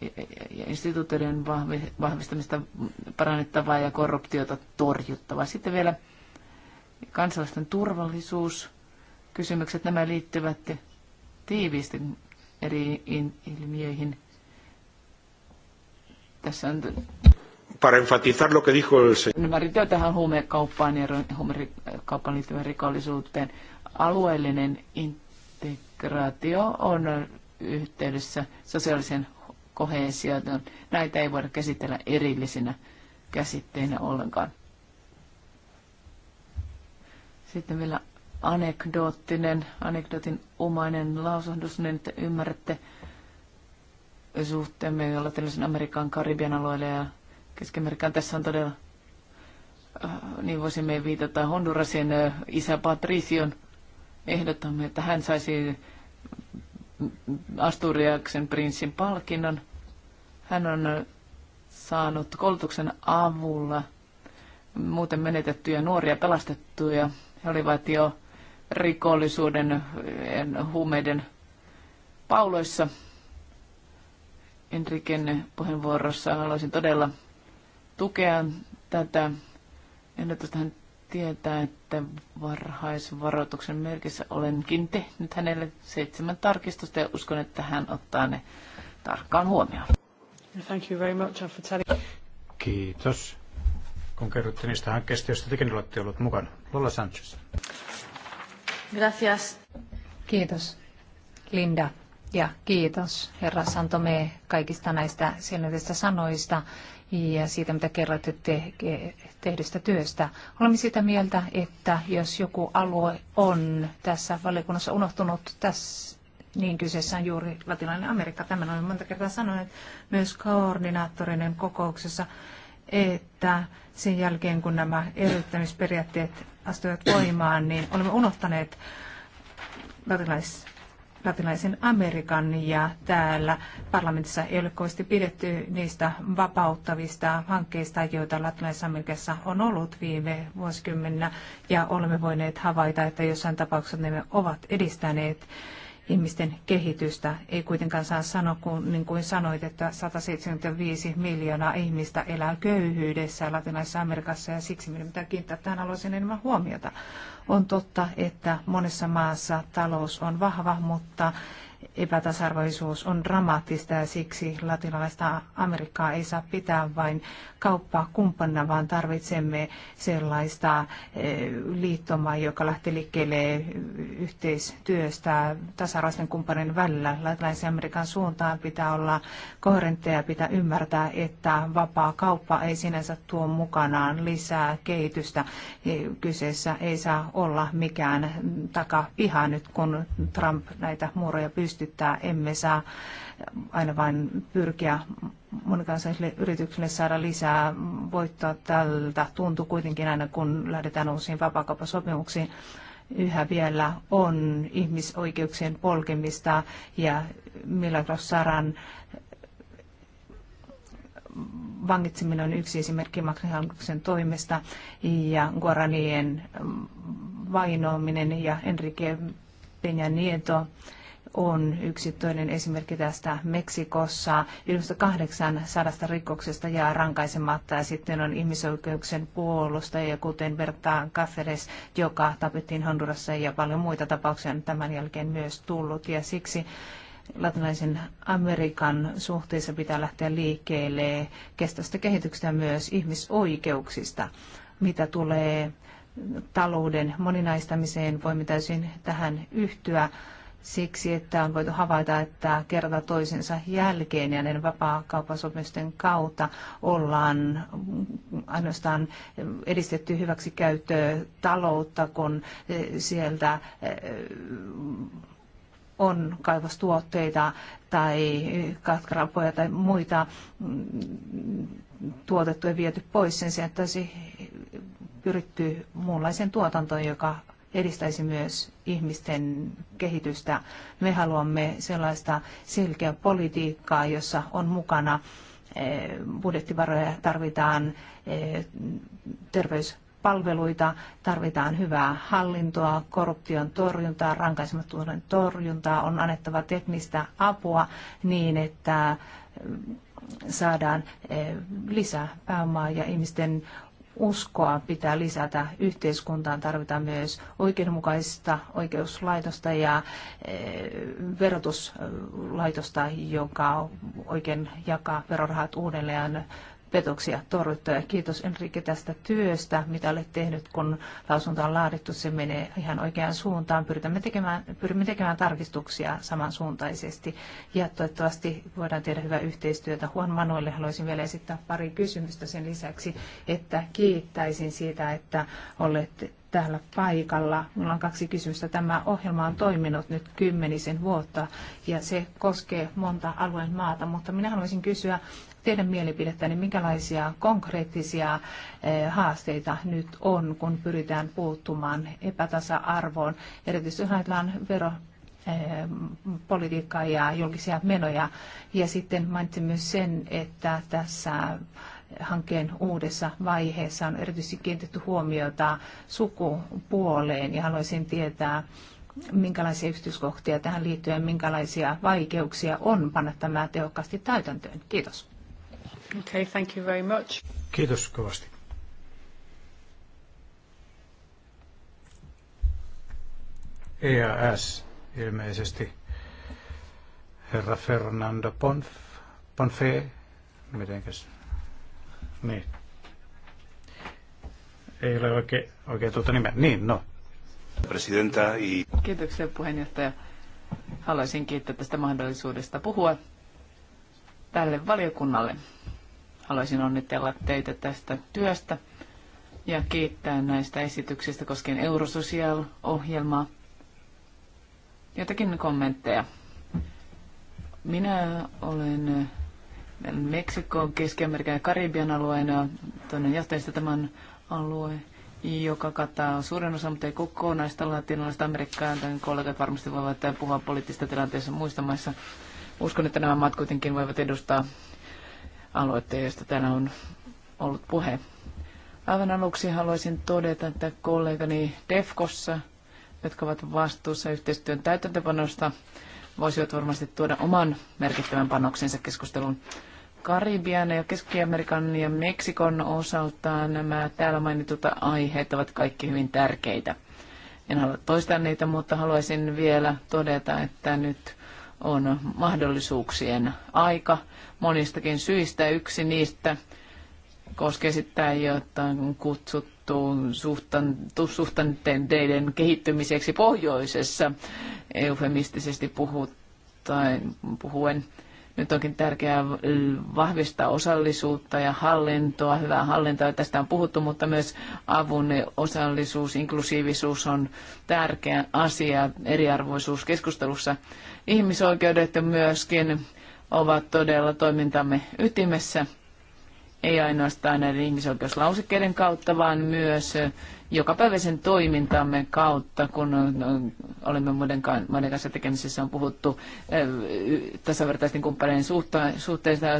ja, ja instituutioiden vahvistamista parannettavaa ja korruptiota torjuttavaa. Sitten vielä kansalaisten turvallisuus, kysymykset, nämä liittyvät tiiviisti eri ilmiöihin. Tässä on para enfatizar lo que dijo el señor. Ymmärritkö tähän huumekauppaan ja huumekauppaan liittyvän rikollisuuteen? Alueellinen integraatio on yhteydessä sosiaalisen kohesioon. Näitä ei voida käsitellä erillisinä käsitteinä ollenkaan. Sitten vielä anekdoottinen, anekdootin omainen lausahdus, niin että ymmärrätte suhteemme tällaisen Amerikan, Karibian alueella ja keski Tässä on todella, äh, niin voisimme viitata Hondurasin äh, isä Patricion. ehdottamme, että hän saisi Asturiaksen prinssin palkinnon. Hän on äh, saanut koulutuksen avulla muuten menetettyjä nuoria pelastettuja. He olivat jo rikollisuuden ja huumeiden pauloissa. Enriken puheenvuorossa haluaisin todella tukea tätä ehdotusta. tähän tietää, että varhaisvaroituksen merkissä olenkin tehnyt hänelle seitsemän tarkistusta ja uskon, että hän ottaa ne tarkkaan huomioon. Thank you very much for telling... Kiitos, kun kerrotte niistä hankkeista, joista tekin olette olleet mukana. Lola Sanchez. Gracias. Kiitos, Linda. Ja kiitos, herra Santome, kaikista näistä sinulisista sanoista ja siitä, mitä kerroitte te, tehdystä työstä. Olemme sitä mieltä, että jos joku alue on tässä valiokunnassa unohtunut, tässä, niin kyseessä on juuri latinalainen Amerikka. Tämän olen monta kertaa sanonut myös koordinaattorinen kokouksessa, että sen jälkeen kun nämä eriyttämisperiaatteet astuivat voimaan, niin olemme unohtaneet latinalais latinalaisen Amerikan ja täällä parlamentissa ei ole kovasti pidetty niistä vapauttavista hankkeista, joita latinalaisessa Amerikassa on ollut viime vuosikymmeninä ja olemme voineet havaita, että jossain tapauksessa ne ovat edistäneet ihmisten kehitystä. Ei kuitenkaan saa sanoa, kun, niin kuin sanoit, että 175 miljoonaa ihmistä elää köyhyydessä Latinalaisessa Amerikassa ja siksi minun pitää kiinnittää tähän haluaisin enemmän huomiota. On totta, että monessa maassa talous on vahva, mutta epätasarvoisuus on dramaattista ja siksi latinalaista Amerikkaa ei saa pitää vain kauppakumppanina, vaan tarvitsemme sellaista eh, liittomaa, joka lähtee liikkeelle yhteistyöstä tasa-arvoisten kumppaneiden välillä. Latinalaisen Amerikan suuntaan pitää olla koherentteja, pitää ymmärtää, että vapaa kauppa ei sinänsä tuo mukanaan lisää kehitystä. Eh, kyseessä ei saa olla mikään takapiha nyt, kun Trump näitä muureja pystyy viestittää. Emme saa aina vain pyrkiä monikansallisille yrityksille saada lisää voittoa tältä. Tuntuu kuitenkin aina, kun lähdetään uusiin vapaakauppasopimuksiin, yhä vielä on ihmisoikeuksien polkemista ja Milagros Saran vangitseminen on yksi esimerkki Makrihallituksen toimesta ja Guaranien vainoaminen ja Enrique Peña Nieto on yksi toinen esimerkki tästä Meksikossa. 800 rikoksesta jää rankaisematta ja sitten on ihmisoikeuksien puolustajia, kuten Berta Cáceres, joka tapettiin Hondurassa ja paljon muita tapauksia on tämän jälkeen myös tullut. Ja siksi latinalaisen Amerikan suhteessa pitää lähteä liikkeelle kestävästä kehityksestä ja myös ihmisoikeuksista, mitä tulee talouden moninaistamiseen, voimme täysin tähän yhtyä siksi, että on voitu havaita, että kerta toisensa jälkeen ja näiden vapaa-kauppasopimusten kautta ollaan ainoastaan edistetty hyväksi käyttöä taloutta, kun eh, sieltä eh, on kaivostuotteita tai katkarapoja tai muita mm, tuotettuja viety pois sen sijaan, että olisi pyritty muunlaiseen tuotantoon, joka edistäisi myös ihmisten kehitystä. Me haluamme sellaista selkeää politiikkaa, jossa on mukana eh, budjettivaroja, tarvitaan eh, terveyspalveluita, tarvitaan hyvää hallintoa, korruption torjuntaa, rankaisemattuuden torjuntaa, on annettava teknistä apua niin, että eh, saadaan lisää pääomaa ja ihmisten uskoa pitää lisätä yhteiskuntaan. Tarvitaan myös oikeudenmukaista oikeuslaitosta ja eh, verotuslaitosta, joka oikein jakaa verorahat uudelleen petoksia torjuttua. Ja kiitos Enrique tästä työstä, mitä olet tehnyt, kun lausunto on laadittu. Se menee ihan oikeaan suuntaan. Pyritämme tekemään, pyrimme tekemään tarkistuksia samansuuntaisesti ja toivottavasti voidaan tehdä hyvää yhteistyötä. Juan Manuelle haluaisin vielä esittää pari kysymystä sen lisäksi, että kiittäisin siitä, että olette täällä paikalla. Minulla on kaksi kysymystä. Tämä ohjelma on toiminut nyt kymmenisen vuotta ja se koskee monta alueen maata, mutta minä haluaisin kysyä teidän niin minkälaisia konkreettisia eh, haasteita nyt on, kun pyritään puuttumaan epätasa-arvoon, erityisesti jos ajatellaan vero eh, politiikkaa ja julkisia menoja. Ja sitten mainitsin myös sen, että tässä hankkeen uudessa vaiheessa on erityisesti kiinnitetty huomiota sukupuoleen ja haluaisin tietää, minkälaisia yksityiskohtia tähän liittyen, minkälaisia vaikeuksia on panna tämä tehokkaasti täytäntöön. Kiitos. Okay, thank you very much. Kiitos kovasti. EAS ilmeisesti herra Fernando Ponf, Ponfe, mitenkäs niin. Ei ole oikein, oikein tuota nimeä. Niin, no. Presidenta i... Kiitoksia puheenjohtaja. Haluaisin kiittää tästä mahdollisuudesta puhua tälle valiokunnalle. Haluaisin onnitella teitä tästä työstä ja kiittää näistä esityksistä koskien eurosocial ohjelmaa Jotakin kommentteja. Minä olen Meksikon, Keski-Amerikan ja Karibian alueen ja toinen johtajista tämän alue, joka kattaa suuren osan, mutta ei kokonaista latinalaista Amerikkaa. Tämän kollegat varmasti voivat puhua poliittisesta tilanteessa muista maissa. Uskon, että nämä maat kuitenkin voivat edustaa aloitteen, josta täällä on ollut puhe. Aivan aluksi haluaisin todeta, että kollegani Defkossa, jotka ovat vastuussa yhteistyön täytäntöpanosta, voisivat varmasti tuoda oman merkittävän panoksensa keskusteluun. Karibian ja Keski-Amerikan ja Meksikon osalta nämä täällä mainitut aiheet ovat kaikki hyvin tärkeitä. En halua toistaa niitä, mutta haluaisin vielä todeta, että nyt on mahdollisuuksien aika monistakin syistä. Yksi niistä koskee sitten on kutsuttu suhtanteiden kehittymiseksi pohjoisessa, eufemistisesti puhuttaen, puhuen nyt onkin tärkeää äh, vahvistaa osallisuutta ja hallintoa, hyvää hallintoa. Tästä on puhuttu, mutta myös avun osallisuus, inklusiivisuus on tärkeä asia eriarvoisuus keskustelussa. Ihmisoikeudet myöskin ovat todella toimintamme ytimessä, ei ainoastaan näiden ihmisoikeuslausekkeiden kautta, vaan myös jokapäiväisen toimintamme kautta, kun olemme muiden kanssa tekemisissä, on puhuttu tasavertaisten kumppaneiden suhteista ja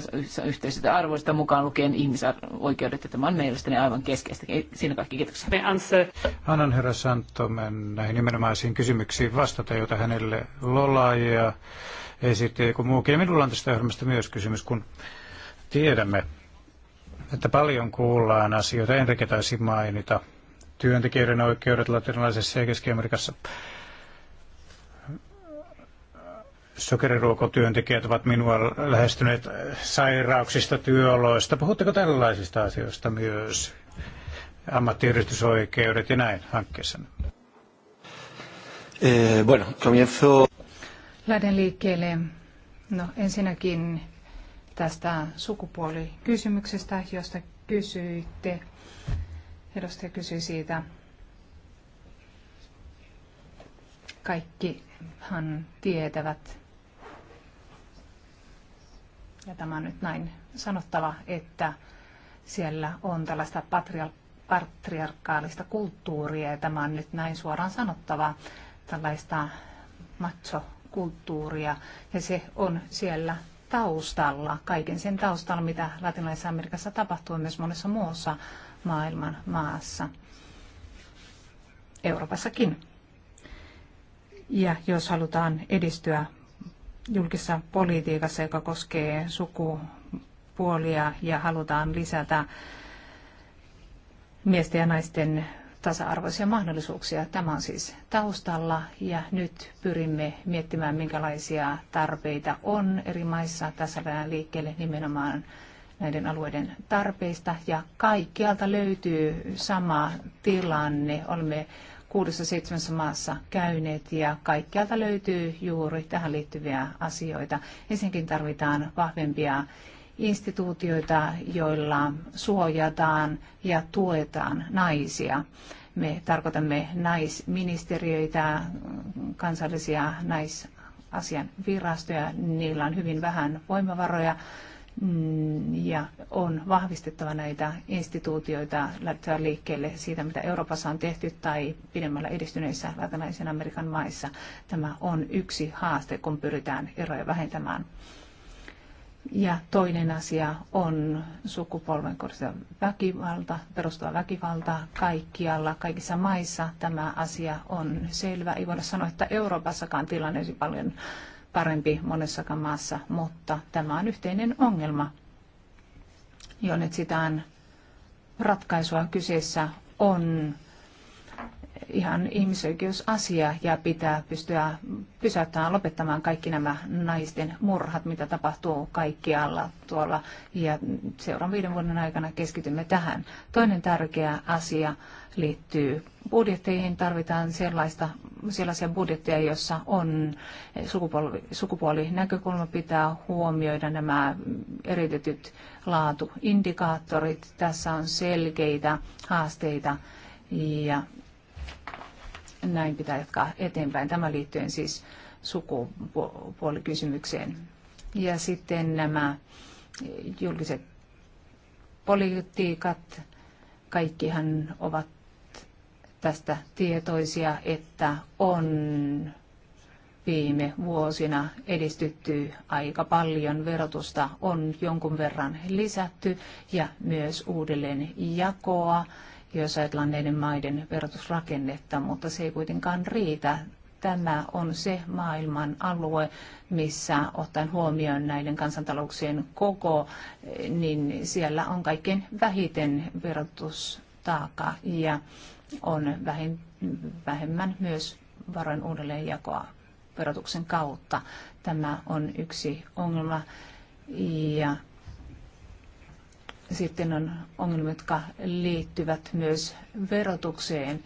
yhteisistä arvoista mukaan lukien ihmisoikeudet. Ja tämä on mielestäni aivan keskeistä. Siinä kaikki kiitoksia. Annan herra Santomen näihin nimenomaisiin kysymyksiin vastata, joita hänelle Lola ja esitti joku muukin. minulla on tästä ohjelmasta myös kysymys, kun tiedämme, että paljon kuullaan asioita, Enrique taisi mainita, työntekijöiden oikeudet latinalaisessa ja Keski-Amerikassa. Sokeriruokotyöntekijät ovat minua lähestyneet sairauksista, työoloista. Puhutteko tällaisista asioista myös? Ammattiyhdistysoikeudet ja näin hankkeessa. Eh, bueno, comienzo... Lähden liikkeelle. No ensinnäkin tästä sukupuolikysymyksestä, josta kysyitte. Edustaja kysyi siitä. Kaikkihan tietävät, ja tämä on nyt näin sanottava, että siellä on tällaista patriarkaalista kulttuuria, ja tämä on nyt näin suoraan sanottava, tällaista machokulttuuria, ja se on siellä taustalla, kaiken sen taustalla, mitä Latinalaisessa Amerikassa tapahtuu myös monessa muussa maailman maassa, Euroopassakin. Ja jos halutaan edistyä julkisessa politiikassa, joka koskee sukupuolia ja halutaan lisätä miesten ja naisten tasa-arvoisia mahdollisuuksia. Tämä on siis taustalla ja nyt pyrimme miettimään, minkälaisia tarpeita on eri maissa. Tässä lähdetään liikkeelle nimenomaan näiden alueiden tarpeista ja kaikkialta löytyy sama tilanne. Olemme kuudessa seitsemässä maassa käyneet ja kaikkialta löytyy juuri tähän liittyviä asioita. Ensinnäkin tarvitaan vahvempia instituutioita, joilla suojataan ja tuetaan naisia. Me tarkoitamme naisministeriöitä, kansallisia naisasian virastoja, niillä on hyvin vähän voimavaroja Mm, ja on vahvistettava näitä instituutioita lähtöä liikkeelle siitä, mitä Euroopassa on tehty tai pidemmällä edistyneissä latinalaisen Amerikan maissa. Tämä on yksi haaste, kun pyritään eroja vähentämään. Ja toinen asia on sukupolven väkivalta, perustuva väkivalta kaikkialla, kaikissa maissa. Tämä asia on selvä. Ei voida sanoa, että Euroopassakaan tilanne olisi paljon parempi monessakaan maassa, mutta tämä on yhteinen ongelma, jonne sitä ratkaisua kyseessä on ihan ihmisoikeusasia ja pitää pystyä pysäyttämään lopettamaan kaikki nämä naisten murhat, mitä tapahtuu kaikkialla tuolla. Ja seuraavan viiden vuoden aikana keskitymme tähän. Toinen tärkeä asia liittyy budjetteihin. Tarvitaan sellaista, sellaisia budjetteja, joissa on sukupuoli, sukupuolinäkökulma pitää huomioida nämä eritetyt laatuindikaattorit. Tässä on selkeitä haasteita ja näin pitää jatkaa eteenpäin. Tämä liittyen siis sukupuolikysymykseen. Ja sitten nämä julkiset politiikat, kaikkihan ovat tästä tietoisia, että on viime vuosina edistytty aika paljon, verotusta on jonkun verran lisätty ja myös uudelleen jakoa jos ajatellaan näiden maiden verotusrakennetta, mutta se ei kuitenkaan riitä. Tämä on se maailman alue, missä ottaen huomioon näiden kansantalouksien koko, niin siellä on kaikkein vähiten verotustaaka ja on vähemmän myös varojen uudelleenjakoa verotuksen kautta. Tämä on yksi ongelma ja sitten on ongelmia, jotka liittyvät myös verotukseen,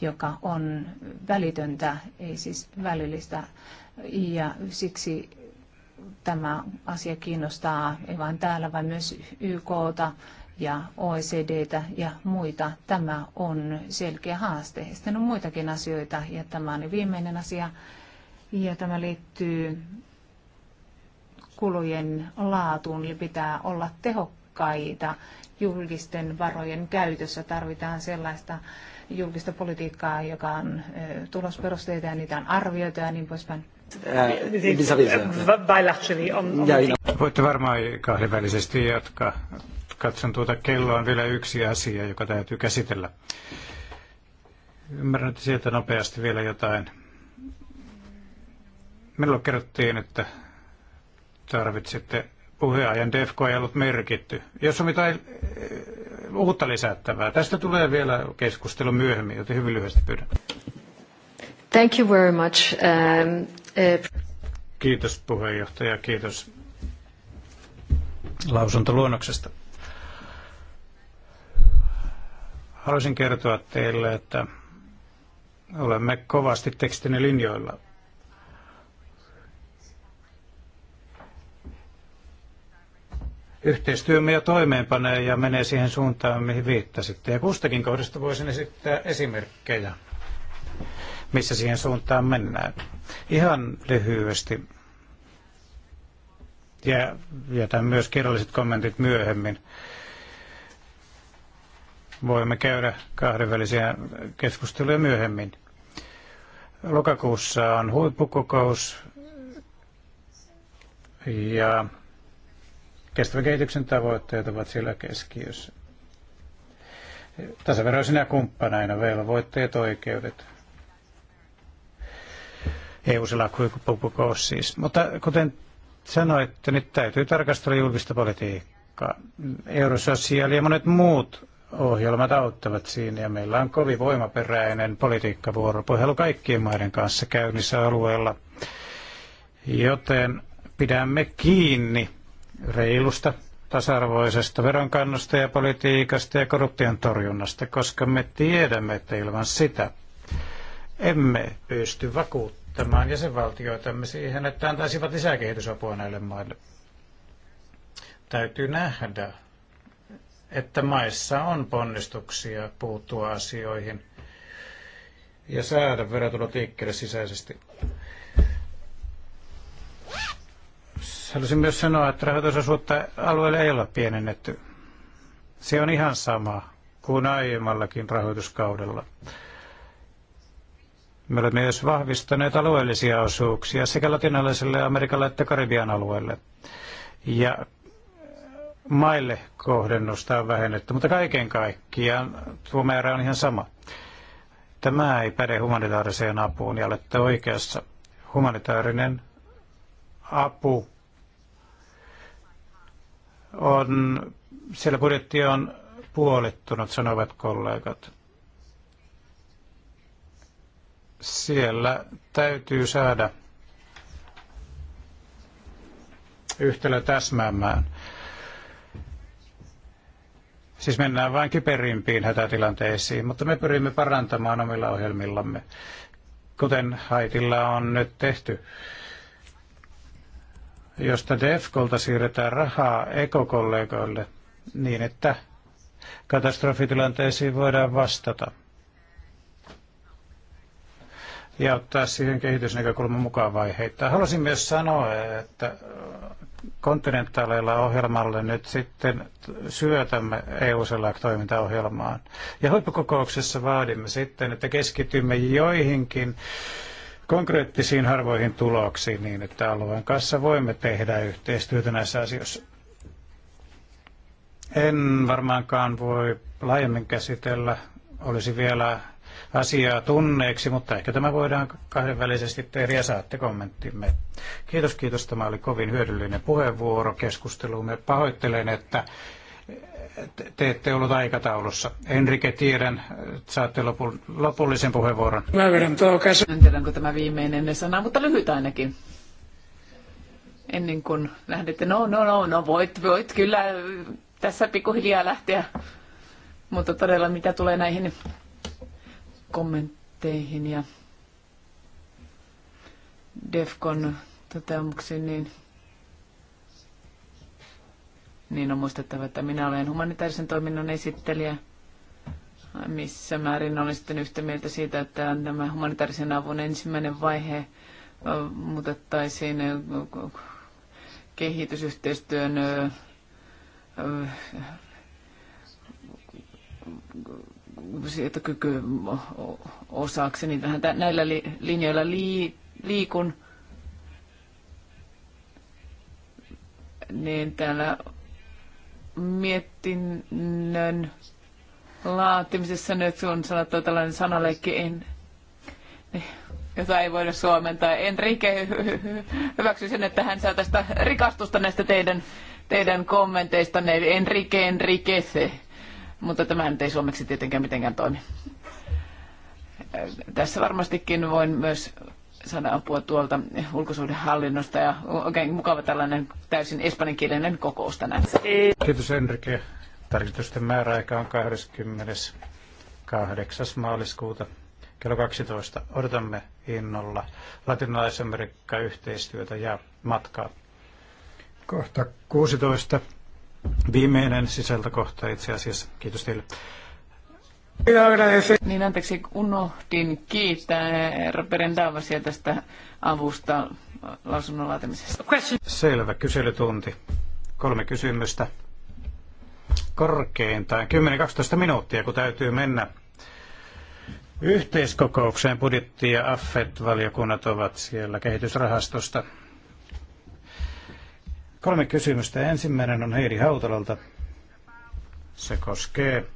joka on välitöntä, ei siis välillistä. Ja siksi tämä asia kiinnostaa ei vain täällä, vaan myös YKta ja OECDtä ja muita. Tämä on selkeä haaste. Sitten on muitakin asioita ja tämä on viimeinen asia. Ja tämä liittyy kulujen laatuun, eli pitää olla tehokkaampi tehokkaita julkisten varojen käytössä. Tarvitaan sellaista julkista politiikkaa, joka on tulosperusteita ja niitä on arvioitu ja niin poispäin. Voitte varmaan kahdenvälisesti jatkaa. Katson tuota kelloa on vielä yksi asia, joka täytyy käsitellä. Ymmärrän, että sieltä nopeasti vielä jotain. Meillä kerrottiin, että tarvitsette puheajan DEFCO ei ollut merkitty. Jos on jotain eh, uutta lisättävää, tästä tulee vielä keskustelu myöhemmin, joten hyvin lyhyesti pyydän. Thank you very much. Um, uh... Kiitos puheenjohtaja, kiitos lausuntoluonnoksesta. Haluaisin kertoa teille, että olemme kovasti tekstinen linjoilla – yhteistyömme ja toimeenpanee ja menee siihen suuntaan, mihin viittasitte. Ja kustakin kohdasta voisin esittää esimerkkejä, missä siihen suuntaan mennään. Ihan lyhyesti. Ja jätän myös kirjalliset kommentit myöhemmin. Voimme käydä kahdenvälisiä keskusteluja myöhemmin. Lokakuussa on huippukokous ja Kestävän kehityksen tavoitteet ovat siellä keskiössä. Tasaveroisina kumppaneina velvoitteet oikeudet. EU-sella siis. Mutta kuten sanoitte, nyt täytyy tarkastella julkista politiikkaa. Eurososiaali ja monet muut ohjelmat auttavat siinä ja meillä on kovin voimaperäinen politiikkavuoropuhelu kaikkien maiden kanssa käynnissä alueella. Joten pidämme kiinni reilusta, tasa-arvoisesta veronkannosta ja politiikasta ja korruption torjunnasta, koska me tiedämme, että ilman sitä emme pysty vakuuttamaan jäsenvaltioitamme siihen, että antaisivat lisää kehitysapua näille maille. Täytyy nähdä, että maissa on ponnistuksia puuttua asioihin ja saada verotulot liikkeelle sisäisesti. Haluaisin myös sanoa, että rahoitusosuutta alueelle ei ole pienennetty. Se on ihan sama kuin aiemmallakin rahoituskaudella. Me olemme myös vahvistaneet alueellisia osuuksia sekä latinalaiselle Amerikalle että Karibian alueelle. Ja maille kohdennusta on vähennetty, mutta kaiken kaikkiaan tuo määrä on ihan sama. Tämä ei päde humanitaariseen apuun ja olette oikeassa. Humanitaarinen apu on, siellä budjetti on puolittunut, sanovat kollegat. Siellä täytyy saada yhtälö täsmäämään. Siis mennään vain kyperimpiin hätätilanteisiin, mutta me pyrimme parantamaan omilla ohjelmillamme, kuten Haitilla on nyt tehty josta Defkolta siirretään rahaa ekokollegoille niin, että katastrofitilanteisiin voidaan vastata ja ottaa siihen kehitysnäkökulman mukaan vaiheittain. Haluaisin myös sanoa, että kontinentaaleilla ohjelmalle nyt sitten syötämme eu toimintaohjelmaan Ja huippukokouksessa vaadimme sitten, että keskitymme joihinkin konkreettisiin harvoihin tuloksiin niin, että alueen kanssa voimme tehdä yhteistyötä näissä asioissa. En varmaankaan voi laajemmin käsitellä, olisi vielä asiaa tunneiksi, mutta ehkä tämä voidaan kahdenvälisesti tehdä ja saatte kommenttimme. Kiitos, kiitos. Tämä oli kovin hyödyllinen puheenvuoro keskusteluumme. Pahoittelen, että te ette ollut aikataulussa. Enrique, tiedän, äh, saatte lopu, lopullisen puheenvuoron. Mä vedän tuo käsi. En tiedä, onko tämä viimeinen sana, mutta lyhyt ainakin. Ennen kuin lähdette, no, no, no, no, voit, voit kyllä tässä pikkuhiljaa lähteä. Mutta todella, mitä tulee näihin kommentteihin ja Defcon toteamuksiin, niin niin on muistettava, että minä olen humanitaarisen toiminnan esittelijä. Missä määrin olen sitten yhtä mieltä siitä, että tämä humanitaarisen avun ensimmäinen vaihe muutettaisiin kehitysyhteistyön kyky osaksi, niin vähän näillä linjoilla liikun. Niin täällä mietinnön laatimisessa nyt on sanottu tällainen sanaleikki, en, jota ei voida suomentaa. Enrique hyväksy sen, että hän saa tästä rikastusta näistä teidän, teidän kommenteista, Enrique, Enrique se. Mutta tämä nyt ei suomeksi tietenkään mitenkään toimi. Tässä varmastikin voin myös saada apua tuolta ulkosuhdehallinnosta ja oikein mukava tällainen täysin espanjankielinen kokous tänään. Kiitos Enrique. Tarkistusten määräaika on 28. maaliskuuta kello 12. Odotamme innolla latinalaisamerikka yhteistyötä ja matkaa. Kohta 16. Viimeinen sisältökohta itse asiassa. Kiitos teille. Niin anteeksi, unohdin kiittää herra Perendavasia tästä avusta lausunnon laatimisesta. Selvä kyselytunti. Kolme kysymystä. Korkeintaan 10-12 minuuttia, kun täytyy mennä yhteiskokoukseen. Budjetti- ja AFET-valiokunnat ovat siellä kehitysrahastosta. Kolme kysymystä. Ensimmäinen on Heidi Hautalalta. Se koskee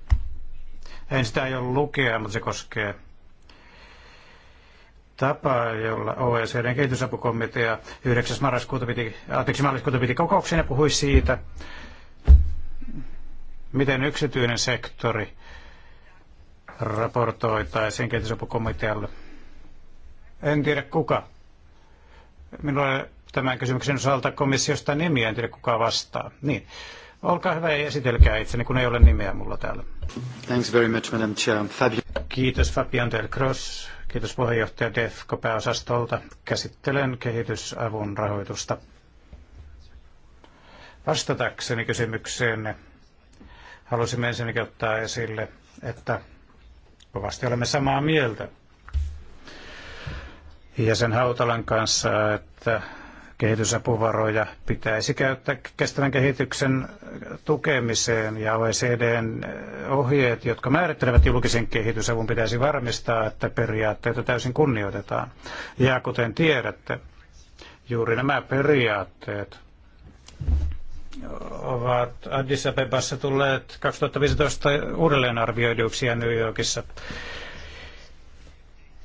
en sitä ole lukea, mutta se koskee tapaa, jolla OECDn kehitysapukomitea 9. marraskuuta piti, anteeksi, marraskuuta piti kokouksen ja puhui siitä, miten yksityinen sektori raportoitaisiin kehitysapukomitealle. En tiedä kuka. Minulla tämän kysymyksen osalta komissiosta nimiä, en tiedä kuka vastaa. Niin. Olkaa hyvä ja esitelkää kun ei ole nimeä mulla täällä. Thanks very much, Madam Chair. Kiitos Fabian Del Cross. Kiitos puheenjohtaja DEFCO pääosastolta. Käsittelen kehitysavun rahoitusta. Vastatakseni kysymykseenne halusimme ensinnäkin ottaa esille, että kovasti olemme samaa mieltä jäsen Hautalan kanssa, että kehitysapuvaroja pitäisi käyttää kestävän kehityksen tukemiseen ja OECDn eh, ohjeet, jotka määrittelevät julkisen kehitysavun, pitäisi varmistaa, että periaatteita täysin kunnioitetaan. Ja kuten tiedätte, juuri nämä periaatteet ovat Addis Abebassa tulleet 2015 uudelleenarvioiduiksi ja New Yorkissa.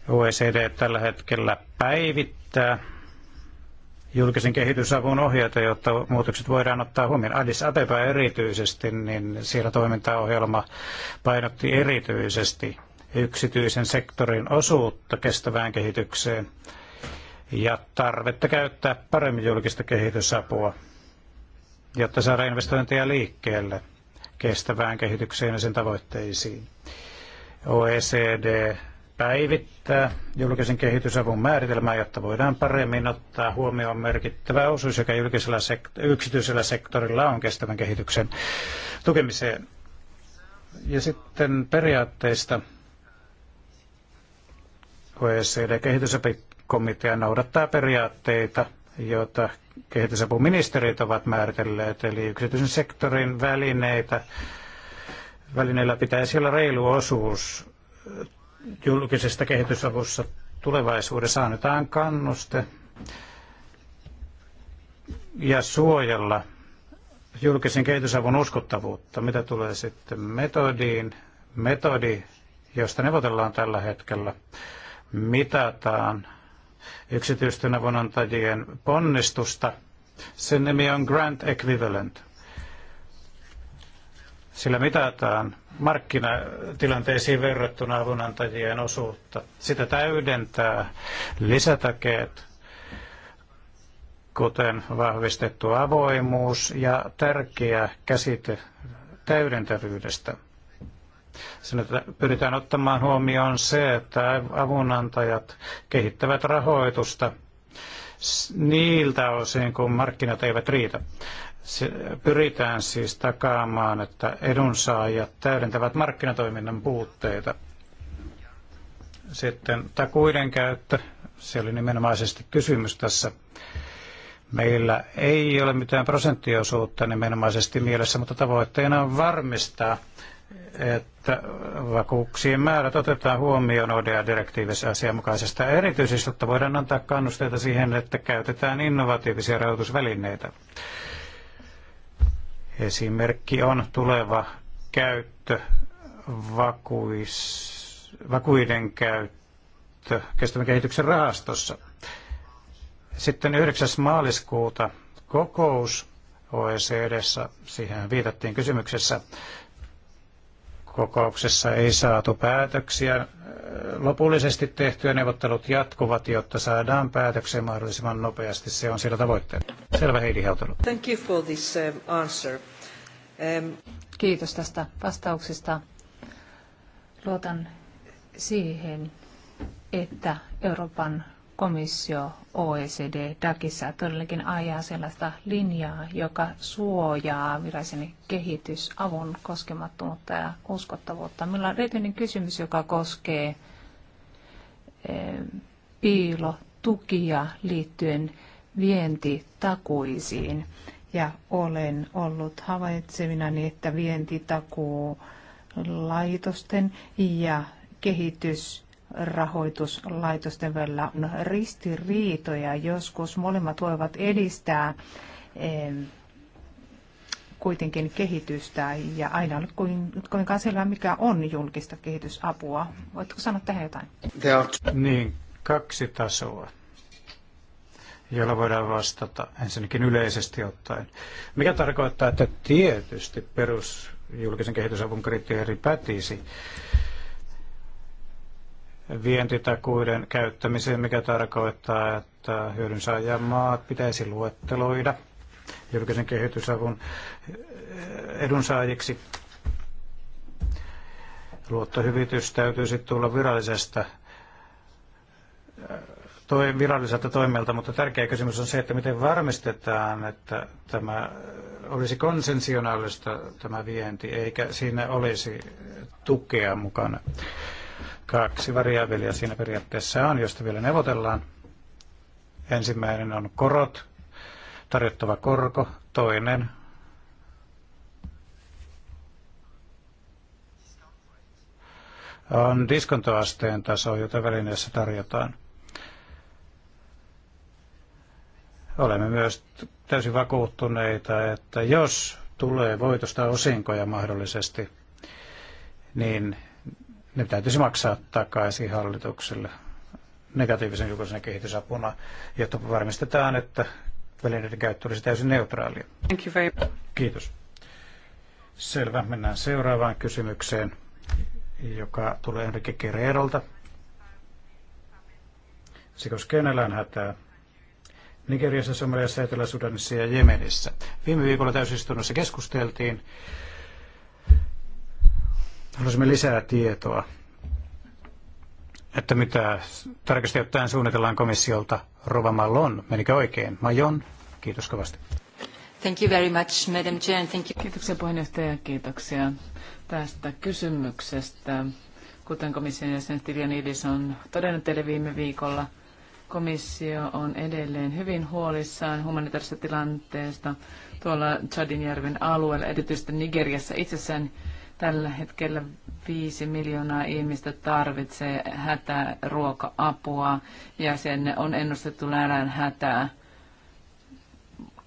OECD tällä hetkellä päivittää julkisen kehitysavun ohjeita, jotta muutokset voidaan ottaa huomioon. Addis Abeba erityisesti, niin siellä toimintaohjelma painotti erityisesti yksityisen sektorin osuutta kestävään kehitykseen ja tarvetta käyttää paremmin julkista kehitysapua, jotta saadaan investointeja liikkeelle kestävään kehitykseen ja sen tavoitteisiin. OECD päivittää julkisen kehitysavun määritelmää, jotta voidaan paremmin ottaa huomioon merkittävä osuus, joka julkisella sekt- yksityisellä sektorilla on kestävän kehityksen tukemiseen. Ja sitten periaatteista oecd kehitysapikomitea noudattaa periaatteita, joita kehitysapuministerit ovat määritelleet, eli yksityisen sektorin välineitä. Välineillä pitäisi olla reilu osuus julkisesta kehitysavussa tulevaisuudessa annetaan kannuste ja suojella julkisen kehitysavun uskottavuutta. Mitä tulee sitten metodiin? Metodi, josta neuvotellaan tällä hetkellä, mitataan yksityisten avunantajien ponnistusta. Sen nimi on Grant Equivalent. Sillä mitataan markkinatilanteisiin verrattuna avunantajien osuutta. Sitä täydentää lisätakeet, kuten vahvistettu avoimuus ja tärkeä käsite täydentävyydestä. Sinne pyritään ottamaan huomioon se, että avunantajat kehittävät rahoitusta niiltä osin, kun markkinat eivät riitä pyritään siis takaamaan, että edunsaajat täydentävät markkinatoiminnan puutteita. Sitten takuiden käyttö, se oli nimenomaisesti kysymys tässä. Meillä ei ole mitään prosenttiosuutta nimenomaisesti mielessä, mutta tavoitteena on varmistaa, että vakuuksien määrä otetaan huomioon ODA-direktiivissä asianmukaisesta erityisesti, jotta voidaan antaa kannusteita siihen, että käytetään innovatiivisia rahoitusvälineitä. Esimerkki on tuleva käyttö, vakuis, vakuiden käyttö kestävän kehityksen rahastossa. Sitten 9. maaliskuuta kokous OECDssä, siihen viitattiin kysymyksessä, kokouksessa ei saatu päätöksiä lopullisesti tehtyä. Neuvottelut jatkuvat, jotta saadaan päätökseen mahdollisimman nopeasti. Se on siellä tavoitteena. Selvä Heidi Hautala. Thank you for this um, answer. Um... Kiitos tästä vastauksesta. Luotan siihen, että Euroopan komissio OECD DACissa todellakin ajaa sellaista linjaa, joka suojaa virallisen kehitysavun koskemattomuutta ja uskottavuutta. Meillä on erityinen kysymys, joka koskee eh, piilotukia liittyen vientitakuisiin. Ja olen ollut havaitsevinani, niin, että vientitakuu laitosten ja kehitys rahoituslaitosten välillä on ristiriitoja. Joskus molemmat voivat edistää kuitenkin kehitystä ja aina ole kuinkaan selvää, mikä on julkista kehitysapua. Voitko sanoa tähän jotain? Niin, kaksi tasoa joilla voidaan vastata ensinnäkin yleisesti ottaen. Mikä tarkoittaa, että tietysti perusjulkisen kehitysavun kriteeri pätisi vientitakuiden käyttämiseen, mikä tarkoittaa, että hyödyn maat pitäisi luetteloida julkisen kehitysavun edunsaajiksi. Luottohyvitys täytyisi tulla virallisesta toi, viralliselta toimijalta, mutta tärkeä kysymys on se, että miten varmistetaan, että tämä olisi konsensionaalista tämä vienti, eikä siinä olisi tukea mukana. Kaksi variabelia siinä periaatteessa on, josta vielä neuvotellaan. Ensimmäinen on korot, tarjottava korko, toinen on diskontoasteen taso, jota välineessä tarjotaan. Olemme myös täysin vakuuttuneita, että jos tulee voitosta osinkoja mahdollisesti, niin ne täytyisi maksaa takaisin hallitukselle negatiivisen julkisen kehitysapuna, jotta varmistetaan, että välineiden käyttö olisi täysin neutraalia. Thank you very Kiitos. Selvä, mennään seuraavaan kysymykseen, joka tulee Enrique Guerrerolta. Se koskee hätää Nigeriassa, Somaliassa, Etelä-Sudanissa ja Jemenissä. Viime viikolla täysistunnossa keskusteltiin Haluaisimme lisää tietoa, että mitä tarkasti ottaen suunnitellaan komissiolta Rova Malon. Menikö oikein? Majon, kiitos kovasti. Thank you very much, Madam Chair. Thank you. Kiitoksia puheenjohtaja, kiitoksia tästä kysymyksestä. Kuten komission jäsen Tiljanidis on todennut teille viime viikolla, komissio on edelleen hyvin huolissaan humanitaarisesta tilanteesta tuolla Chadinjärven alueella, erityisesti Nigeriassa itsessään Tällä hetkellä viisi miljoonaa ihmistä tarvitsee hätäruoka apua ja sen on ennustettu nälän hätää.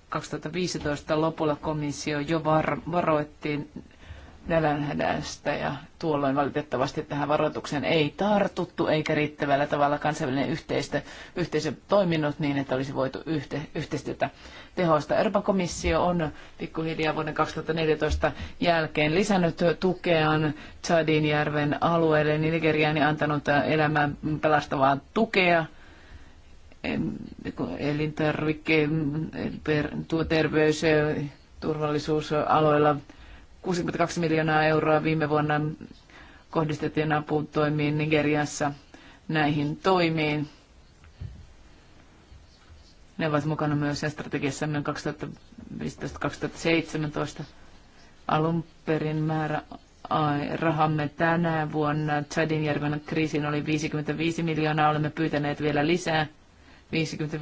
2015 lopulla komissio jo varoitti nälänhädästä ja tuolloin valitettavasti tähän varoitukseen ei tartuttu eikä riittävällä tavalla kansainvälinen yhteistö, yhteisö toiminut niin, että olisi voitu yhte, yhteistyötä tehosta. Euroopan komissio on pikkuhiljaa vuoden 2014 jälkeen lisännyt tukeaan Chadinjärven järven alueelle Nigeriaan ja antanut elämään pelastavaa tukea elintarvikkeen, terveys, turvallisuusaloilla 62 miljoonaa euroa viime vuonna kohdistettiin aputoimiin Nigeriassa näihin toimiin. Ne ovat mukana myös sen strategiassamme 2015-2017. Alun perin määrä rahamme tänä vuonna järven kriisiin oli 55 miljoonaa. Olemme pyytäneet vielä lisää 50,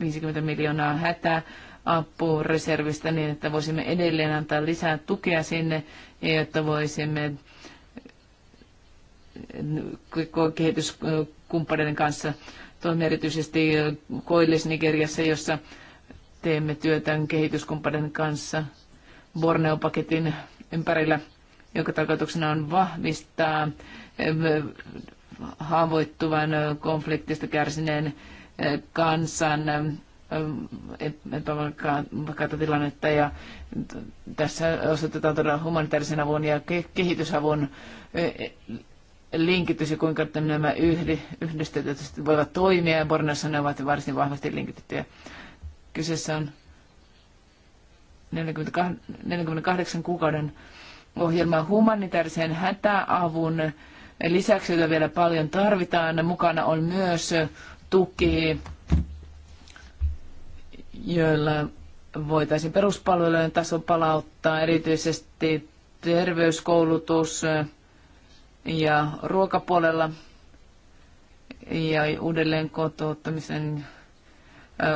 50 miljoonaa hätää apureservistä niin, että voisimme edelleen antaa lisää tukea sinne, jotta voisimme kehityskumppaneiden kanssa toimia erityisesti Koillis-Nigeriassa, jossa teemme työtä kehityskumppaneiden kanssa Borneo-paketin ympärillä, jonka tarkoituksena on vahvistaa haavoittuvan konfliktista kärsineen eh, kansan epävakaata tilannetta ja tässä osoitetaan todella humanitaarisen avun ja kehitysavun e- linkitys ja kuinka nämä yhdistetyt voivat toimia. Borneossa ne ovat varsin vahvasti linkitettyjä. Kyseessä on 48 kuukauden ohjelma humanitaarisen hätäavun lisäksi, jota vielä paljon tarvitaan. Mukana on myös tuki joilla voitaisiin peruspalvelujen taso palauttaa, erityisesti terveyskoulutus ja ruokapuolella ja uudelleen kotouttamisen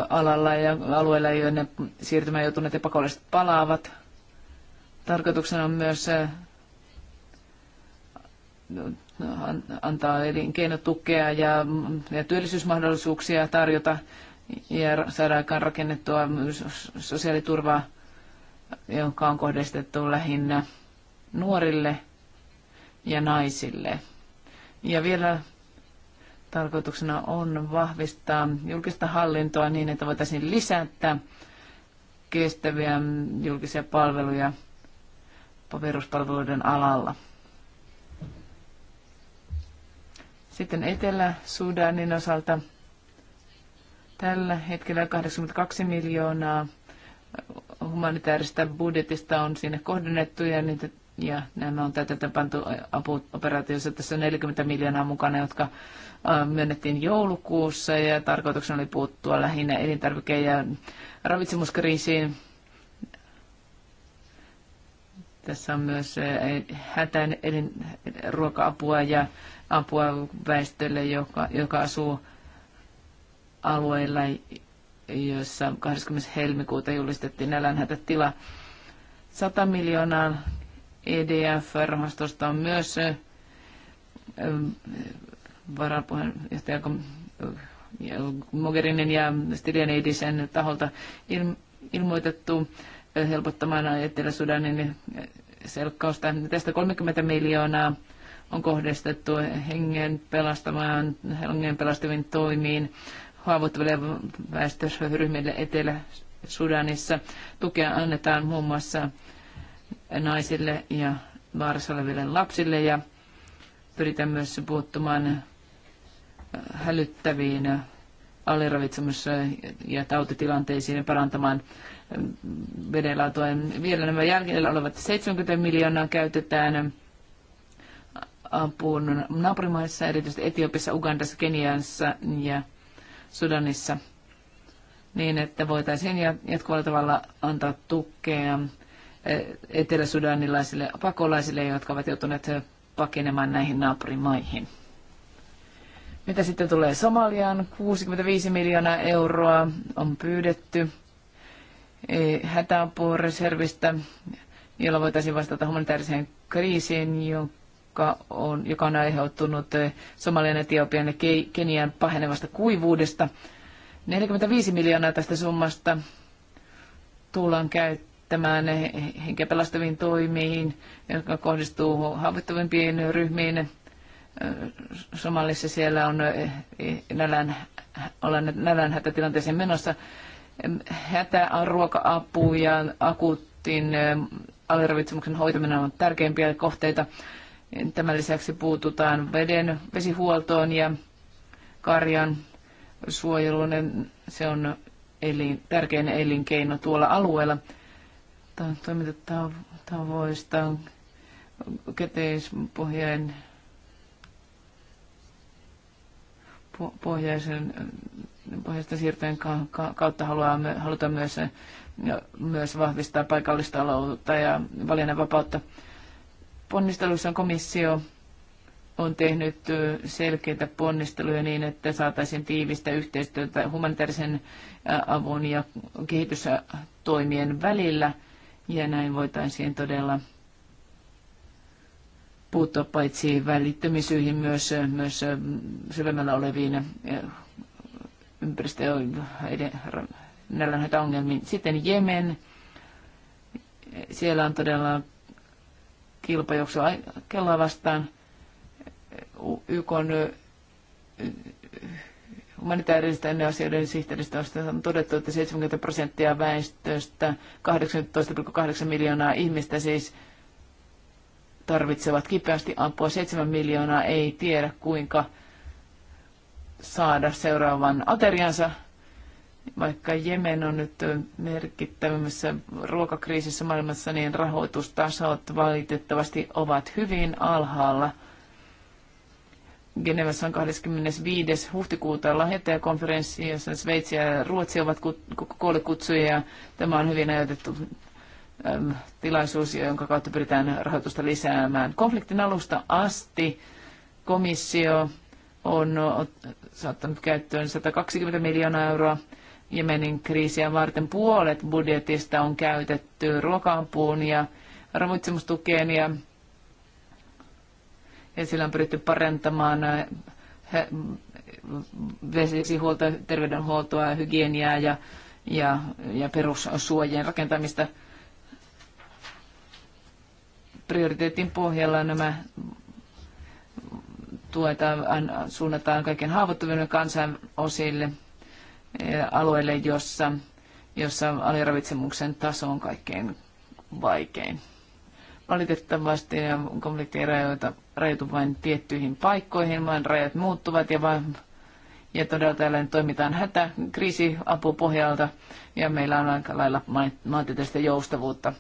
alalla ja alueilla, joiden siirtymään joutuneet ja pakolliset palaavat. Tarkoituksena on myös antaa elinkeinotukea ja, ja työllisyysmahdollisuuksia tarjota ja saada aikaan rakennettua sosiaaliturvaa, jonka on kohdistettu lähinnä nuorille ja naisille. Ja vielä tarkoituksena on vahvistaa julkista hallintoa niin, että voitaisiin lisätä kestäviä julkisia palveluja paperuspalveluiden alalla. Sitten Etelä-Sudanin osalta Tällä hetkellä 82 miljoonaa humanitaarista budjetista on sinne kohdennettu ja, niitä, ja nämä on tätä pantu apuoperaatiossa. Tässä on 40 miljoonaa mukana, jotka myönnettiin joulukuussa ja tarkoituksena oli puuttua lähinnä elintarvike- ja ravitsemuskriisiin. Tässä on myös hätäinen ruoka-apua ja apua väestölle, joka, joka asuu alueilla, joissa 20. helmikuuta julistettiin nälänhätätila. 100 miljoonaa EDF-rahastosta on myös varapuheenjohtaja Mogherinin ja Stylianidisen taholta ilmoitettu helpottamaan Etelä-Sudanin selkkausta. Tästä 30 miljoonaa on kohdistettu hengen pelastamaan, hengen pelastaviin toimiin haavoittuville väestöryhmille Etelä-Sudanissa. Tukea annetaan muun muassa naisille ja vaarassa oleville lapsille ja pyritään myös puuttumaan äh, hälyttäviin äh, aliravitsemus- ja tautitilanteisiin ja parantamaan äh, vedenlaatua. Vielä nämä jäljellä olevat 70 miljoonaa käytetään apuun naapurimaissa, erityisesti Etiopissa, Ugandassa, Keniassa ja Sudanissa niin, että voitaisiin jatkuvalla tavalla antaa tukea eh, eteläsudanilaisille pakolaisille, jotka ovat joutuneet eh, pakenemaan näihin naapurimaihin. Mitä sitten tulee Somaliaan? 65 miljoonaa euroa on pyydetty eh, hätäapureservistä, jolla voitaisiin vastata humanitaariseen kriisiin, joka on, joka on aiheuttunut eh, Somalian, Etiopian ja Kenian pahenevasta kuivuudesta. 45 miljoonaa tästä summasta tullaan käyttämään eh, henkeä pelastaviin toimiin, jotka kohdistuu haavoittuvimpiin ryhmiin. Eh, Somalissa siellä on nälän, ollaan nälän hätätilanteeseen menossa. Hätä, ruoka-apu ja akuuttiin aliravitsemuksen hoitaminen on tärkeimpiä kohteita. Tämän lisäksi puututaan veden, vesihuoltoon ja karjan suojeluun. Se on elin, tärkein elinkeino tuolla alueella. Toimintatavoista keteispohjainen pohjaisen, pohjaisten siirtojen kautta haluaa, halutaan myös, myös vahvistaa paikallista aloutta ja valinnanvapautta. vapautta ponnisteluissa komissio on tehnyt selkeitä ponnisteluja niin, että saataisiin tiivistä yhteistyötä humanitaarisen avun ja kehitystoimien välillä. Ja näin voitaisiin todella puuttua paitsi välittömisyihin myös, myös syvemmällä oleviin ympäristö- ja ongelmiin. Sitten Jemen. Siellä on todella kilpajuoksua kelloa vastaan. YK on humanitaaristen asioiden sihteeristä on todettu, että 70 prosenttia väestöstä, 18,8 miljoonaa ihmistä siis tarvitsevat kipeästi apua. 7 miljoonaa ei tiedä, kuinka saada seuraavan ateriansa vaikka Jemen on nyt merkittävämmässä ruokakriisissä maailmassa, niin rahoitustasot valitettavasti ovat hyvin alhaalla. Genevassa on 25. huhtikuuta lahjoittajakonferenssi, jossa Sveitsi ja Ruotsi ovat kuolikutsuja. kutsuja. Tämä on hyvin ajoitettu tilaisuus, jonka kautta pyritään rahoitusta lisäämään. Konfliktin alusta asti komissio on saattanut käyttöön 120 miljoonaa euroa Jemenin kriisiä varten puolet budjetista on käytetty ruoka ja ravitsemustukeen ja, ja sillä on pyritty parantamaan äh, vesihuoltoa, terveydenhuoltoa, hygieniaa ja, ja, ja perussuojien rakentamista. Prioriteetin pohjalla nämä tuetaan, suunnataan kaiken haavoittuvuuden kansan osille Eh, alueelle, jossa, jossa aliravitsemuksen taso on kaikkein vaikein. Valitettavasti konflikti ei rajoita, rajoitu vain tiettyihin paikkoihin, vaan rajat muuttuvat ja, vain, ja todella täällä toimitaan hätä kriisiapu pohjalta ja meillä on aika lailla maantieteellistä joustavuutta.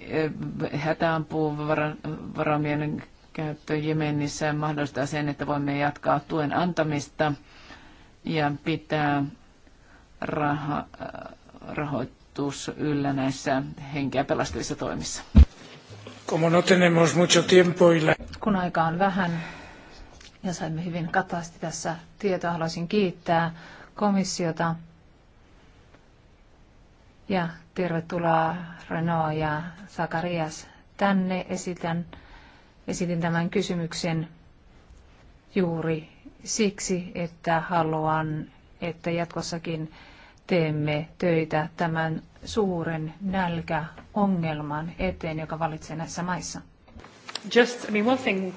Eh, hätäapu varamien käyttö Jemenissä mahdollistaa sen, että voimme jatkaa tuen antamista – ja pitää raha, äh, rahoitus yllä näissä henkeä pelastavissa toimissa. Como no tenemos mucho tiempo y la... Kun aika on vähän ja saimme hyvin katasti tässä tietoa, haluaisin kiittää komissiota ja tervetuloa Renault ja Sakarias tänne. Esitän, esitin tämän kysymyksen juuri siksi, että haluan, että jatkossakin teemme töitä tämän suuren nälkäongelman eteen, joka valitsee näissä maissa. Just, I mean, one thing...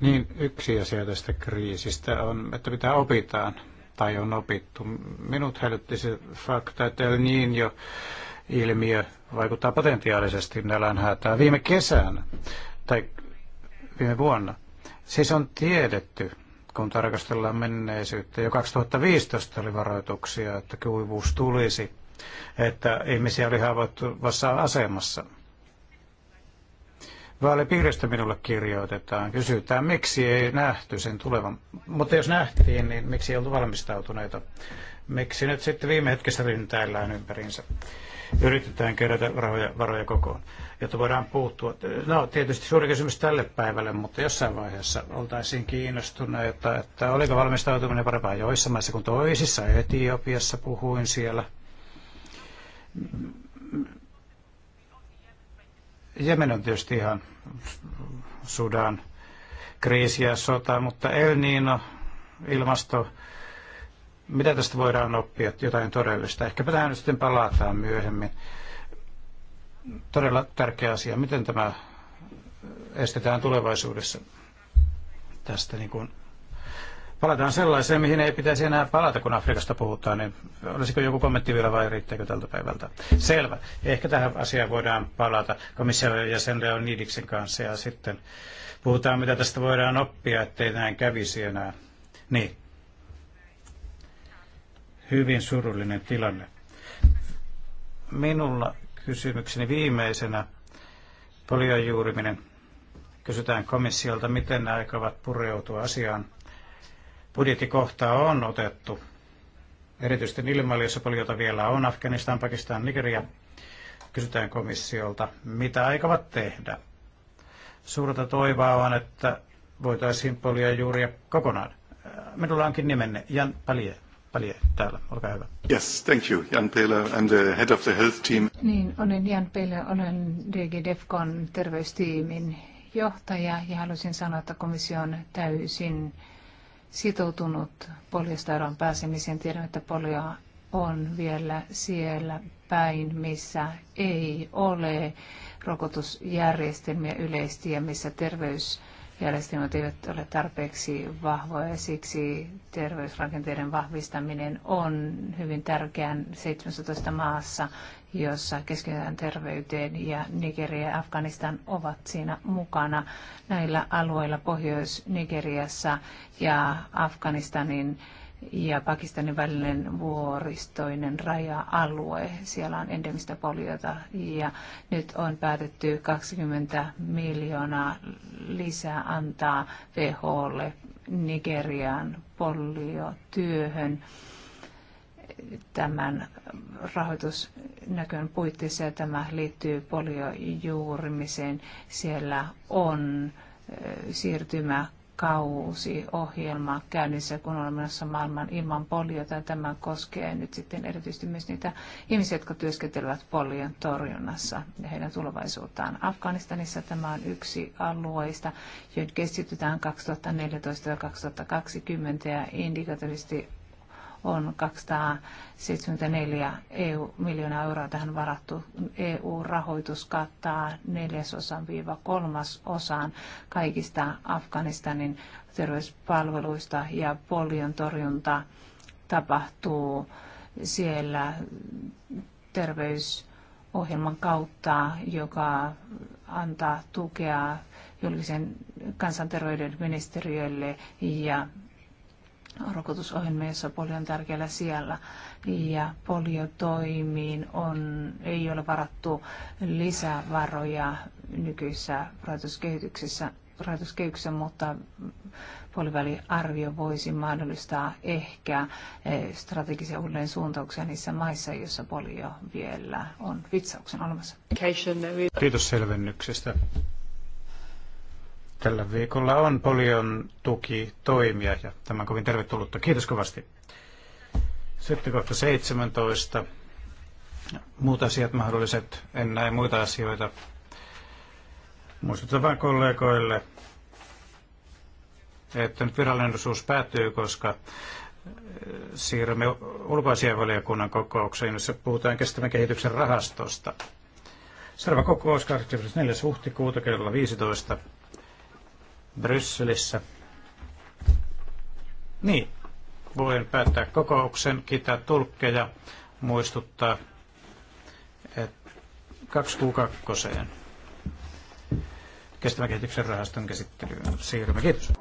Niin, yksi asia tästä kriisistä on, että mitä opitaan tai on opittu. Minut hälytti se fakta, että El jo ilmiö vaikuttaa potentiaalisesti nälänhätään. Viime kesänä tai viime vuonna Siis on tiedetty, kun tarkastellaan menneisyyttä, jo 2015 oli varoituksia, että kuivuus tulisi, että ihmisiä oli haavoittuvassa asemassa. Vaalipiiristä minulle kirjoitetaan, kysytään, miksi ei nähty sen tulevan. Mutta jos nähtiin, niin miksi ei oltu valmistautuneita? Miksi nyt sitten viime hetkessä ryntäillään ympärinsä? yritetään kerätä rahoja, varoja kokoon, jotta voidaan puuttua. No tietysti suuri kysymys tälle päivälle, mutta jossain vaiheessa oltaisiin kiinnostuneita, että oliko valmistautuminen parempaa joissa maissa kuin toisissa. Etiopiassa puhuin siellä. Jemen on tietysti ihan sudan kriisi ja sota, mutta El Niino, ilmasto, mitä tästä voidaan oppia, jotain todellista? Ehkäpä tähän nyt sitten palataan myöhemmin. Todella tärkeä asia. Miten tämä estetään tulevaisuudessa? Tästä niin kuin palataan sellaiseen, mihin ei pitäisi enää palata, kun Afrikasta puhutaan, niin olisiko joku kommentti vielä vai riittääkö tältä päivältä? Selvä. Ehkä tähän asiaan voidaan palata komission jäsen Leo niidiksen kanssa ja sitten puhutaan, mitä tästä voidaan oppia, ettei näin kävisi enää. Niin hyvin surullinen tilanne. Minulla kysymykseni viimeisenä poliojuuriminen. Kysytään komissiolta, miten ne aikovat pureutua asiaan. Budjettikohtaa on otettu. Erityisesti ilmailu, joissa poliota vielä on, Afganistan, Pakistan, Nigeria. Kysytään komissiolta, mitä aikovat tehdä. Suurta toivoa on, että voitaisiin polia juuria kokonaan. Minulla onkin nimenne Jan Palje. Palje täällä, olkaa hyvä. Yes, thank you. Jan Peler, I'm the head of the health team. Niin, olen Jan Peler, olen DG Defcon terveystiimin johtaja ja haluaisin sanoa, että komissio on täysin sitoutunut poliosta pääsemiseen. Tiedän, että polioa on vielä siellä päin, missä ei ole rokotusjärjestelmiä yleisesti ja missä terveys järjestelmät eivät ole tarpeeksi vahvoja ja siksi terveysrakenteiden vahvistaminen on hyvin tärkeää 17 maassa, jossa keskitytään terveyteen ja Nigeria ja Afganistan ovat siinä mukana näillä alueilla Pohjois-Nigeriassa ja Afganistanin ja Pakistanin välinen vuoristoinen raja-alue. Siellä on endemistä poliota ja nyt on päätetty 20 miljoonaa lisää antaa WHOlle Nigerian poliotyöhön tämän rahoitusnäkön puitteissa ja tämä liittyy poliojuurimiseen. Siellä on siirtymä kausi ohjelma käynnissä, kun olemme menossa maailman ilman poliota. Tämä koskee nyt sitten erityisesti myös niitä ihmisiä, jotka työskentelevät polion torjunnassa ja heidän tulevaisuuttaan. Afganistanissa tämä on yksi alueista, joihin keskitytään 2014-2020 ja indikatiivisesti on 274 EU, miljoonaa euroa tähän varattu. EU-rahoitus kattaa neljäsosan viiva kolmasosan kaikista Afganistanin terveyspalveluista ja polion torjunta tapahtuu siellä terveysohjelman kautta, joka antaa tukea julkisen kansanterveyden ministeriölle ja rokotusohjelmia, jossa polio on tärkeällä siellä ja poliotoimiin on, ei ole varattu lisävaroja nykyisessä rahoituskehityksessä rahoituskehityksessä mutta puoliväliarvio voisi mahdollistaa ehkä eh, strategisia uudelleen suuntauksia niissä maissa, joissa polio vielä on vitsauksen olemassa. Eh, Kiitos selvennyksestä. Tällä viikolla on polion tuki toimia ja tämän kovin tervetullutta. Kiitos kovasti. Sitten kohta 17. Muut asiat mahdolliset. En näe muita asioita. Muistutan vain kollegoille, että nyt virallinen osuus päättyy, koska äh, siirrymme ulkoasianvaliokunnan kokoukseen, jossa puhutaan kestävän kehityksen rahastosta. Seuraava kokous 24. huhtikuuta kello 15. Brysselissä. Niin, voin päättää kokouksen, kiittää tulkkeja, muistuttaa, että kaksi kuukakkoseen kestävän kehityksen rahaston käsittelyyn siirrymme. Kiitos.